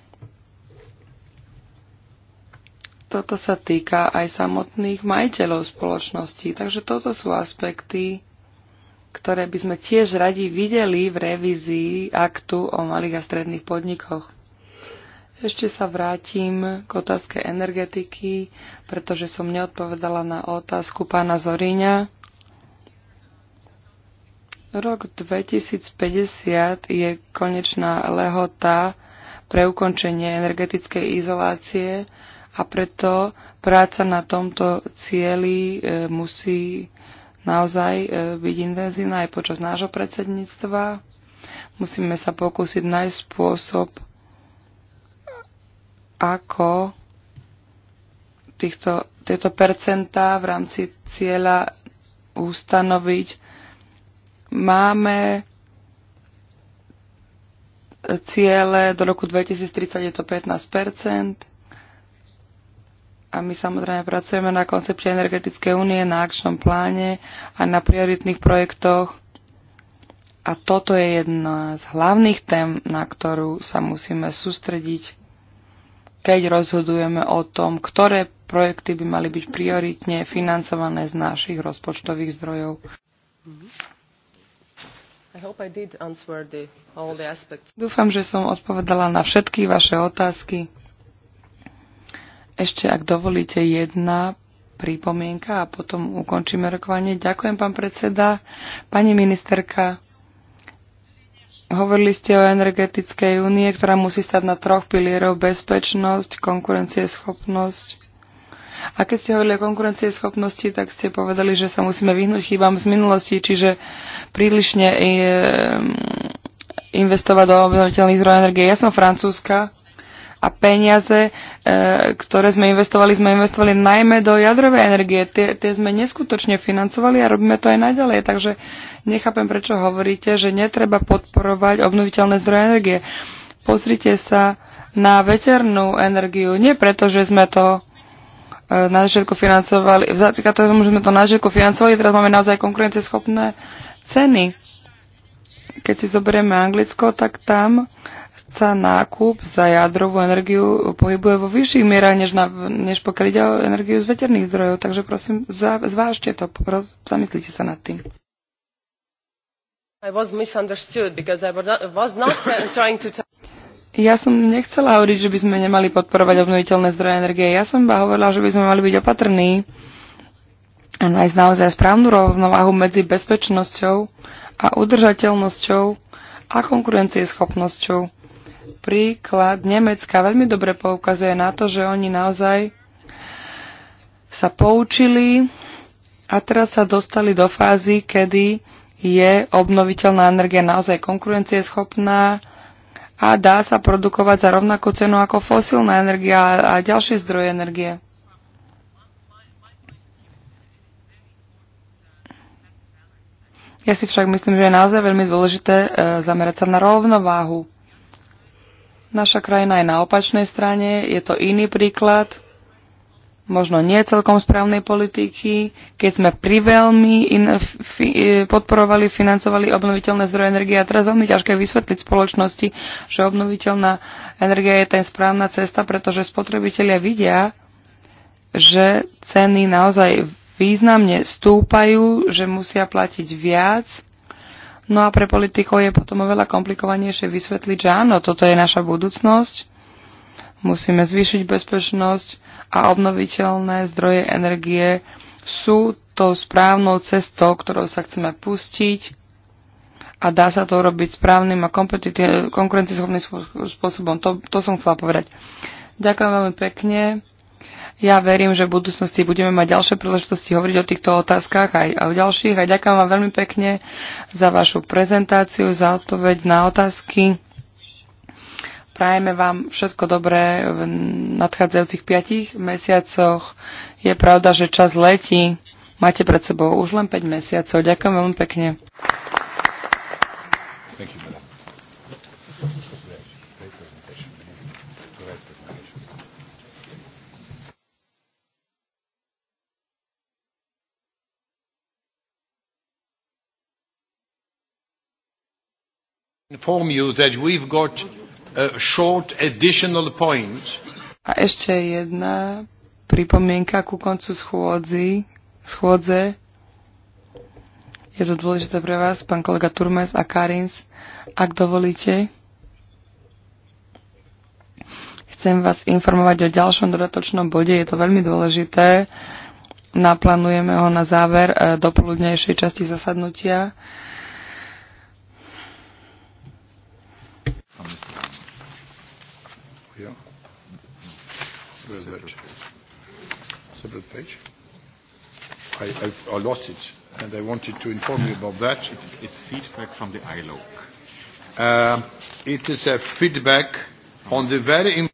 Toto sa týka aj samotných majiteľov spoločnosti. Takže toto sú aspekty, ktoré by sme tiež radi videli v revízii aktu o malých a stredných podnikoch. Ešte sa vrátim k otázke energetiky, pretože som neodpovedala na otázku pána Zoríňa Rok 2050 je konečná lehota pre ukončenie energetickej izolácie a preto práca na tomto cieli e, musí naozaj e, byť intenzívna aj počas nášho predsedníctva. Musíme sa pokúsiť nájsť spôsob, ako týchto, tieto percentá v rámci cieľa ustanoviť Máme ciele do roku 2030 je to 15 a my samozrejme pracujeme na koncepte energetickej únie, na akčnom pláne a na prioritných projektoch. A toto je jedna z hlavných tém, na ktorú sa musíme sústrediť, keď rozhodujeme o tom, ktoré projekty by mali byť prioritne financované z našich rozpočtových zdrojov. Mm-hmm. Dúfam, že som odpovedala na všetky vaše otázky. Ešte, ak dovolíte, jedna pripomienka a potom ukončíme rokovanie. Ďakujem, pán predseda. Pani ministerka, hovorili ste o energetickej únie, ktorá musí stať na troch pilierov bezpečnosť, konkurencieschopnosť a keď ste hovorili o konkurencieschopnosti, tak ste povedali, že sa musíme vyhnúť chybám z minulosti, čiže prílišne eh, investovať do obnoviteľných zdrojov energie. Ja som francúzska a peniaze, e, ktoré sme investovali, sme investovali najmä do jadrovej energie. Tie, tie sme neskutočne financovali a robíme to aj naďalej. Takže nechápem, prečo hovoríte, že netreba podporovať obnoviteľné zdroje energie. Pozrite sa na veternú energiu. Nie preto, že sme to na začiatku financovali, vďaka tomu, že sme to na začiatku financovali, teraz máme naozaj konkurencieschopné ceny. Keď si zoberieme Anglicko, tak tam sa nákup za jadrovú energiu pohybuje vo vyšších mierach, než, na, než pokiaľ ide o energiu z veterných zdrojov. Takže prosím, za, zvážte to, pros, zamyslite sa nad tým. I was misunderstood because I was not trying to tell ja som nechcela hovoriť, že by sme nemali podporovať obnoviteľné zdroje energie. Ja som iba hovorila, že by sme mali byť opatrní a nájsť naozaj správnu rovnováhu medzi bezpečnosťou a udržateľnosťou a konkurencieschopnosťou. Príklad Nemecka veľmi dobre poukazuje na to, že oni naozaj sa poučili a teraz sa dostali do fázy, kedy je obnoviteľná energia naozaj konkurencieschopná, a dá sa produkovať za rovnakú cenu ako fosílna energia a ďalšie zdroje energie. Ja si však myslím, že je naozaj veľmi dôležité e, zamerať sa na rovnováhu. Naša krajina je na opačnej strane, je to iný príklad možno nie celkom správnej politiky, keď sme priveľmi in, fi, e, podporovali, financovali obnoviteľné zdroje energie. A teraz veľmi ťažké vysvetliť spoločnosti, že obnoviteľná energia je ten správna cesta, pretože spotrebitelia vidia, že ceny naozaj významne stúpajú, že musia platiť viac. No a pre politikov je potom oveľa komplikovanejšie vysvetliť, že áno, toto je naša budúcnosť, musíme zvýšiť bezpečnosť, a obnoviteľné zdroje energie sú to správnou cestou, ktorou sa chceme pustiť a dá sa to robiť správnym a konkurencieschopným spôsobom. To, to som chcela povedať. Ďakujem veľmi pekne. Ja verím, že v budúcnosti budeme mať ďalšie príležitosti hovoriť o týchto otázkach aj o ďalších. A ďakujem vám veľmi pekne za vašu prezentáciu, za odpoveď na otázky. Prajeme vám všetko dobré v nadchádzajúcich piatich mesiacoch. Je pravda, že čas letí. Máte pred sebou už len 5 mesiacov. Ďakujem veľmi pekne. inform you that we've got a short additional point. A ešte jedna pripomienka ku koncu schôdzi, schôdze. Je to dôležité pre vás, pán kolega Turmes a Karins, ak dovolíte. Chcem vás informovať o ďalšom dodatočnom bode, je to veľmi dôležité. Naplánujeme ho na záver e, poludnejšej časti zasadnutia. Separate page. I, I, I lost it, and I wanted to inform you about that. It's, it's feedback from the ILOC. Uh, um, it is a feedback on the very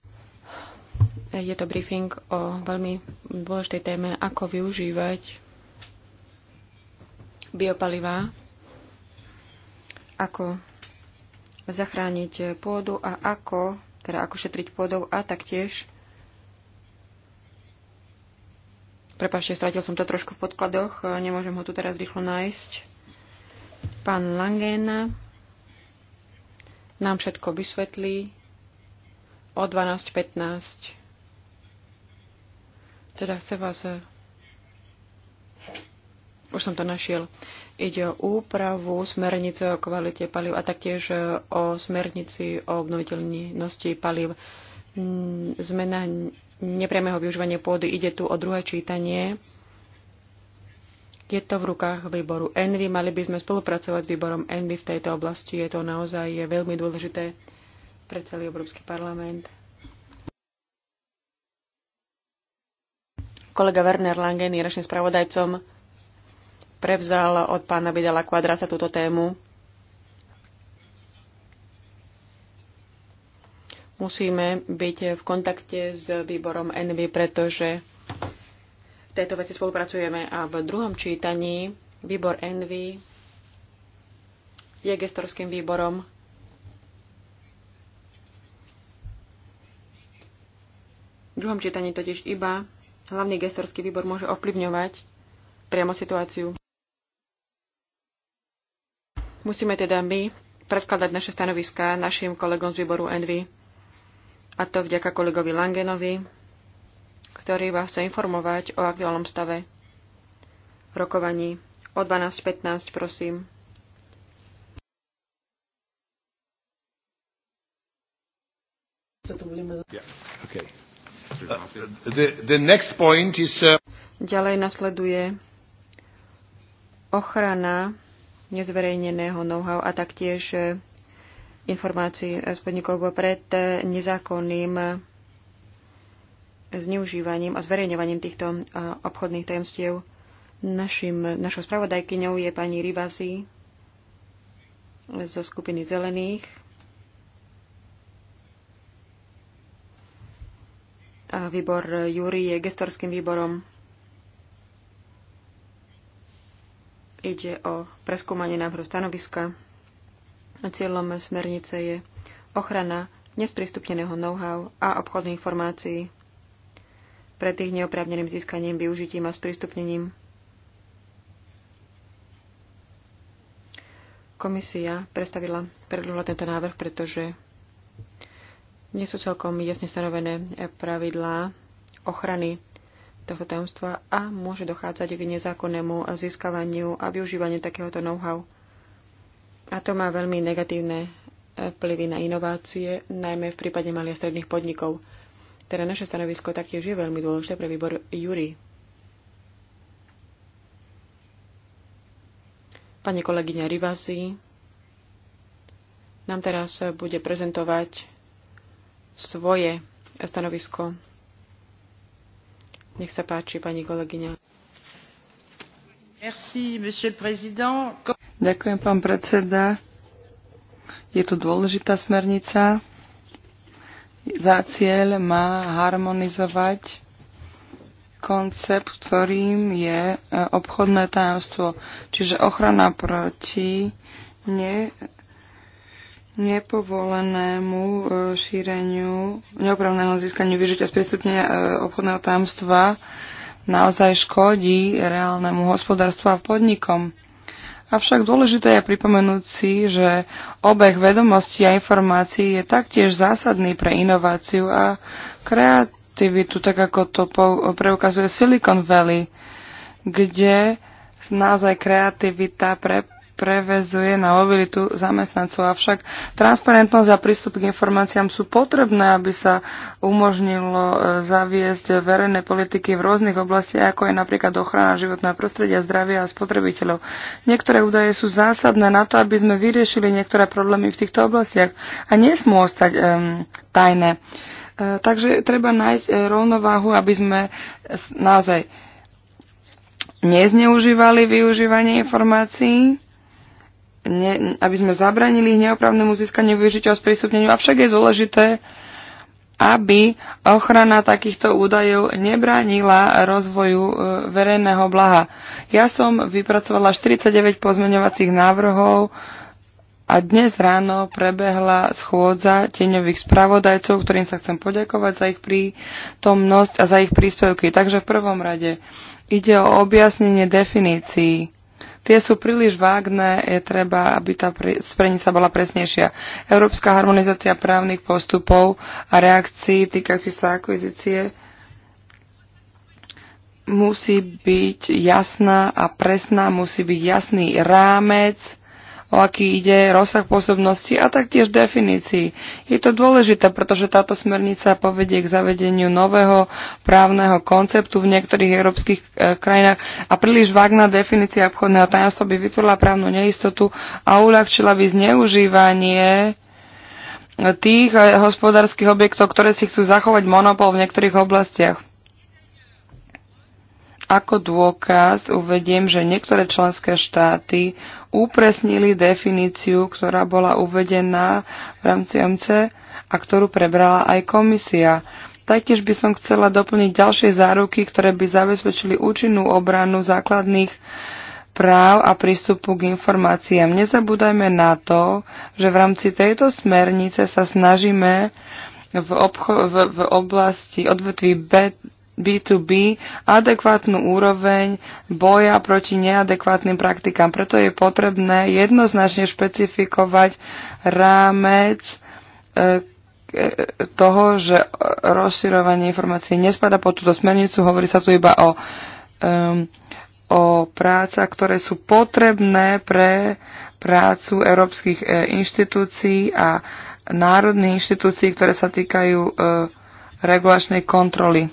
je to briefing o veľmi dôležitej téme, ako využívať biopalivá, ako zachrániť pôdu a ako, teda ako šetriť pôdou a taktiež Prepašte, stratil som to trošku v podkladoch, e, nemôžem ho tu teraz rýchlo nájsť. Pán Langen nám všetko vysvetlí o 12.15. Teda chce vás... E, už som to našiel. Ide o úpravu smernice o kvalite paliv a taktiež e, o smernici o obnoviteľnosti paliv. Zmena nepriamého využívania pôdy. Ide tu o druhé čítanie. Je to v rukách výboru Envy. Mali by sme spolupracovať s výborom Envy v tejto oblasti. Je to naozaj veľmi dôležité pre celý Európsky parlament. Kolega Werner Langen je spravodajcom. Prevzal od pána Bidala Kvadrasa túto tému musíme byť v kontakte s výborom ENVY, pretože v tejto veci spolupracujeme a v druhom čítaní výbor ENVY je gestorským výborom V druhom čítaní totiž iba hlavný gestorský výbor môže ovplyvňovať priamo situáciu. Musíme teda my predkladať naše stanoviská našim kolegom z výboru Envy. A to vďaka kolegovi Langenovi, ktorý vás chce informovať o aktuálnom stave rokovaní. O 12.15, prosím. Uh, Ďalej nasleduje ochrana nezverejneného know-how a taktiež uh, informácií z podnikov pred nezákonným zneužívaním a zverejňovaním týchto obchodných tajomstiev. Našim, našou spravodajkyňou je pani Rivasi zo skupiny zelených. A výbor Júri je gestorským výborom. Ide o preskúmanie návrhu stanoviska. Cieľom smernice je ochrana nesprístupneného know-how a obchodných informácií pred tých neoprávneným získaním, využitím a sprístupnením. Komisia predstavila predlúhla tento návrh, pretože nie sú celkom jasne stanovené pravidlá ochrany tohto tajomstva a môže dochádzať k nezákonnému získavaniu a využívaniu takéhoto know-how. A to má veľmi negatívne e, vplyvy na inovácie, najmä v prípade malých a stredných podnikov. Teda naše stanovisko taktiež je veľmi dôležité pre výbor Jury. Pani kolegyňa Rivasi nám teraz bude prezentovať svoje stanovisko. Nech sa páči, pani kolegyňa. Merci, monsieur le président. Ďakujem, pán predseda. Je to dôležitá smernica. Za cieľ má harmonizovať koncept, ktorým je e, obchodné tajomstvo, čiže ochrana proti ne, nepovolenému e, šíreniu, neopravného získaniu, vyžitia, sprístupnenia e, obchodného tajomstva naozaj škodí reálnemu hospodárstvu a podnikom. Avšak dôležité je pripomenúť si, že obeh vedomostí a informácií je taktiež zásadný pre inováciu a kreativitu, tak ako to preukazuje Silicon Valley, kde naozaj kreativita pre prevezuje na mobilitu zamestnancov. Avšak transparentnosť a prístup k informáciám sú potrebné, aby sa umožnilo e, zaviesť verejné politiky v rôznych oblastiach, ako je napríklad ochrana životného prostredia, zdravia a spotrebiteľov. Niektoré údaje sú zásadné na to, aby sme vyriešili niektoré problémy v týchto oblastiach a nesmú ostať um, tajné. E, takže treba nájsť e, rovnováhu, aby sme naozaj nezneužívali využívanie informácií, ne, aby sme zabranili ich neoprávnemu získaniu využitia a sprístupneniu. Avšak je dôležité, aby ochrana takýchto údajov nebránila rozvoju e, verejného blaha. Ja som vypracovala 49 pozmeňovacích návrhov a dnes ráno prebehla schôdza tieňových spravodajcov, ktorým sa chcem poďakovať za ich prítomnosť a za ich príspevky. Takže v prvom rade ide o objasnenie definícií Tie sú príliš vágne, je treba, aby tá sprenica bola presnejšia. Európska harmonizácia právnych postupov a reakcií týkajúci sa akvizície musí byť jasná a presná, musí byť jasný rámec, o aký ide rozsah pôsobnosti a taktiež definícií. Je to dôležité, pretože táto smernica povedie k zavedeniu nového právneho konceptu v niektorých európskych e, krajinách a príliš vágna definícia obchodného tajomstva by vytvorila právnu neistotu a uľahčila by zneužívanie tých e, hospodárskych objektov, ktoré si chcú zachovať monopol v niektorých oblastiach. Ako dôkaz uvediem, že niektoré členské štáty upresnili definíciu, ktorá bola uvedená v rámci MC a ktorú prebrala aj komisia. Taktiež by som chcela doplniť ďalšie záruky, ktoré by zabezpečili účinnú obranu základných práv a prístupu k informáciám. Nezabúdajme na to, že v rámci tejto smernice sa snažíme v, obcho- v, v oblasti odvetví B B2B adekvátnu úroveň boja proti neadekvátnym praktikám. Preto je potrebné jednoznačne špecifikovať rámec e, e, toho, že rozširovanie informácií nespada pod túto smernicu. Hovorí sa tu iba o, o práca, ktoré sú potrebné pre prácu európskych e, inštitúcií a národných inštitúcií, ktoré sa týkajú regulačnej kontroly.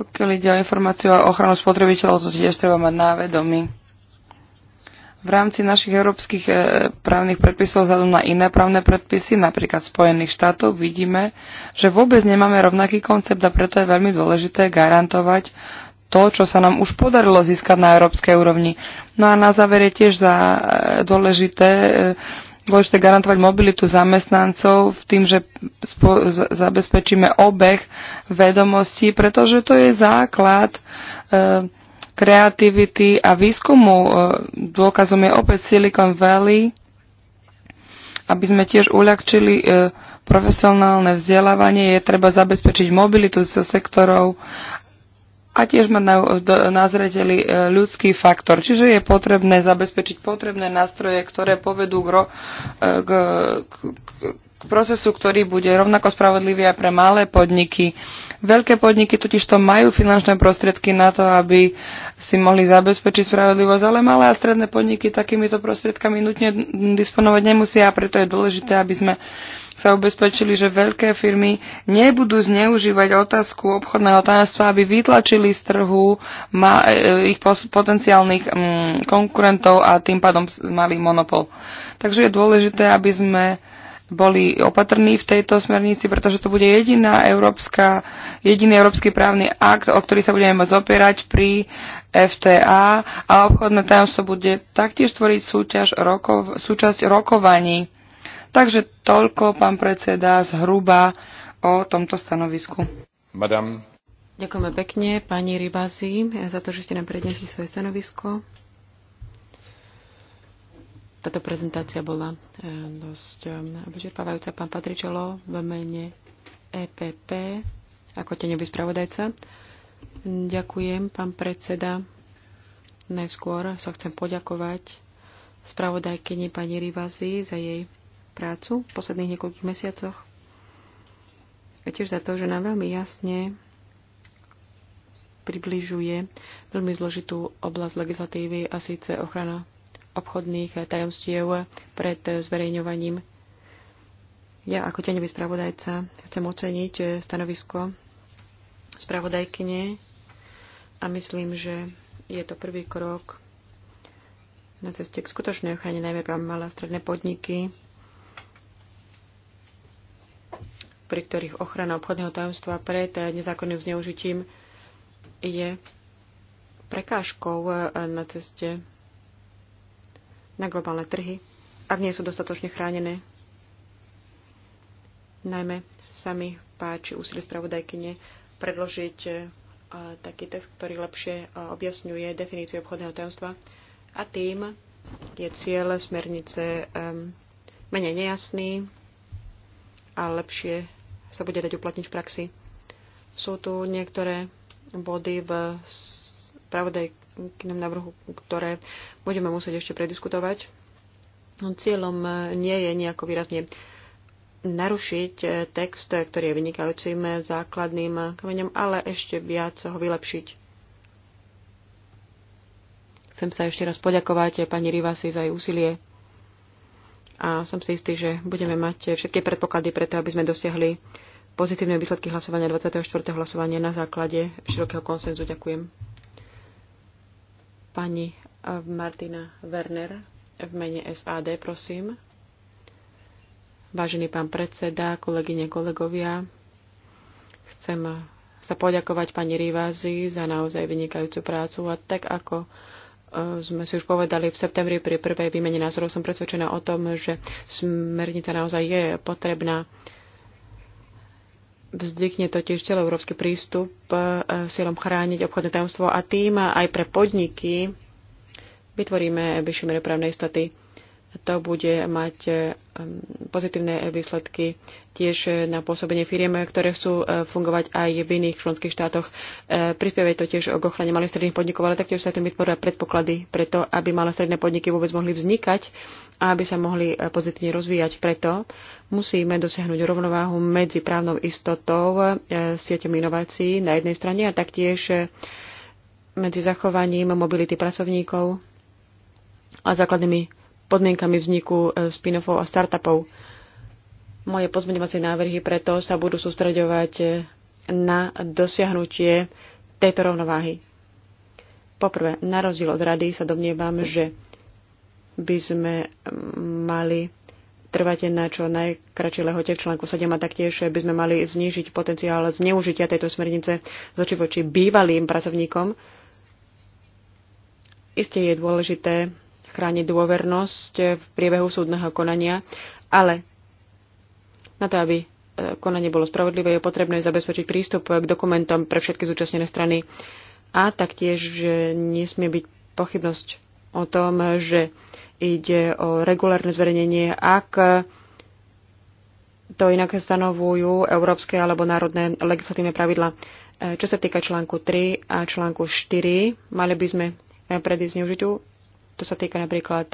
Pokiaľ ide o informáciu a ochranu spotrebiteľov, to tiež treba mať na vedomí. V rámci našich európskych e, právnych predpisov vzhľadom na iné právne predpisy, napríklad Spojených štátov, vidíme, že vôbec nemáme rovnaký koncept a preto je veľmi dôležité garantovať to, čo sa nám už podarilo získať na európskej úrovni. No a na záver je tiež za e, dôležité e, dôležité garantovať mobilitu zamestnancov v tým, že zabezpečíme obeh vedomostí, pretože to je základ e, kreativity a výskumu. E, dôkazom je opäť Silicon Valley, aby sme tiež uľahčili e, profesionálne vzdelávanie, je treba zabezpečiť mobilitu so sektorov a tiež má na zreteli e, ľudský faktor. Čiže je potrebné zabezpečiť potrebné nástroje, ktoré povedú e, k, k, k procesu, ktorý bude rovnako spravodlivý aj pre malé podniky. Veľké podniky totiž to majú finančné prostriedky na to, aby si mohli zabezpečiť spravodlivosť, ale malé a stredné podniky takýmito prostriedkami nutne disponovať nemusia a preto je dôležité, aby sme uh, sa ubezpečili, že veľké firmy nebudú zneužívať otázku obchodného tajomstva, aby vytlačili z trhu e, ich potenciálnych mm, konkurentov a tým pádom mali monopol. Takže je dôležité, aby sme boli opatrní v tejto smernici, pretože to bude jediná európska, jediný európsky právny akt, o ktorý sa budeme môcť opierať pri FTA a obchodné tajomstvo bude taktiež tvoriť súťaž rokov, súčasť rokovaní Takže toľko, pán predseda, zhruba o tomto stanovisku. Madam. Ďakujeme pekne, pani Rybasi, za to, že ste nám prednesli svoje stanovisko. Táto prezentácia bola eh, dosť eh, vyčerpávajúca. Pán Patričelo v mene EPP ako tenevý spravodajca. Ďakujem, pán predseda. Najskôr sa chcem poďakovať spravodajkyni pani Rivazi za jej prácu v posledných niekoľkých mesiacoch. A tiež za to, že nám veľmi jasne približuje veľmi zložitú oblasť legislatívy a síce ochrana obchodných tajomstiev pred zverejňovaním. Ja ako tenevý spravodajca chcem oceniť stanovisko spravodajkyne a myslím, že je to prvý krok na ceste k skutočnej ochrane najmä pre malé a stredné podniky pri ktorých ochrana obchodného tajomstva pred nezákonným zneužitím je prekážkou eh, na ceste na globálne trhy, ak nie sú dostatočne chránené. Najmä sa mi páči úsilie spravodajkyne predložiť eh, taký text, ktorý lepšie eh, objasňuje definíciu obchodného tajomstva a tým je cieľ smernice menej nejasný a lepšie sa bude dať uplatniť v praxi. Sú tu niektoré body v pravodajknom navrhu, ktoré budeme musieť ešte prediskutovať. Cieľom nie je nejako výrazne narušiť text, ktorý je vynikajúcim základným kameňom, ale ešte viac ho vylepšiť. Chcem sa ešte raz poďakovať pani Rivasi za jej úsilie a som si istý, že budeme mať všetky predpoklady preto, aby sme dosiahli pozitívne výsledky hlasovania 24. hlasovania na základe širokého konsenzu. Ďakujem. Pani eh, Martina Werner v mene SAD, prosím. Vážený pán predseda, kolegyne, kolegovia, chcem sa poďakovať pani Rivázi za naozaj vynikajúcu prácu a tak ako E, sme si už povedali v septembri pri prvej výmene názorov, som presvedčená o tom, že smernica naozaj je potrebná. Vznikne totiž celoeurópsky prístup silom e, chrániť obchodné tajomstvo a tým aj pre podniky vytvoríme vyššie mieru právnej istoty to bude mať pozitívne výsledky tiež na pôsobenie firiem, ktoré chcú e, fungovať aj v iných členských štátoch. E, prispievať to tiež k ochrane malých stredných podnikov, ale taktiež sa tým vytvoria predpoklady preto, aby malé stredné podniky vôbec mohli vznikať a aby sa mohli e, pozitívne rozvíjať. Preto musíme dosiahnuť rovnováhu medzi právnou istotou, sieťom inovácií na jednej strane a taktiež medzi zachovaním mobility pracovníkov a základnými podmienkami vzniku e, spin-offov a startupov. Moje pozmeňovacie návrhy preto sa budú sústreďovať e, na dosiahnutie tejto rovnováhy. Poprvé, na rozdiel od rady sa domnievam, že by sme mm, mali trvate na čo najkračšie lehote v článku 7 a taktiež by sme mali znížiť potenciál zneužitia tejto smernice zoči voči bývalým pracovníkom. Isté je dôležité chrániť dôvernosť v priebehu súdneho konania, ale na to, aby e, konanie bolo spravodlivé, je potrebné zabezpečiť prístup k dokumentom pre všetky zúčastnené strany a taktiež, že nesmie byť pochybnosť o tom, že ide o regulárne zverejnenie, ak to inak stanovujú európske alebo národné legislatívne pravidla. E, čo sa týka článku 3 a článku 4, mali by sme e, predísť zneužitiu to sa týka napríklad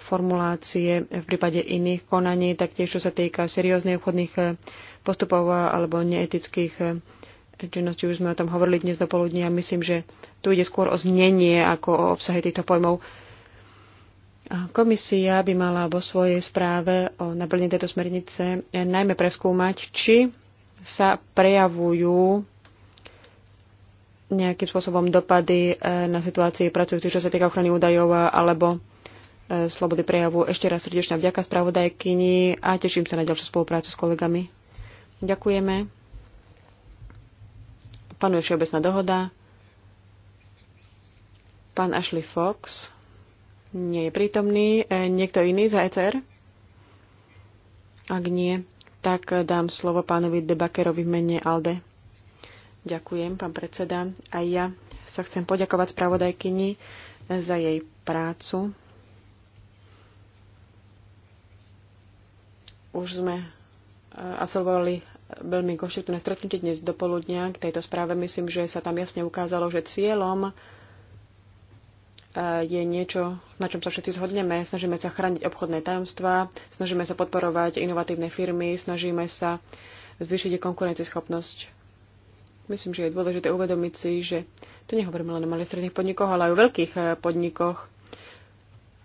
formulácie v prípade iných konaní, taktiež čo sa týka serióznych obchodných eh, postupov eh, alebo neetických eh, činnosti, už sme o tom hovorili dnes do poludnia. Myslím, že tu ide skôr o znenie ako o obsahy týchto pojmov. Komisia by mala vo svojej správe o naplnení tejto smernice najmä preskúmať, či sa prejavujú nejakým spôsobom dopady e, na situácii pracujúcich, čo sa týka ochrany údajov alebo e, slobody prejavu. Ešte raz srdečná vďaka spravodajkyni a teším sa na ďalšiu spoluprácu s kolegami. Ďakujeme. Panuje všeobecná dohoda. Pán Ashley Fox nie je prítomný. E, niekto iný za ECR? Ak nie, tak dám slovo pánovi Debakerovi v mene Alde. Ďakujem, pán predseda. Aj ja sa chcem poďakovať spravodajkyni za jej prácu. Už sme e, absolvovali veľmi konštruktívne stretnutie dnes do poludnia k tejto správe. Myslím, že sa tam jasne ukázalo, že cieľom e, je niečo, na čom sa všetci zhodneme. Snažíme sa chrániť obchodné tajomstvá, snažíme sa podporovať inovatívne firmy, snažíme sa zvýšiť konkurencieschopnosť Myslím, že je dôležité uvedomiť si, že to nehovoríme len o malých stredných podnikoch, ale aj o veľkých eh, podnikoch.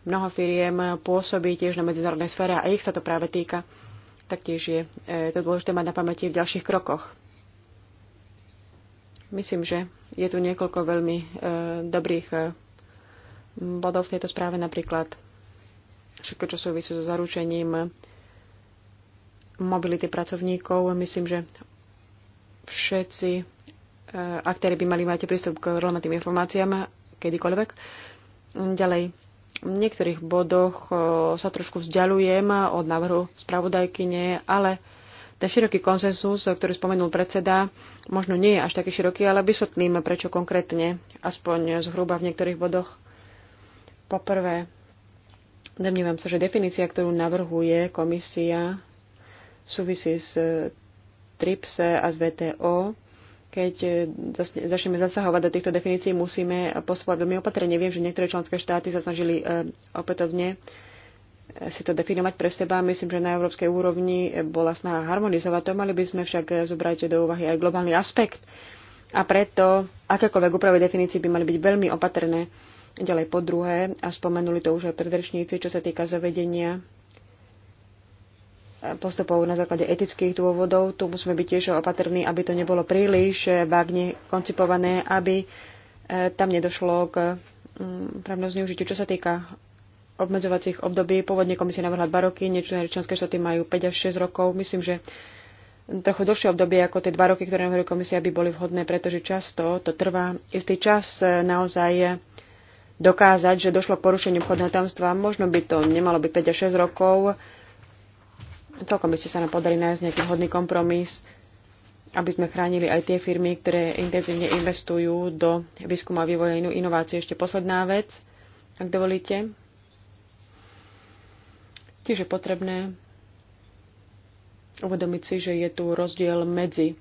Mnoho firiem pôsobí tiež na medzinárodnej sfére a ich sa to práve týka. Taktiež je eh, to dôležité mať na pamäti v ďalších krokoch. Myslím, že je tu niekoľko veľmi e, dobrých e, bodov v tejto správe, napríklad všetko, čo súvisí so zaručením mobility pracovníkov. Myslím, že všetci e, aktéry by mali mať prístup k relevantným informáciám kedykoľvek. Ďalej, v niektorých bodoch e, sa trošku vzdialujem od návrhu spravodajkyne, ale ten široký konsensus, ktorý spomenul predseda, možno nie je až taký široký, ale vysvetlím, prečo konkrétne, aspoň zhruba v niektorých bodoch. Poprvé, domnívam sa, že definícia, ktorú navrhuje komisia, súvisí s TRIPS a z VTO, keď eh, začneme zasahovať do týchto definícií, musíme postupovať veľmi opatrne. Viem, že niektoré členské štáty sa snažili eh, opätovne eh, si to definovať pre seba. Myslím, že na európskej úrovni bola snaha harmonizovať to. Mali by sme však zobrať do úvahy aj globálny aspekt. A preto akékoľvek úpravy definícií by mali byť veľmi opatrné. Ďalej po druhé, a spomenuli to už aj predrečníci, čo sa týka zavedenia postupov na základe etických dôvodov. Tu musíme byť tiež opatrní, aby to nebolo príliš vágne koncipované, aby e, tam nedošlo k mm, právnom zneužitiu. Čo sa týka obmedzovacích období, pôvodne komisia navrhla 2 roky, niečo členské štáty majú 5 až 6 rokov. Myslím, že trochu dlhšie obdobie ako tie 2 roky, ktoré navrhuje komisia, by boli vhodné, pretože často to trvá istý čas e, naozaj e, dokázať, že došlo k porušeniu obchodného tamstva. Možno by to nemalo byť 5 až 6 rokov, celkom by ste sa nám podarí nájsť nejaký hodný kompromis, aby sme chránili aj tie firmy, ktoré intenzívne investujú do výskumu a vývoja inovácie. Ešte posledná vec, ak dovolíte. Tiež je potrebné uvedomiť si, že je tu rozdiel medzi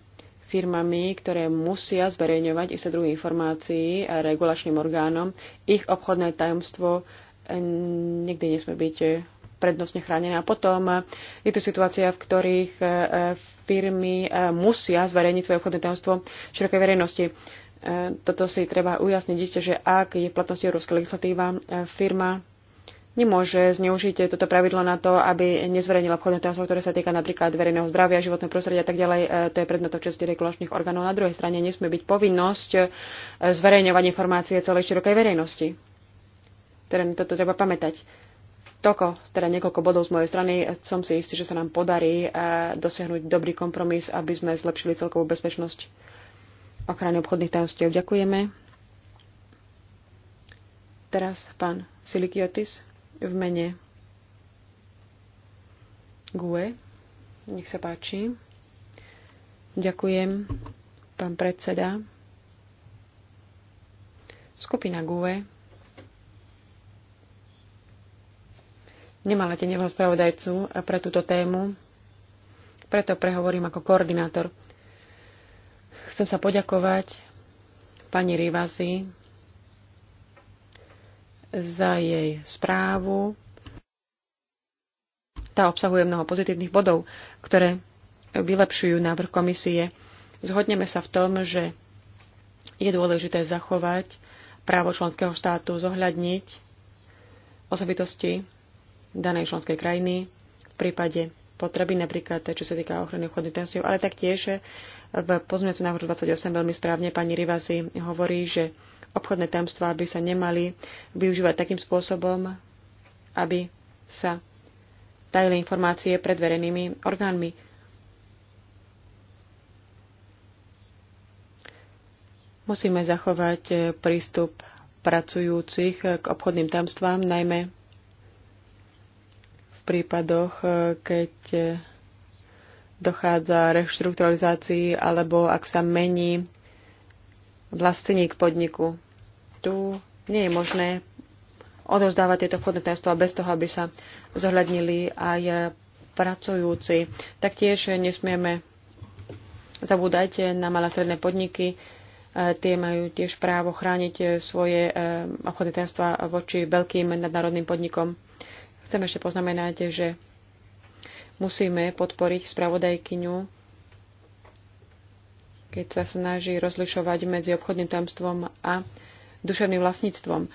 firmami, ktoré musia zverejňovať isté druhy informácií a regulačným orgánom. Ich obchodné tajomstvo eh, nikdy nesmie byť eh, prednostne chránené. A potom eh, je tu situácia, v ktorých eh, eh, firmy musia zverejniť svoje obchodné tajomstvo širokej verejnosti. Toto si treba ujasniť isté, že ak je v platnosti európska legislatíva, firma nemôže zneužiť toto pravidlo na to, aby nezverejnila obchodné tajomstvo, ktoré sa týka napríklad verejného zdravia, životného prostredia a tak ďalej. To je predmet časti regulačných orgánov. Na druhej strane nesmie byť povinnosť zverejňovať informácie celej širokej verejnosti. Teda toto treba pamätať. Toko, teda niekoľko bodov z mojej strany. Som si istý, že sa nám podarí e, dosiahnuť dobrý kompromis, aby sme zlepšili celkovú bezpečnosť ochrany obchodných tajomstiev. Ďakujeme. Teraz pán Silikiotis v mene GUE. Nech sa páči. Ďakujem, pán predseda. Skupina GUE nemala tenevho spravodajcu pre túto tému, preto prehovorím ako koordinátor. Chcem sa poďakovať pani Rivasi za jej správu. Tá obsahuje mnoho pozitívnych bodov, ktoré vylepšujú návrh komisie. Zhodneme sa v tom, že je dôležité zachovať právo členského štátu zohľadniť osobitosti danej členskej krajiny v prípade potreby, napríklad čo sa týka ochrany obchodných tajomstiev, ale taktiež v pozmeňujúcom návrhu 28 veľmi správne pani Rivasi hovorí, že obchodné tajomstvá by sa nemali využívať takým spôsobom, aby sa tajili informácie pred verejnými orgánmi. Musíme zachovať prístup pracujúcich k obchodným tajomstvám, najmä prípadoch, e, keď e, dochádza reštrukturalizácii alebo ak sa mení vlastník podniku. Tu nie je možné odozdávať tieto vchodné tajomstvá bez toho, aby sa zohľadnili aj pracujúci. Taktiež nesmieme zabúdať na malé stredné podniky. E, tie majú tiež právo chrániť svoje obchodné tajomstvá voči veľkým nadnárodným podnikom. Chcem ešte poznamenať, že musíme podporiť spravodajkyňu, keď sa snaží rozlišovať medzi obchodným tajomstvom a duševným vlastníctvom,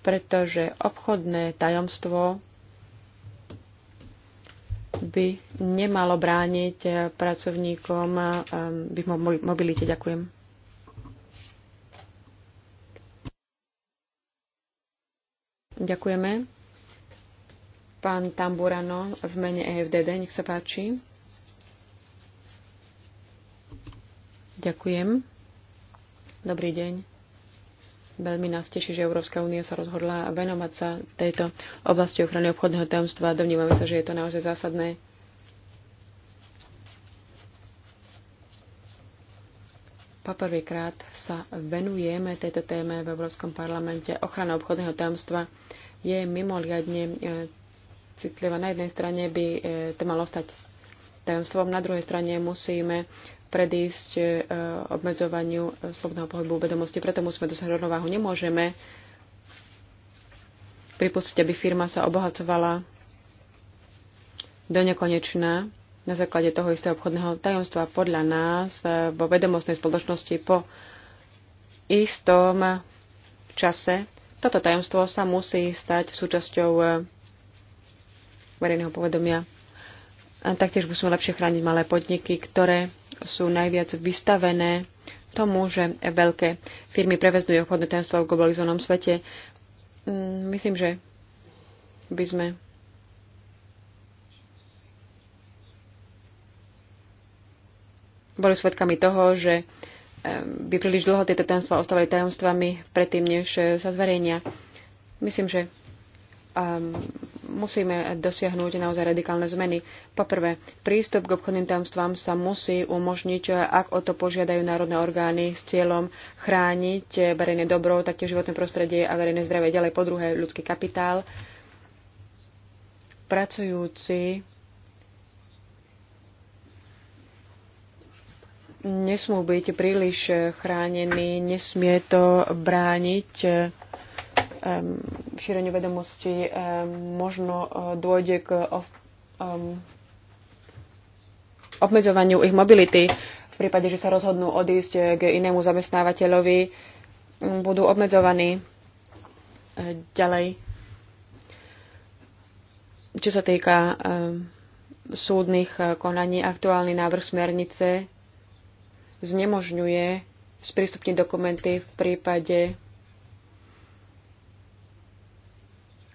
pretože obchodné tajomstvo by nemalo brániť pracovníkom v ehm, mobilite. Ďakujem. Ďakujeme. Pán Tamburano v mene EFDD, nech sa páči. Ďakujem. Dobrý deň. Veľmi nás teší, že Európska únia sa rozhodla venovať sa tejto oblasti ochrany obchodného tajomstva. Domnívame sa, že je to naozaj zásadné. Poprvýkrát sa venujeme tejto téme v Európskom parlamente. Ochrana obchodného tajomstva je mimoriadne e, citlivé. Na jednej strane by e, to malo stať tajomstvom, na druhej strane musíme predísť e, obmedzovaniu e, slobodného pohybu vedomosti. Preto musíme dosať rovnováhu. Nemôžeme pripustiť, aby firma sa obohacovala do nekonečná na základe toho istého obchodného tajomstva. Podľa nás vo vedomostnej spoločnosti po istom čase toto tajomstvo sa musí stať súčasťou verejného povedomia. A taktiež musíme lepšie chrániť malé podniky, ktoré sú najviac vystavené tomu, že veľké firmy prevezdujú obchodné tajomstvo v globalizovanom svete. Mm, myslím, že by sme boli svedkami toho, že ehm, by príliš dlho tieto tajomstvá ostávali tajomstvami predtým, než eh, sa zverejnia. Myslím, že um, musíme dosiahnuť naozaj radikálne zmeny. Poprvé, prístup k obchodným tajomstvám sa musí umožniť, ak o to požiadajú národné orgány s cieľom chrániť verejné dobro, taktiež životné prostredie a verejné zdravie. Ďalej po druhé, ľudský kapitál. Pracujúci nesmú byť príliš chránení, nesmie to brániť šíreniu um, možno eh, dôjde k obmedzovaniu ich mobility. V prípade, že sa rozhodnú odísť eh, k inému zamestnávateľovi, mm, budú obmedzovaní eh, ďalej. Čo sa týka súdnych konaní, aktuálny návrh smernice znemožňuje sprístupniť dokumenty v prípade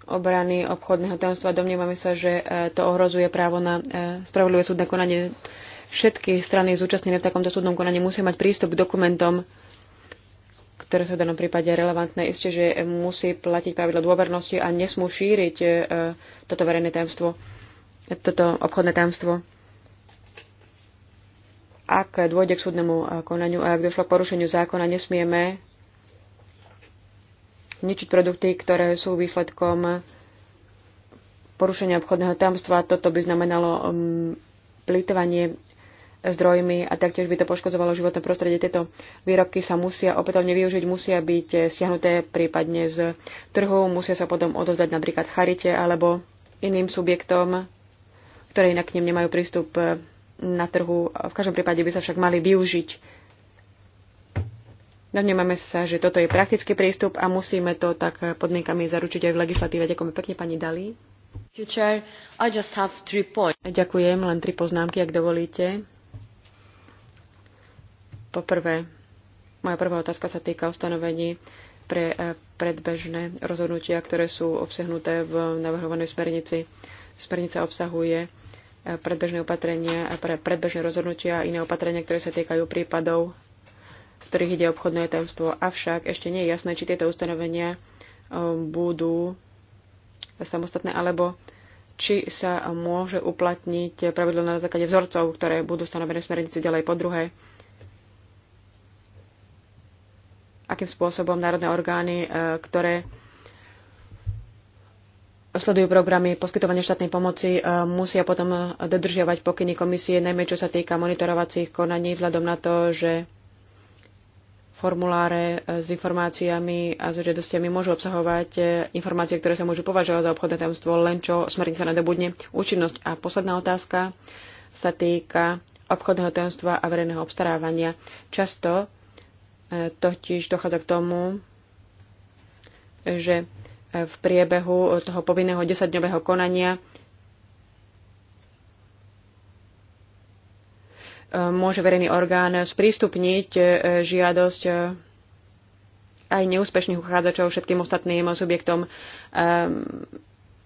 obrany obchodného tajomstva. Domnievame sa, že e, to ohrozuje právo na e, spravodlivé súdne konanie. Všetky strany zúčastnené v takomto súdnom konaní musia mať prístup k dokumentom, ktoré sú v danom prípade relevantné. Isté, že musí platiť pravidlo dôvernosti a nesmú šíriť e, toto verejné tajomstvo, toto obchodné tajomstvo. Ak dôjde k súdnemu konaniu a ak došlo k porušeniu zákona, nesmieme ničiť produkty, ktoré sú výsledkom porušenia obchodného tajomstva. Toto by znamenalo um, plýtvanie zdrojmi a taktiež by to poškodzovalo životné prostredie. Tieto výrobky sa musia opätovne využiť, musia byť stiahnuté prípadne z trhu, musia sa potom odozdať napríklad charite alebo iným subjektom, ktoré inak k nim nemajú prístup na trhu. V každom prípade by sa však mali využiť Domnievame sa, že toto je praktický prístup a musíme to tak podmienkami zaručiť aj v legislatíve. Ďakujem pekne, pani Dali. Ďakujem, len tri poznámky, ak dovolíte. Poprvé, moja prvá otázka sa týka ustanovení pre eh, predbežné rozhodnutia, ktoré sú obsahnuté v navrhovanej smernici. Smernica obsahuje eh, predbežné opatrenia a pre predbežné rozhodnutia a iné opatrenia, ktoré sa týkajú prípadov ktorých ide obchodné tajomstvo, avšak ešte nie je jasné, či tieto ustanovenia um, budú samostatné, alebo či sa môže uplatniť pravidlo na základe vzorcov, ktoré budú stanovené v smernici ďalej po druhé. Akým spôsobom národné orgány, uh, ktoré sledujú programy poskytovania štátnej pomoci, uh, musia potom dodržiavať pokyny komisie, najmä čo sa týka monitorovacích konaní, vzhľadom na to, že formuláre e, s informáciami a s žiadostiami môžu obsahovať e, informácie, ktoré sa môžu považovať za obchodné tajomstvo, len čo smernica nadobudne účinnosť. A posledná otázka sa týka obchodného tajomstva a verejného obstarávania. Často e, totiž dochádza k tomu, že v priebehu toho povinného desaťdňového konania môže verejný orgán sprístupniť e, žiadosť e, aj neúspešných uchádzačov všetkým ostatným subjektom. E,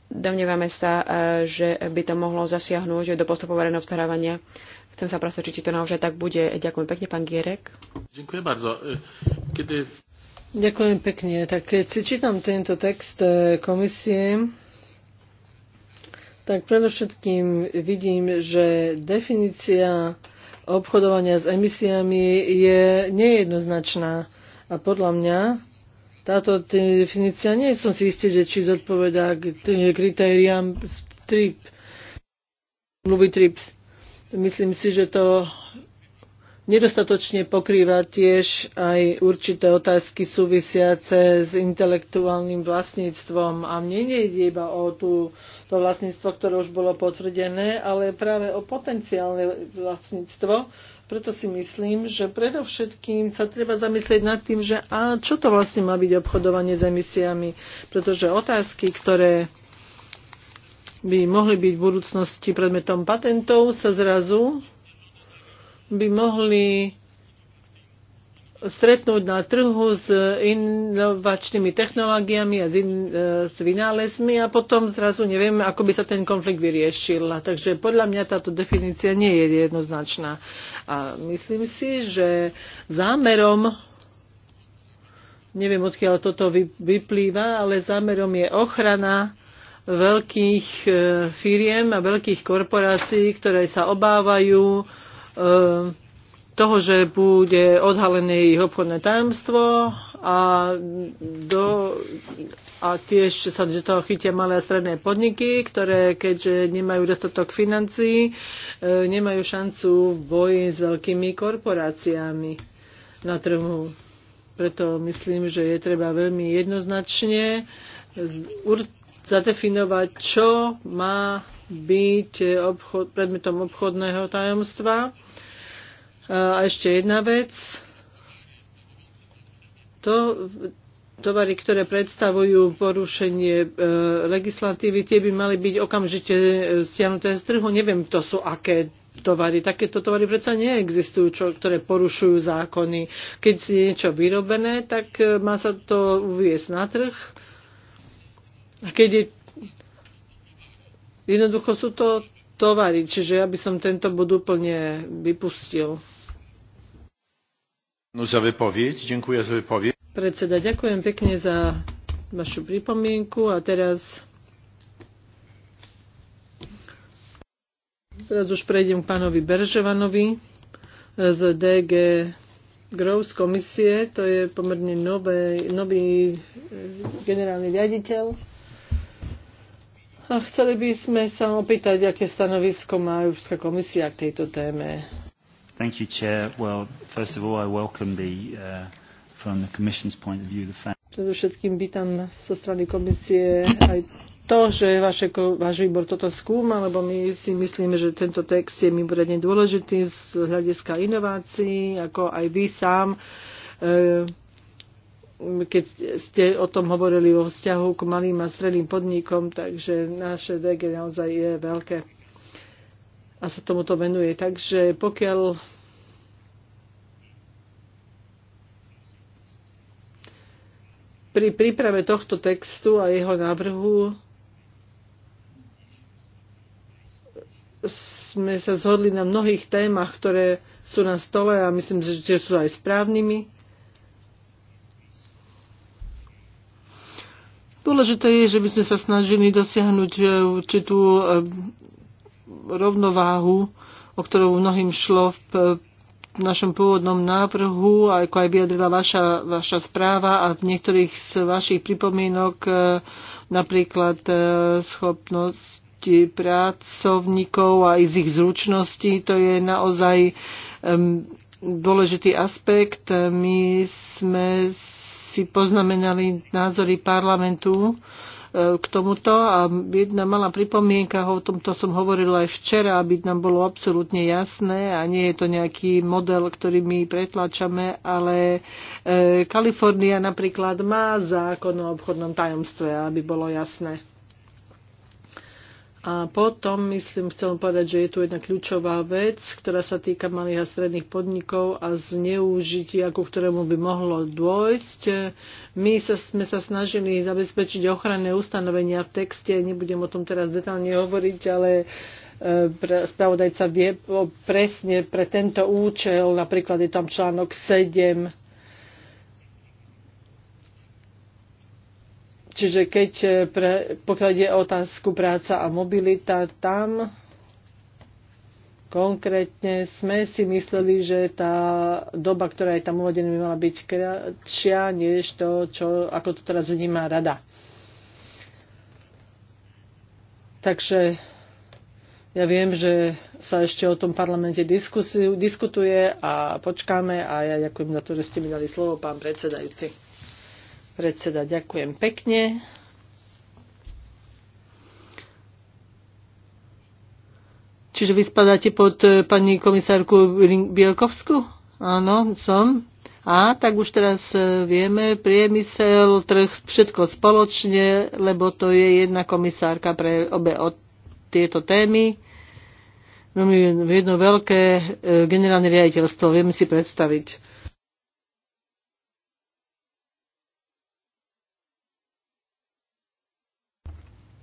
domnievame sa, že by to mohlo zasiahnuť do postupu verejného obstarávania. Chcem sa presvedčiť, či to naozaj tak bude. Ďakujem pekne, pán Gierek. Ďakujem bardzo. Kedy... Ďakujem pekne. Tak keď si čítam tento text komisie, tak predovšetkým vidím, že definícia obchodovania s emisiami je nejednoznačná. A podľa mňa táto definícia, nie som si istý, že či zodpovedá k kritériám TRIP, mluvy TRIPS. Myslím si, že to nedostatočne pokrýva tiež aj určité otázky súvisiace s intelektuálnym vlastníctvom. A mne nejde iba o tú, to vlastníctvo, ktoré už bolo potvrdené, ale práve o potenciálne vlastníctvo. Preto si myslím, že predovšetkým sa treba zamyslieť nad tým, že a čo to vlastne má byť obchodovanie s emisiami, pretože otázky, ktoré by mohli byť v budúcnosti predmetom patentov, sa zrazu by mohli stretnúť na trhu s inovačnými technológiami a s, e, vynálezmi a potom zrazu nevieme, ako by sa ten konflikt vyriešil. A takže podľa mňa táto definícia nie je jednoznačná. A myslím si, že zámerom neviem odkiaľ toto vyplýva, ale zámerom je ochrana veľkých e, firiem a veľkých korporácií, ktoré sa obávajú E, toho, že bude odhalené ich obchodné tajomstvo a, do, a tiež sa do toho chytia malé a stredné podniky, ktoré keďže nemajú dostatok financií, e, nemajú šancu v boji s veľkými korporáciami na trhu. Preto myslím, že je treba veľmi jednoznačne zadefinovať, čo má byť e, obchod, predmetom obchodného tajomstva. A ešte jedna vec. To, tovary, ktoré predstavujú porušenie e, legislatívy, tie by mali byť okamžite e, stiahnuté z trhu. Neviem, to sú aké tovary. Takéto tovary predsa neexistujú, čo, ktoré porušujú zákony. Keď je niečo vyrobené, tak e, má sa to uviesť na trh. A keď je Jednoducho sú to tovary, čiže ja by som tento bod úplne vypustil. No za vypovieť, ďakujem za vypovieť. Predseda, ďakujem pekne za vašu pripomienku a teraz teraz už prejdem k pánovi Berževanovi z DG Grove z komisie, to je pomerne nové, nový generálny riaditeľ. A chceli by sme sa opýtať, aké stanovisko má Európska komisia k tejto téme. Thank you, Chair. Well, first of all, I welcome the, uh, from the Commission's point of view, the fact... Predovšetkým vítam zo so strany komisie aj to, že vaše, váš výbor toto skúma, lebo my si myslíme, že tento text je mimoriadne dôležitý z hľadiska inovácií, ako aj vy sám. Uh, keď ste o tom hovorili vo vzťahu k malým a stredným podnikom, takže naše DG naozaj je veľké a sa tomuto venuje. Takže pokiaľ pri príprave tohto textu a jeho návrhu sme sa zhodli na mnohých témach, ktoré sú na stole a myslím, že sú aj správnymi. Dôležité je, že by sme sa snažili dosiahnuť e, určitú e, rovnováhu, o ktorú mnohým šlo e, v našom pôvodnom návrhu, ako aj vyjadrila vaša, vaša správa a v niektorých z vašich pripomienok, napríklad schopnosti pracovníkov a z ich zručností, to je naozaj dôležitý aspekt. My sme si poznamenali názory parlamentu e, k tomuto a jedna malá pripomienka, o tomto som hovorila aj včera, aby nám bolo absolútne jasné a nie je to nejaký model, ktorý my pretlačame, ale e, Kalifornia napríklad má zákon o obchodnom tajomstve, aby bolo jasné. A potom, myslím, chcem povedať, že je tu jedna kľúčová vec, ktorá sa týka malých a stredných podnikov a zneužitia, ku ktorému by mohlo dôjsť. My sa, sme sa snažili zabezpečiť ochranné ustanovenia v texte, nebudem o tom teraz detálne hovoriť, ale e, spravodajca vie presne pre tento účel, napríklad je tam článok 7 Čiže keď e, pre, pokiaľ ide o otázku práca a mobilita, tam konkrétne sme si mysleli, že tá doba, ktorá je tam uvedená, by mala byť kratšia, než to, čo, ako to teraz vnímá rada. Takže ja viem, že sa ešte o tom parlamente diskusi, diskutuje a počkáme a ja ďakujem za to, že ste mi dali slovo, pán predsedajúci. Predseda, ďakujem pekne. Čiže vy spadáte pod eh, pani komisárku Bielkovskú? Áno, som. A tak už teraz eh, vieme, priemysel, trh, všetko spoločne, lebo to je jedna komisárka pre obe od tieto témy. Máme jedno veľké eh, generálne riaditeľstvo, vieme si predstaviť.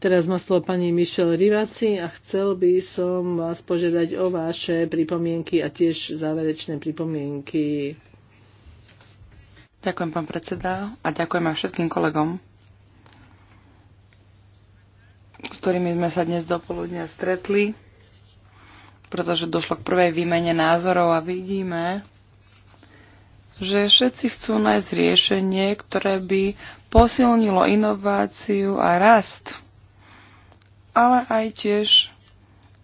Teraz má slovo pani Michel Rivaci a chcel by som vás požiadať o vaše pripomienky a tiež záverečné pripomienky. Ďakujem, pán predseda, a ďakujem aj všetkým kolegom, s ktorými sme sa dnes dopoludne stretli, pretože došlo k prvej výmene názorov a vidíme, že všetci chcú nájsť riešenie, ktoré by posilnilo inováciu a rast ale aj tiež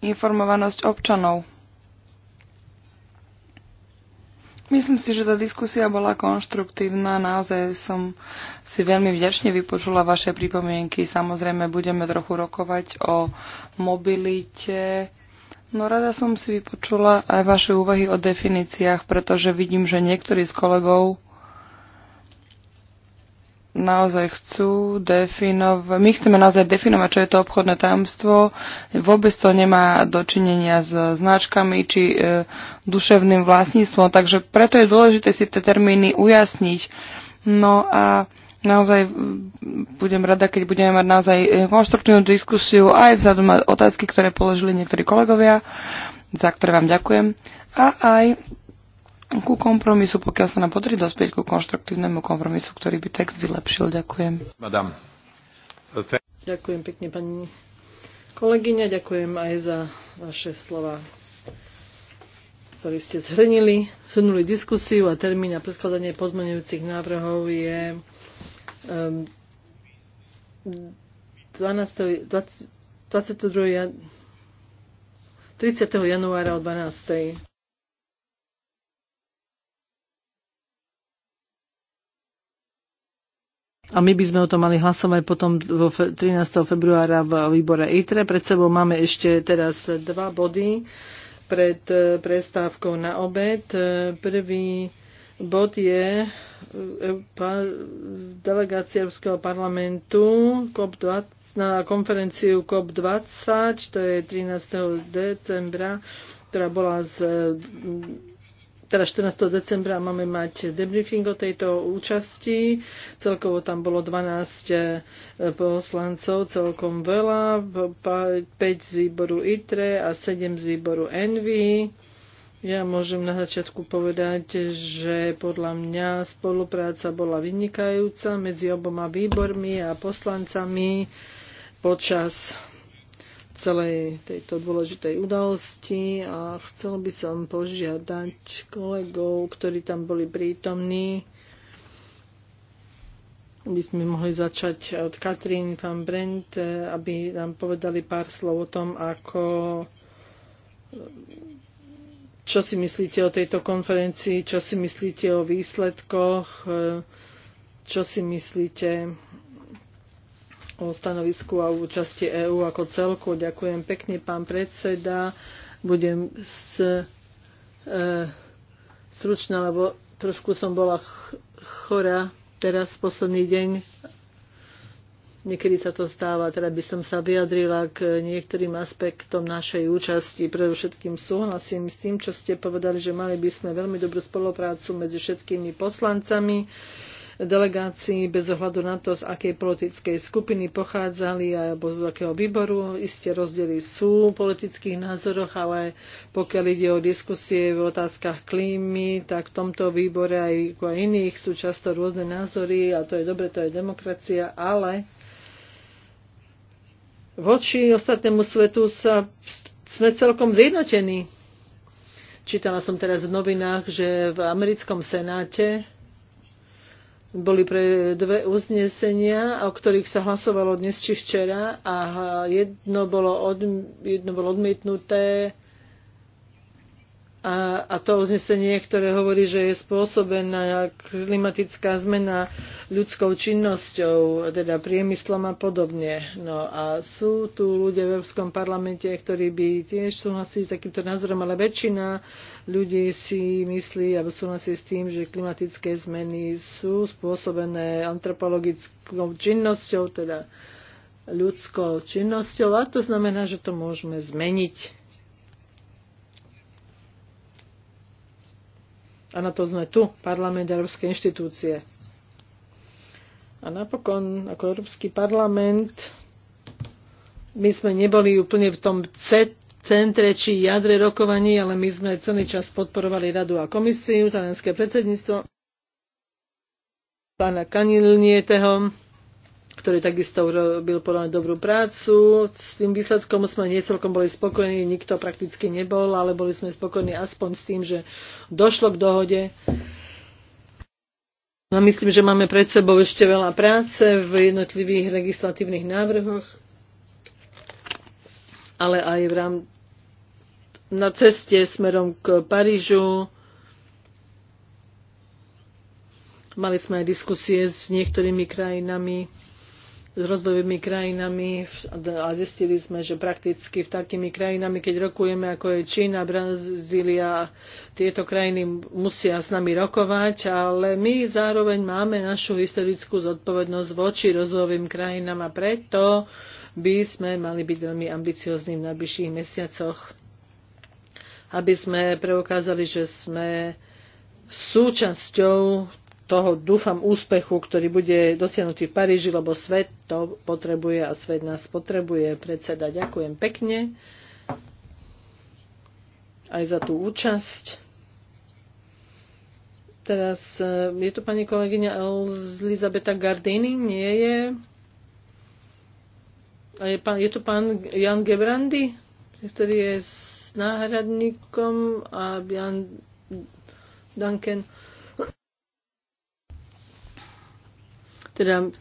informovanosť občanov. Myslím si, že tá diskusia bola konštruktívna. Naozaj som si veľmi vďačne vypočula vaše pripomienky. Samozrejme, budeme trochu rokovať o mobilite. No rada som si vypočula aj vaše úvahy o definíciách, pretože vidím, že niektorí z kolegov naozaj chcú definovať, my chceme naozaj definovať, čo je to obchodné tajomstvo. Vôbec to nemá dočinenia s značkami či e, duševným vlastníctvom, takže preto je dôležité si tie termíny ujasniť. No a naozaj budem rada, keď budeme mať naozaj e, konštruktívnu diskusiu aj vzadu na otázky, ktoré položili niektorí kolegovia, za ktoré vám ďakujem. A aj ku kompromisu, pokiaľ sa nám podarí dospieť ku konštruktívnemu kompromisu, ktorý by text vylepšil. Ďakujem. Ďakujem pekne, pani kolegyňa. Ďakujem aj za vaše slova ktoré ste zhrnili, zhrnuli diskusiu a termín na predkladanie pozmeňujúcich návrhov je um, 12, 20, 22, 30. januára o 12. a my by sme o tom mali hlasovať potom 13. februára v výbore ITRE. Pred sebou máme ešte teraz dva body pred e, prestávkou na obed. E, prvý bod je e, delegácia Európskeho parlamentu COP20, na konferenciu COP20, to je 13. decembra, ktorá bola z teda 14. decembra máme mať debriefing o tejto účasti. Celkovo tam bolo 12 e, poslancov, celkom veľa, 5 z výboru ITRE a 7 z výboru ENVY. Ja môžem na začiatku povedať, že podľa mňa spolupráca bola vynikajúca medzi oboma výbormi a poslancami počas celej tejto dôležitej udalosti a chcel by som požiadať kolegov, ktorí tam boli prítomní, by sme mohli začať od Katrín van Brent, aby nám povedali pár slov o tom, ako čo si myslíte o tejto konferencii, čo si myslíte o výsledkoch, čo si myslíte o stanovisku a účasti EÚ ako celku. Ďakujem pekne, pán predseda. Budem s, e, stručná, lebo trošku som bola chora teraz posledný deň. Niekedy sa to stáva, teda by som sa vyjadrila k niektorým aspektom našej účasti. Predovšetkým súhlasím s tým, čo ste povedali, že mali by sme veľmi dobrú spoluprácu medzi všetkými poslancami delegácií bez ohľadu na to, z akej politickej skupiny pochádzali alebo z akého výboru. Isté rozdiely sú v politických názoroch, ale pokiaľ ide o diskusie v otázkach klímy, tak v tomto výbore aj ako iných sú často rôzne názory a to je dobre, to je demokracia, ale voči ostatnému svetu sa, sme celkom zjednotení. Čítala som teraz v novinách, že v americkom senáte boli pre dve uznesenia, o ktorých sa hlasovalo dnes či včera a jedno bolo, odm, jedno bolo odmietnuté a, a to uznesenie, ktoré hovorí, že je spôsobená klimatická zmena ľudskou činnosťou, teda priemyslom a podobne. No a sú tu ľudia v Európskom parlamente, ktorí by tiež súhlasili s takýmto názorom, ale väčšina ľudí si myslí a súhlasí s tým, že klimatické zmeny sú spôsobené antropologickou činnosťou, teda ľudskou činnosťou a to znamená, že to môžeme zmeniť A na to sme tu, parlament a európske inštitúcie. A napokon, ako Európsky parlament, my sme neboli úplne v tom centre či jadre rokovaní, ale my sme celý čas podporovali radu a komisiu, talianské predsedníctvo, pána Kanilnieteho, ktorý takisto robil podľa mňa dobrú prácu. S tým výsledkom sme niecelkom boli spokojní, nikto prakticky nebol, ale boli sme spokojní aspoň s tým, že došlo k dohode. No, myslím, že máme pred sebou ešte veľa práce v jednotlivých legislatívnych návrhoch, ale aj v rám... na ceste smerom k Parížu. Mali sme aj diskusie s niektorými krajinami s rozvojovými krajinami a zistili sme, že prakticky v takými krajinami, keď rokujeme ako je Čína, Brazília, tieto krajiny musia s nami rokovať, ale my zároveň máme našu historickú zodpovednosť voči rozvojovým krajinám a preto by sme mali byť veľmi ambiciozní v najbližších mesiacoch, aby sme preukázali, že sme súčasťou toho, dúfam, úspechu, ktorý bude dosiahnutý v Paríži, lebo svet to potrebuje a svet nás potrebuje. Predseda, ďakujem pekne aj za tú účasť. Teraz e, je tu pani kolegyňa Elizabeta Gardini? Nie je. A je, pán, je tu pán Jan Gebrandy, ktorý je s náhradníkom a Jan Duncan teda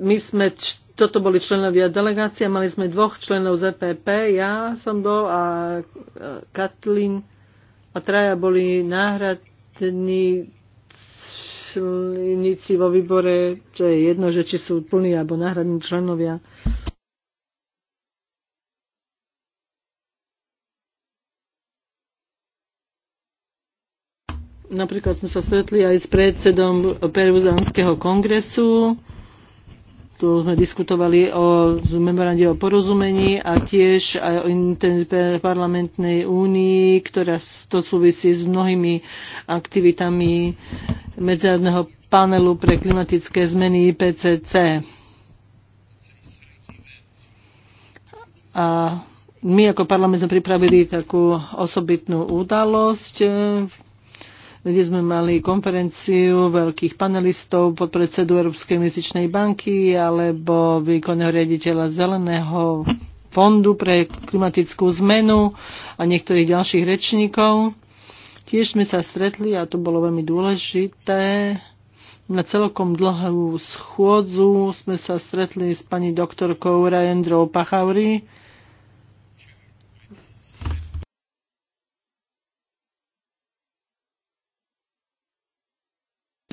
my sme, toto boli členovia delegácie, mali sme dvoch členov z EPP, ja som bol a Katlin a traja boli náhradní členníci vo výbore, čo je jedno, že či sú plní alebo náhradní členovia. Napríklad sme sa stretli aj s predsedom Peruzánskeho kongresu. Tu sme diskutovali o memorande o porozumení a tiež aj o parlamentnej únii, ktorá to súvisí s mnohými aktivitami medzinárodného panelu pre klimatické zmeny IPCC. A my ako parlament sme pripravili takú osobitnú udalosť v kde sme mali konferenciu veľkých panelistov, podpredsedu Európskej mesičnej banky alebo výkonného riaditeľa Zeleného fondu pre klimatickú zmenu a niektorých ďalších rečníkov. Tiež sme sa stretli, a to bolo veľmi dôležité, na celkom dlhú schôdzu sme sa stretli s pani doktorkou Rajendrou Pachauri,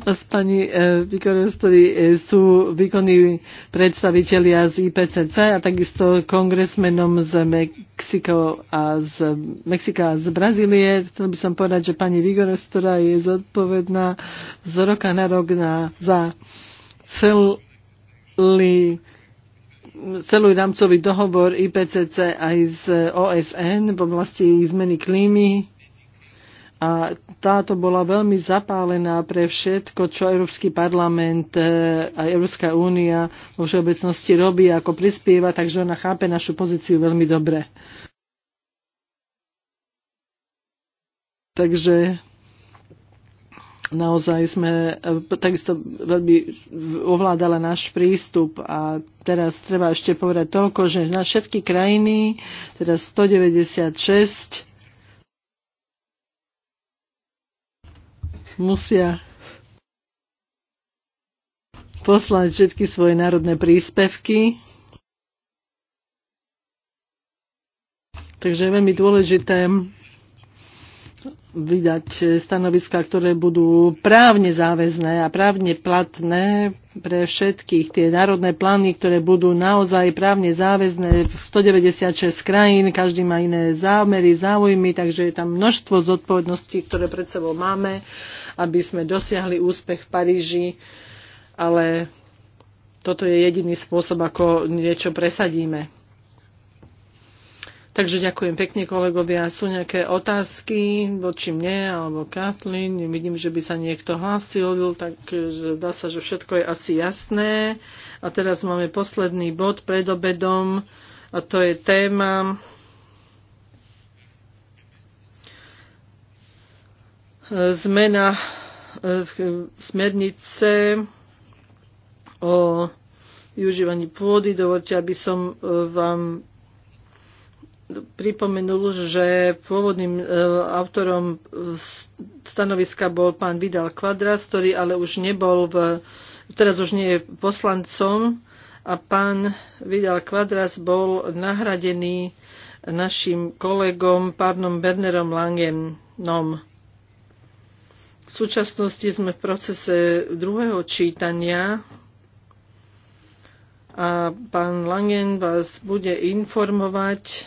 s pani e, Vigorius, ktorí e, sú výkonní predstavitelia z IPCC a takisto kongresmenom z Mexiko a z Mexika a z Brazílie. Chcel by som povedať, že pani Vigores, ktorá je zodpovedná z roka na rok na, za celý celú rámcový dohovor IPCC aj z OSN v oblasti zmeny klímy a táto bola veľmi zapálená pre všetko, čo Európsky parlament e, a Európska únia vo všeobecnosti robí, ako prispieva, takže ona chápe našu pozíciu veľmi dobre. Takže naozaj sme e, takisto veľmi ovládala náš prístup a teraz treba ešte povedať toľko, že na všetky krajiny, teraz 196 musia poslať všetky svoje národné príspevky. Takže je veľmi dôležité vydať stanoviska, ktoré budú právne záväzné a právne platné pre všetkých. Tie národné plány, ktoré budú naozaj právne záväzné v 196 krajín, každý má iné zámery, záujmy, takže je tam množstvo zodpovedností, ktoré pred sebou máme aby sme dosiahli úspech v Paríži, ale toto je jediný spôsob, ako niečo presadíme. Takže ďakujem pekne kolegovia. Sú nejaké otázky voči mne alebo Katlin? Vidím, že by sa niekto hlásil, takže dá sa, že všetko je asi jasné. A teraz máme posledný bod pred obedom a to je téma zmena e, smernice o využívaní pôdy. Dovolte, aby som e, vám pripomenul, že pôvodným e, autorom stanoviska bol pán Vidal Quadras, ktorý ale už nebol v, teraz už nie je poslancom a pán Vidal Quadras bol nahradený našim kolegom, pánom Bernerom Langenom. V súčasnosti sme v procese druhého čítania a pán Langen vás bude informovať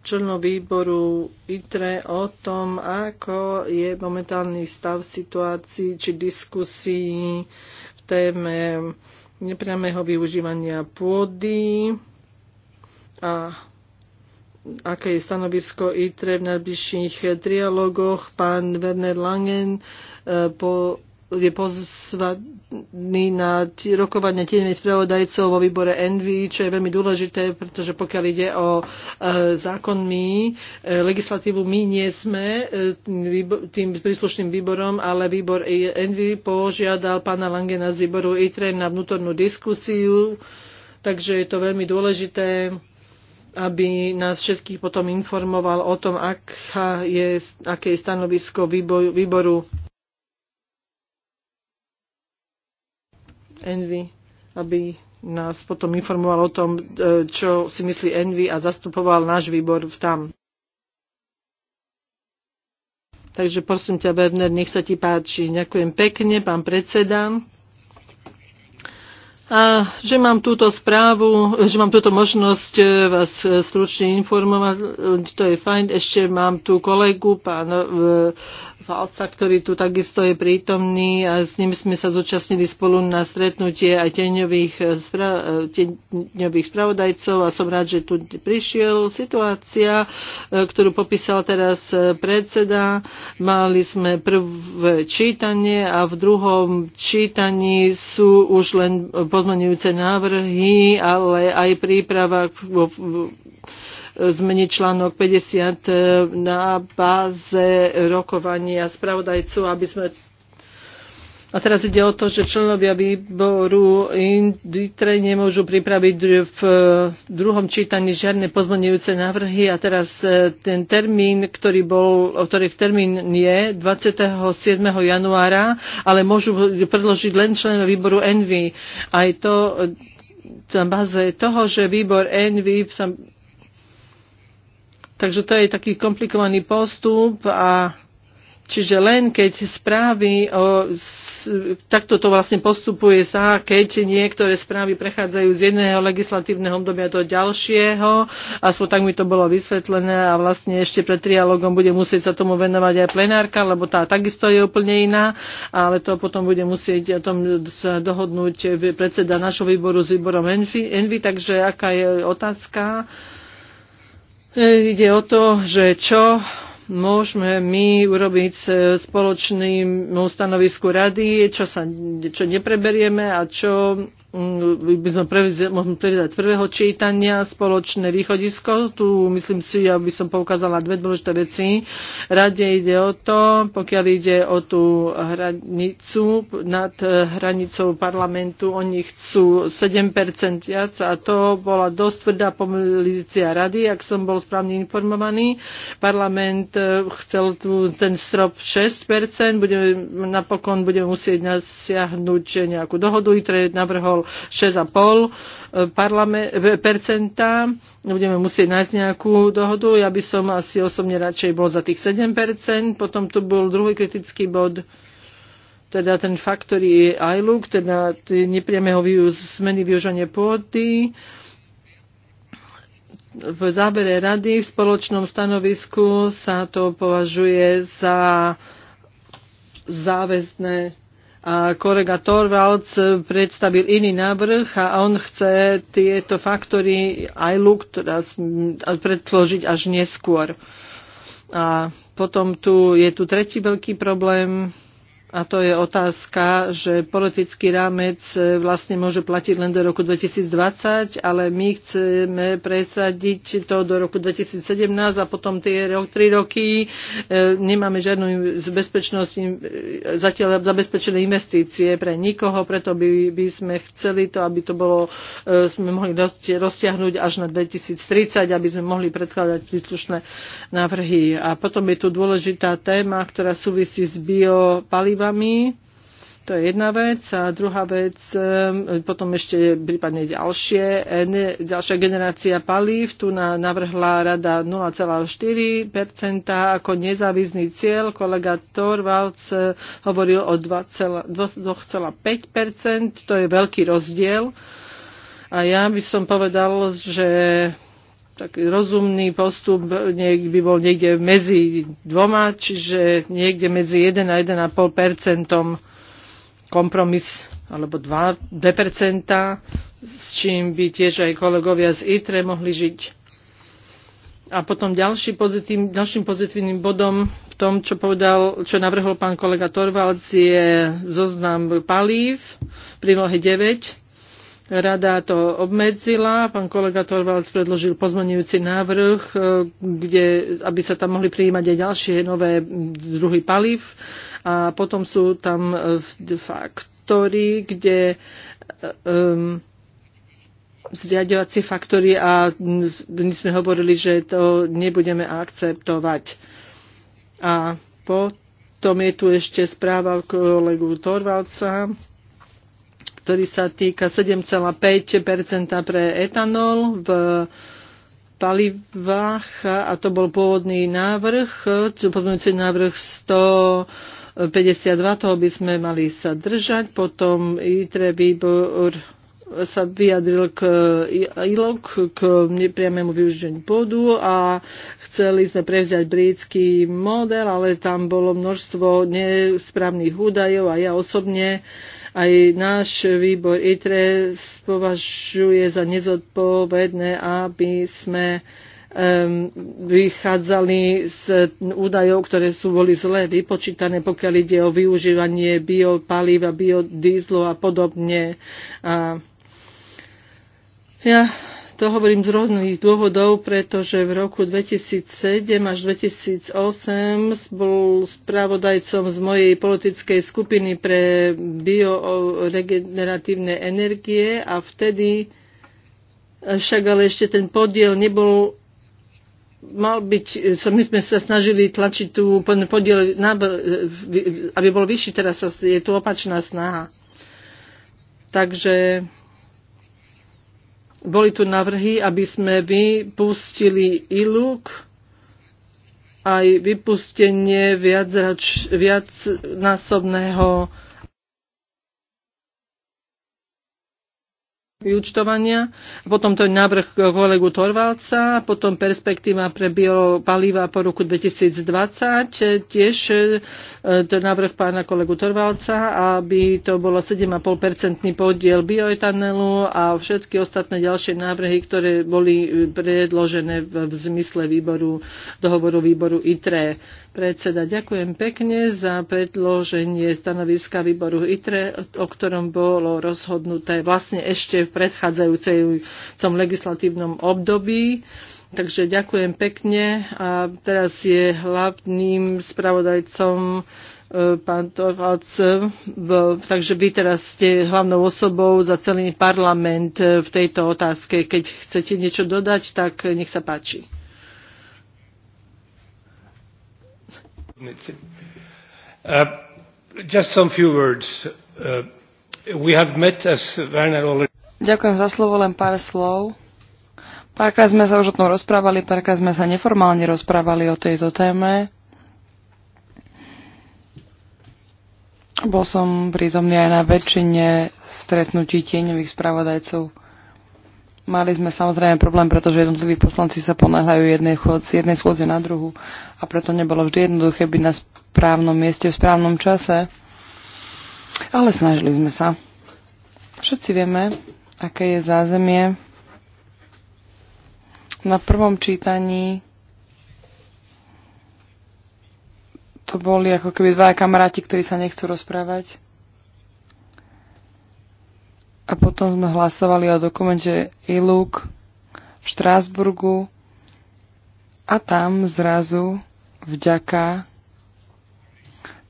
členov výboru ITRE o tom, ako je momentálny stav situácií či diskusí v téme nepriamého využívania pôdy a aké je stanovisko ITRE v najbližších trialogoch. Pán Werner Langen e, po, je pozvaný na rokovanie tieňmi spravodajcov vo výbore ENVY, čo je veľmi dôležité, pretože pokiaľ ide o e, zákon my, e, legislatívu my nie sme e, tým príslušným výborom, ale výbor ENVY požiadal pána Langena z výboru ITRE na vnútornú diskusiu, takže je to veľmi dôležité aby nás všetkých potom informoval o tom, aká je, aké je stanovisko výboru, výboru Envy, aby nás potom informoval o tom, e, čo si myslí Envy a zastupoval náš výbor tam. Takže prosím ťa, Werner, nech sa ti páči. Ďakujem pekne, pán predseda a že mám túto správu, že mám túto možnosť eh, vás eh, stručne informovať, to je fajn. Ešte mám tu kolegu, pán eh, Falca, ktorý tu takisto je prítomný a s ním sme sa zúčastnili spolu na stretnutie aj teňových, eh, spra- eh, teňových spravodajcov a som rád, že tu prišiel. Situácia, eh, ktorú popísal teraz predseda, mali sme prvé čítanie a v druhom čítaní sú už len podmenujúce návrhy, ale aj príprava v, v, zmeniť článok 50 e, na báze rokovania spravodajcu, aby sme a teraz ide o to, že členovia výboru INDITRE nemôžu pripraviť v druhom čítaní žiadne pozmenujúce návrhy a teraz e, ten termín, ktorý bol, ktorý termín je 27. januára, ale môžu predložiť len členovia výboru ENVY. Aj to e, na báze toho, že výbor ENVY sa Takže to je taký komplikovaný postup a Čiže len keď správy, o, s, takto to vlastne postupuje sa, keď niektoré správy prechádzajú z jedného legislatívneho obdobia do ďalšieho, aspoň tak mi to bolo vysvetlené a vlastne ešte pred trialogom bude musieť sa tomu venovať aj plenárka, lebo tá takisto je úplne iná, ale to potom bude musieť o tom sa dohodnúť predseda našho výboru s výborom Envy, Envy takže aká je otázka? E, ide o to, že čo môžeme my urobiť e, spoločným stanovisku rady, čo, sa, čo nepreberieme a čo Mm, by sme mohli prevedať prvého čítania spoločné východisko. Tu myslím si, ja by som poukázala dve dôležité veci. Rade ide o to, pokiaľ ide o tú hranicu nad hranicou parlamentu, oni chcú 7% viac a to bola dosť tvrdá pozícia rady, ak som bol správne informovaný. Parlament eh, chcel tu ten strop 6%, budeme, napokon budeme musieť nasiahnuť nejakú dohodu, ktoré navrhol 6,5 e, e, percenta. Budeme musieť nájsť nejakú dohodu. Ja by som asi osobne radšej bol za tých 7 Potom tu bol druhý kritický bod teda ten faktor je ILUK, teda nepriameho zmeny využania pôdy v zábere rady v spoločnom stanovisku sa to považuje za záväzné a kolega Torvalds eh, predstavil iný návrh a on chce tieto faktory aj look teraz predložiť až neskôr. A potom tu je tu tretí veľký problém, a to je otázka, že politický rámec e, vlastne môže platiť len do roku 2020, ale my chceme presadiť to do roku 2017 a potom tie rok, tri roky e, nemáme žiadnu bezpečnosť, e, zatiaľ zabezpečené investície pre nikoho, preto by, by sme chceli to, aby to bolo, sme mohli roztiahnuť až na 2030, aby sme mohli predkladať príslušné návrhy. A potom je tu dôležitá téma, ktorá súvisí s biopalivami chybami. To je jedna vec. A druhá vec, potom ešte prípadne ďalšie, ne, ďalšia generácia palív. Tu na, navrhla rada 0,4 ako nezávislý cieľ. Kolega Torvalds eh, hovoril o 2,5 To je veľký rozdiel. A ja by som povedal, že taký rozumný postup niek, by bol niekde medzi dvoma, čiže niekde medzi 1 a 1,5 kompromis alebo 2 percenta, s čím by tiež aj kolegovia z ITRE mohli žiť. A potom ďalší pozitív, ďalším pozitívnym bodom v tom, čo, povedal, čo navrhol pán kolega Torvalds, je zoznam palív, prílohe 9 Rada to obmedzila, pán kolega Torvalds predložil pozmenujúci návrh, e, kde, aby sa tam mohli prijímať aj ďalšie nové druhy palív a potom sú tam e, faktory, kde um, zriadovacie faktory a my sme hovorili, že to nebudeme akceptovať. A potom je tu ešte správa kolegu Torvalca, ktorý sa týka 7,5 pre etanol v palivách a to bol pôvodný návrh, pozmeňujúci návrh 152, toho by sme mali sa držať. Potom ITRE výbor sa vyjadril k ILOK, k nepriamému využívaniu pôdu a chceli sme prevziať britský model, ale tam bolo množstvo nesprávnych údajov a ja osobne uh, aj náš výbor ITRE považuje za nezodpovedné, aby sme um, vychádzali z údajov, ktoré sú boli zle vypočítané, pokiaľ ide o využívanie biopalív a biodízlu a podobne. A ja to hovorím z rôznych dôvodov, pretože v roku 2007 až 2008 bol spravodajcom z mojej politickej skupiny pre bioregeneratívne energie a vtedy však ale ešte ten podiel nebol mal byť, my sme sa snažili tlačiť tú podiel, aby bol vyšší, teraz je tu opačná snaha. Takže boli tu navrhy, aby sme vypustili ilúk, aj vypustenie viacnásobného viac vyučtovania, potom to je návrh kolegu Torvalca, potom perspektíva pre biopaliva po roku 2020, tiež to je návrh pána kolegu Torvalca, aby to bolo 7,5-percentný podiel bioetanelu a všetky ostatné ďalšie návrhy, ktoré boli predložené v zmysle výboru, dohovoru výboru ITRE predseda. Ďakujem pekne za predloženie stanoviska výboru ITRE, o ktorom bolo rozhodnuté vlastne ešte v predchádzajúcom legislatívnom období. Takže ďakujem pekne a teraz je hlavným spravodajcom e, pán Torvalc, takže vy teraz ste hlavnou osobou za celý parlament e, v tejto otázke. Keď chcete niečo dodať, tak nech sa páči. Uh, just some few words. Uh, we have met as Werner already... Ďakujem za slovo, len pár slov. Párkrát sme sa už o tom rozprávali, párkrát sme sa neformálne rozprávali o tejto téme. Bol som prítomný aj na väčšine stretnutí tieňových spravodajcov Mali sme samozrejme problém, pretože jednotliví poslanci sa ponáhľajú jednej z jednej schôdze na druhu a preto nebolo vždy jednoduché byť na správnom mieste v správnom čase. Ale snažili sme sa. Všetci vieme, aké je zázemie. Na prvom čítaní to boli ako keby dva kamaráti, ktorí sa nechcú rozprávať. A potom sme hlasovali o dokumente ILUK v Štrásburgu a tam zrazu vďaka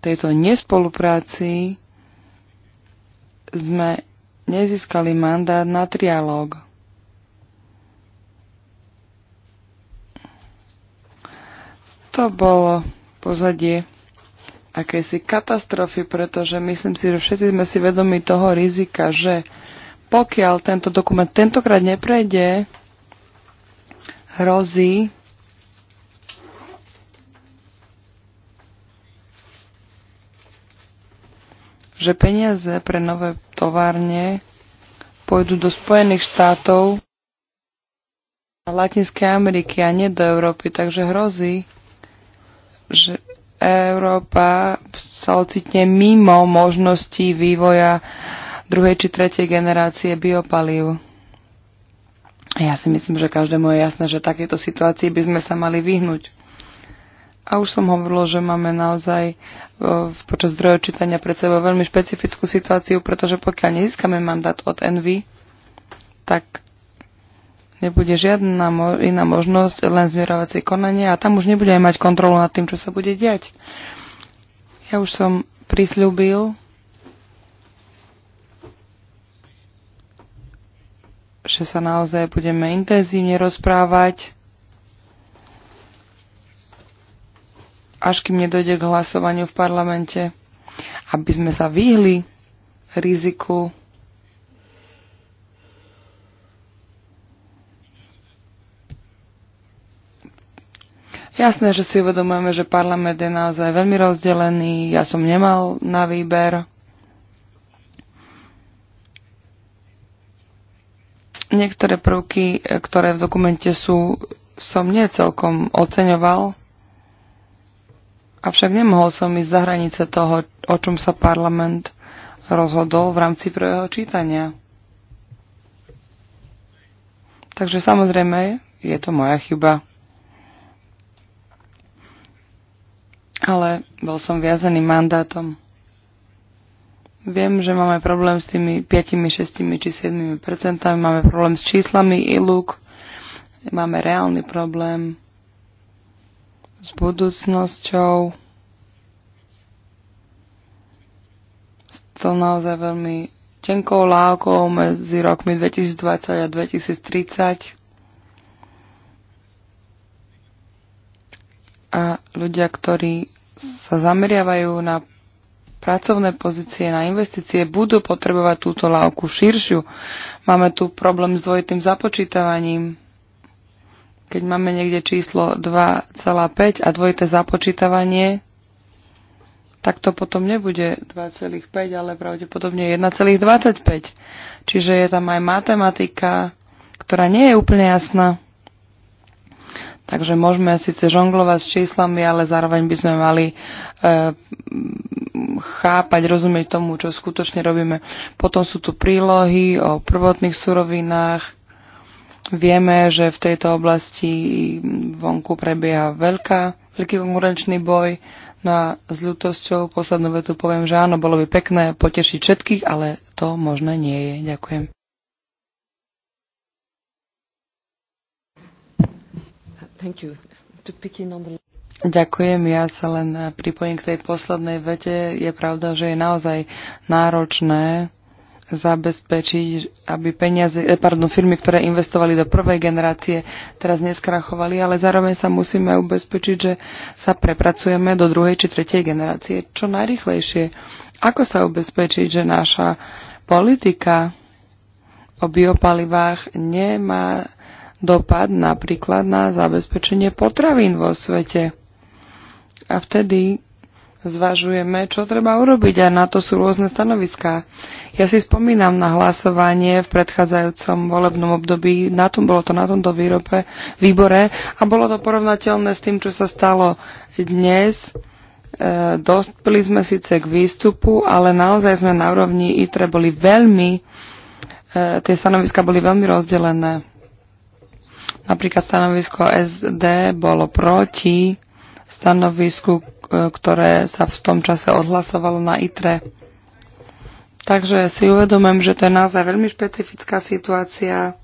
tejto nespolupráci sme nezískali mandát na trialóg. To bolo pozadie akési katastrofy, pretože myslím si, že všetci sme si vedomi toho rizika, že pokiaľ tento dokument tentokrát neprejde, hrozí, že peniaze pre nové továrne pôjdu do Spojených štátov a Latinskej Ameriky a nie do Európy, takže hrozí, že Európa sa ocitne mimo možností vývoja druhej či tretej generácie biopalív. Ja si myslím, že každému je jasné, že takéto situácii by sme sa mali vyhnúť. A už som hovorila, že máme naozaj e, počas druhého čítania pred sebou veľmi špecifickú situáciu, pretože pokiaľ nezískame mandát od Envy, tak nebude žiadna mo- iná možnosť, len zmierovacie konanie a tam už nebudeme mať kontrolu nad tým, čo sa bude diať. Ja už som prislúbil, že sa naozaj budeme intenzívne rozprávať, až kým nedojde k hlasovaniu v parlamente, aby sme sa vyhli riziku Jasné, že si uvedomujeme, že parlament je naozaj veľmi rozdelený. Ja som nemal na výber. Niektoré prvky, e, ktoré v dokumente sú, som nie celkom oceňoval, avšak nemohol som ísť za hranice toho, o čom sa parlament rozhodol v rámci prvého čítania. Takže samozrejme, je to moja chyba. Ale bol som viazený mandátom. Viem, že máme problém s tými 5, 6 či 7 percentami, máme problém s číslami ILUK, máme reálny problém s budúcnosťou. S to naozaj veľmi tenkou lávkou medzi rokmi 2020 a 2030. A ľudia, ktorí sa zameriavajú na pracovné pozície, na investície budú potrebovať túto lávku širšiu. Máme tu problém s dvojitým započítavaním. Keď máme niekde číslo 2,5 a dvojité započítavanie, tak to potom nebude 2,5, ale pravdepodobne 1,25. Čiže je tam aj matematika, ktorá nie je úplne jasná. Takže môžeme síce žonglovať s číslami, ale zároveň by sme mali e, chápať, rozumieť tomu, čo skutočne robíme. Potom sú tu prílohy o prvotných surovinách. Vieme, že v tejto oblasti vonku prebieha veľká, veľký konkurenčný boj. No a s ľutosťou poslednú vetu poviem, že áno, bolo by pekné potešiť všetkých, ale to možné nie je. Ďakujem. Thank you. To pick in on the... Ďakujem, ja sa len pripojím k tej poslednej vete. Je pravda, že je naozaj náročné zabezpečiť, aby peniaze, eh, pardon, firmy, ktoré investovali do prvej generácie, teraz neskrachovali, ale zároveň sa musíme ubezpečiť, že sa prepracujeme do druhej či tretej generácie čo najrychlejšie. Ako sa ubezpečiť, že naša politika o biopalivách nemá dopad napríklad na zabezpečenie potravín vo svete. A vtedy zvažujeme, čo treba urobiť a na to sú rôzne stanoviská. Ja si spomínam na hlasovanie v predchádzajúcom volebnom období, na tom, bolo to na tomto výrobe, výbore a bolo to porovnateľné s tým, čo sa stalo dnes. E, dospeli sme síce k výstupu, ale naozaj sme na úrovni ITRE boli veľmi, e, tie stanoviská boli veľmi rozdelené. Napríklad stanovisko SD bolo proti stanovisku, e, ktoré sa v tom čase odhlasovalo na ITRE. Takže si uvedomujem, že to je naozaj veľmi špecifická situácia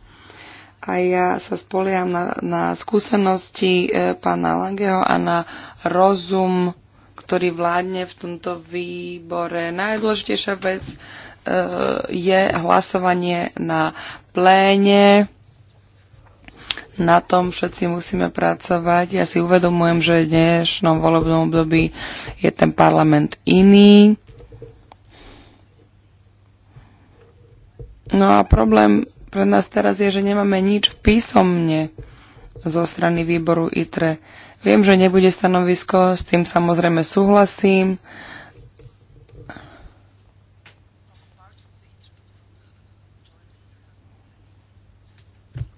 a ja sa spoliam na, na skúsenosti e, pána Langeho a na rozum, ktorý vládne v tomto výbore. Najdôležitejšia vec e, je hlasovanie na pléne na tom všetci musíme pracovať. Ja si uvedomujem, že v dnešnom volebnom období je ten parlament iný. No a problém pre nás teraz je, že nemáme nič písomne zo strany výboru ITRE. Viem, že nebude stanovisko, s tým samozrejme súhlasím.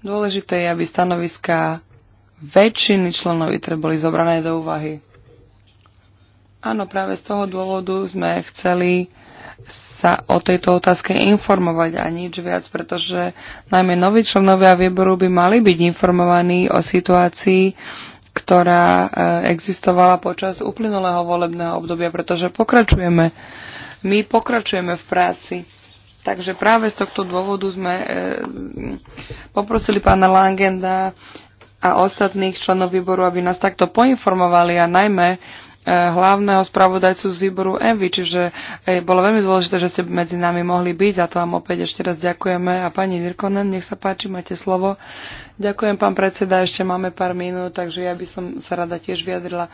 Dôležité je, aby stanoviská väčšiny členov ITRE boli zobrané do úvahy. Áno, práve z toho dôvodu sme chceli sa o tejto otázke informovať a nič viac, pretože najmä noví členovia výboru by mali byť informovaní o situácii, ktorá eh, existovala počas uplynulého volebného obdobia, pretože pokračujeme. My pokračujeme v práci Takže práve z tohto dôvodu sme e, poprosili pána Langenda a ostatných členov výboru, aby nás takto poinformovali a najmä e, hlavného spravodajcu z výboru Envy, čiže e, bolo veľmi dôležité, že ste medzi nami mohli byť. Za to vám opäť ešte raz ďakujeme. A pani Nirkonen, nech sa páči, máte slovo. Ďakujem, pán predseda, ešte máme pár minút, takže ja by som sa rada tiež vyjadrila.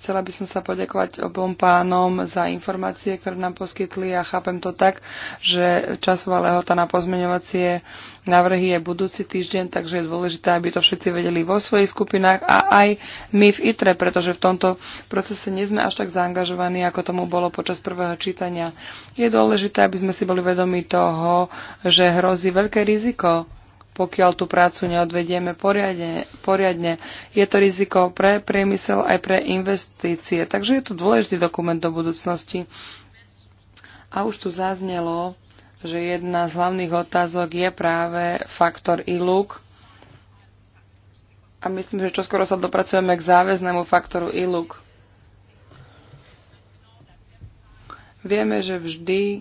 Chcela by som sa poďakovať obom pánom za informácie, ktoré nám poskytli a ja chápem to tak, že časová lehota na pozmeňovacie návrhy je budúci týždeň, takže je dôležité, aby to všetci vedeli vo svojich skupinách a aj my v ITRE, pretože v tomto procese nie sme až tak zaangažovaní, ako tomu bolo počas prvého čítania. Je dôležité, aby sme si boli vedomi toho, že hrozí veľké riziko pokiaľ tú prácu neodvedieme poriadne, poriadne. Je to riziko pre priemysel aj pre investície. Takže je to dôležitý dokument do budúcnosti. A už tu zaznelo, že jedna z hlavných otázok je práve faktor ILUK. A myslím, že čoskoro sa dopracujeme k záväznému faktoru ILUK. Vieme, že vždy,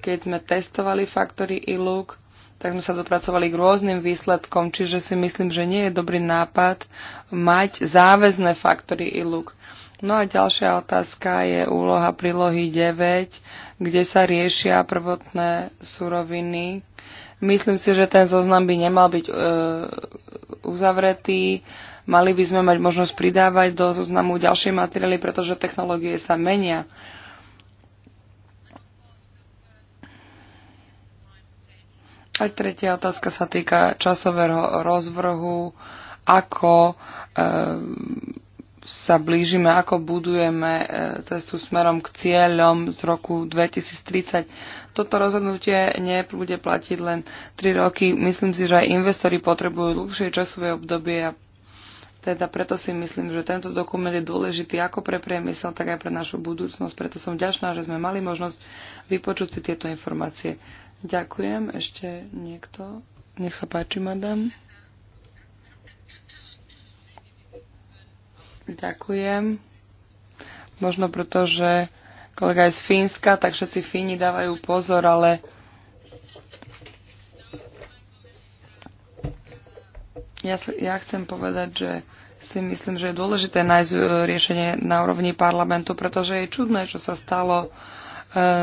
keď sme testovali faktory ILUK, tak sme sa dopracovali k rôznym výsledkom, čiže si myslím, že nie je dobrý nápad mať záväzné faktory i look. No a ďalšia otázka je úloha prílohy 9, kde sa riešia prvotné suroviny. Myslím si, že ten zoznam by nemal byť e, uzavretý. Mali by sme mať možnosť pridávať do zoznamu ďalšie materiály, pretože technológie sa menia. E, A tretia otázka sa týka časového rozvrhu, ako e, sa blížime, ako budujeme eh, cestu smerom k cieľom z roku 2030. Toto rozhodnutie nebude platiť len 3 roky. Myslím si, že aj investori potrebujú dlhšie časové obdobie a teda preto si myslím, že tento dokument je dôležitý ako pre priemysel, tak aj pre našu budúcnosť. Preto som ďačná, že sme mali možnosť vypočuť si tieto informácie. Ďakujem. Ešte niekto? Nech sa páči, madam. Ďakujem. Možno preto, že kolega je z Fínska, tak všetci Fíni dávajú pozor, ale ja, ja chcem povedať, že si myslím, že je dôležité nájsť e, riešenie na úrovni parlamentu, pretože je čudné, čo sa stalo uh,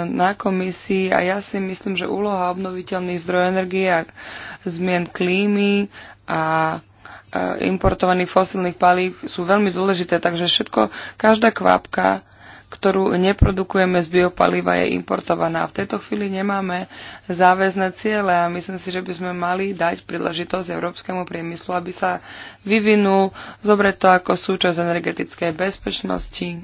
na komisii a ja si myslím, že úloha obnoviteľných zdrojov energie a zmien klímy a e, importovaných fosilných palív sú veľmi dôležité, takže všetko, každá kvapka, ktorú neprodukujeme z biopaliva, je importovaná. V tejto chvíli nemáme záväzné ciele a myslím si, že by sme mali dať príležitosť európskemu priemyslu, aby sa vyvinul, zobrať to ako súčasť energetickej bezpečnosti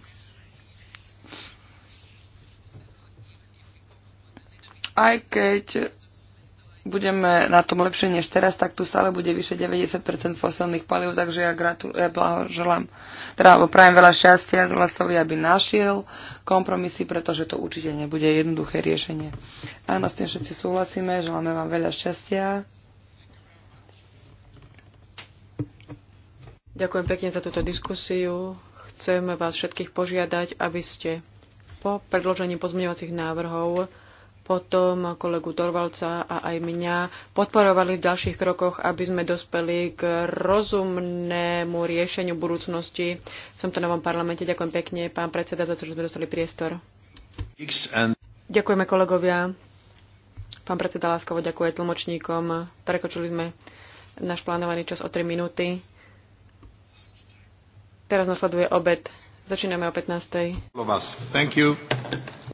Aj keď budeme na tom lepšie než teraz, tak tu stále bude vyše 90% fosilných palív, takže ja, gratul- ja blahoželám. Teda prajem veľa šťastia Glasovi, aby našiel kompromisy, pretože to určite nebude jednoduché riešenie. Áno, s tým všetci súhlasíme, želáme vám veľa šťastia. Ďakujem pekne za túto diskusiu. Chcem vás všetkých požiadať, aby ste po predložení pozmeňovacích návrhov potom kolegu Torvalca a aj mňa podporovali v ďalších krokoch, aby sme dospeli k rozumnému riešeniu budúcnosti v tomto novom parlamente. Ďakujem pekne, pán predseda, za to, že sme dostali priestor. Ďakujeme kolegovia. Pán predseda Láskovo ďakuje tlmočníkom. Prekočili sme náš plánovaný čas o 3 minúty. Teraz nasleduje obed. Začíname o 15. Thank you.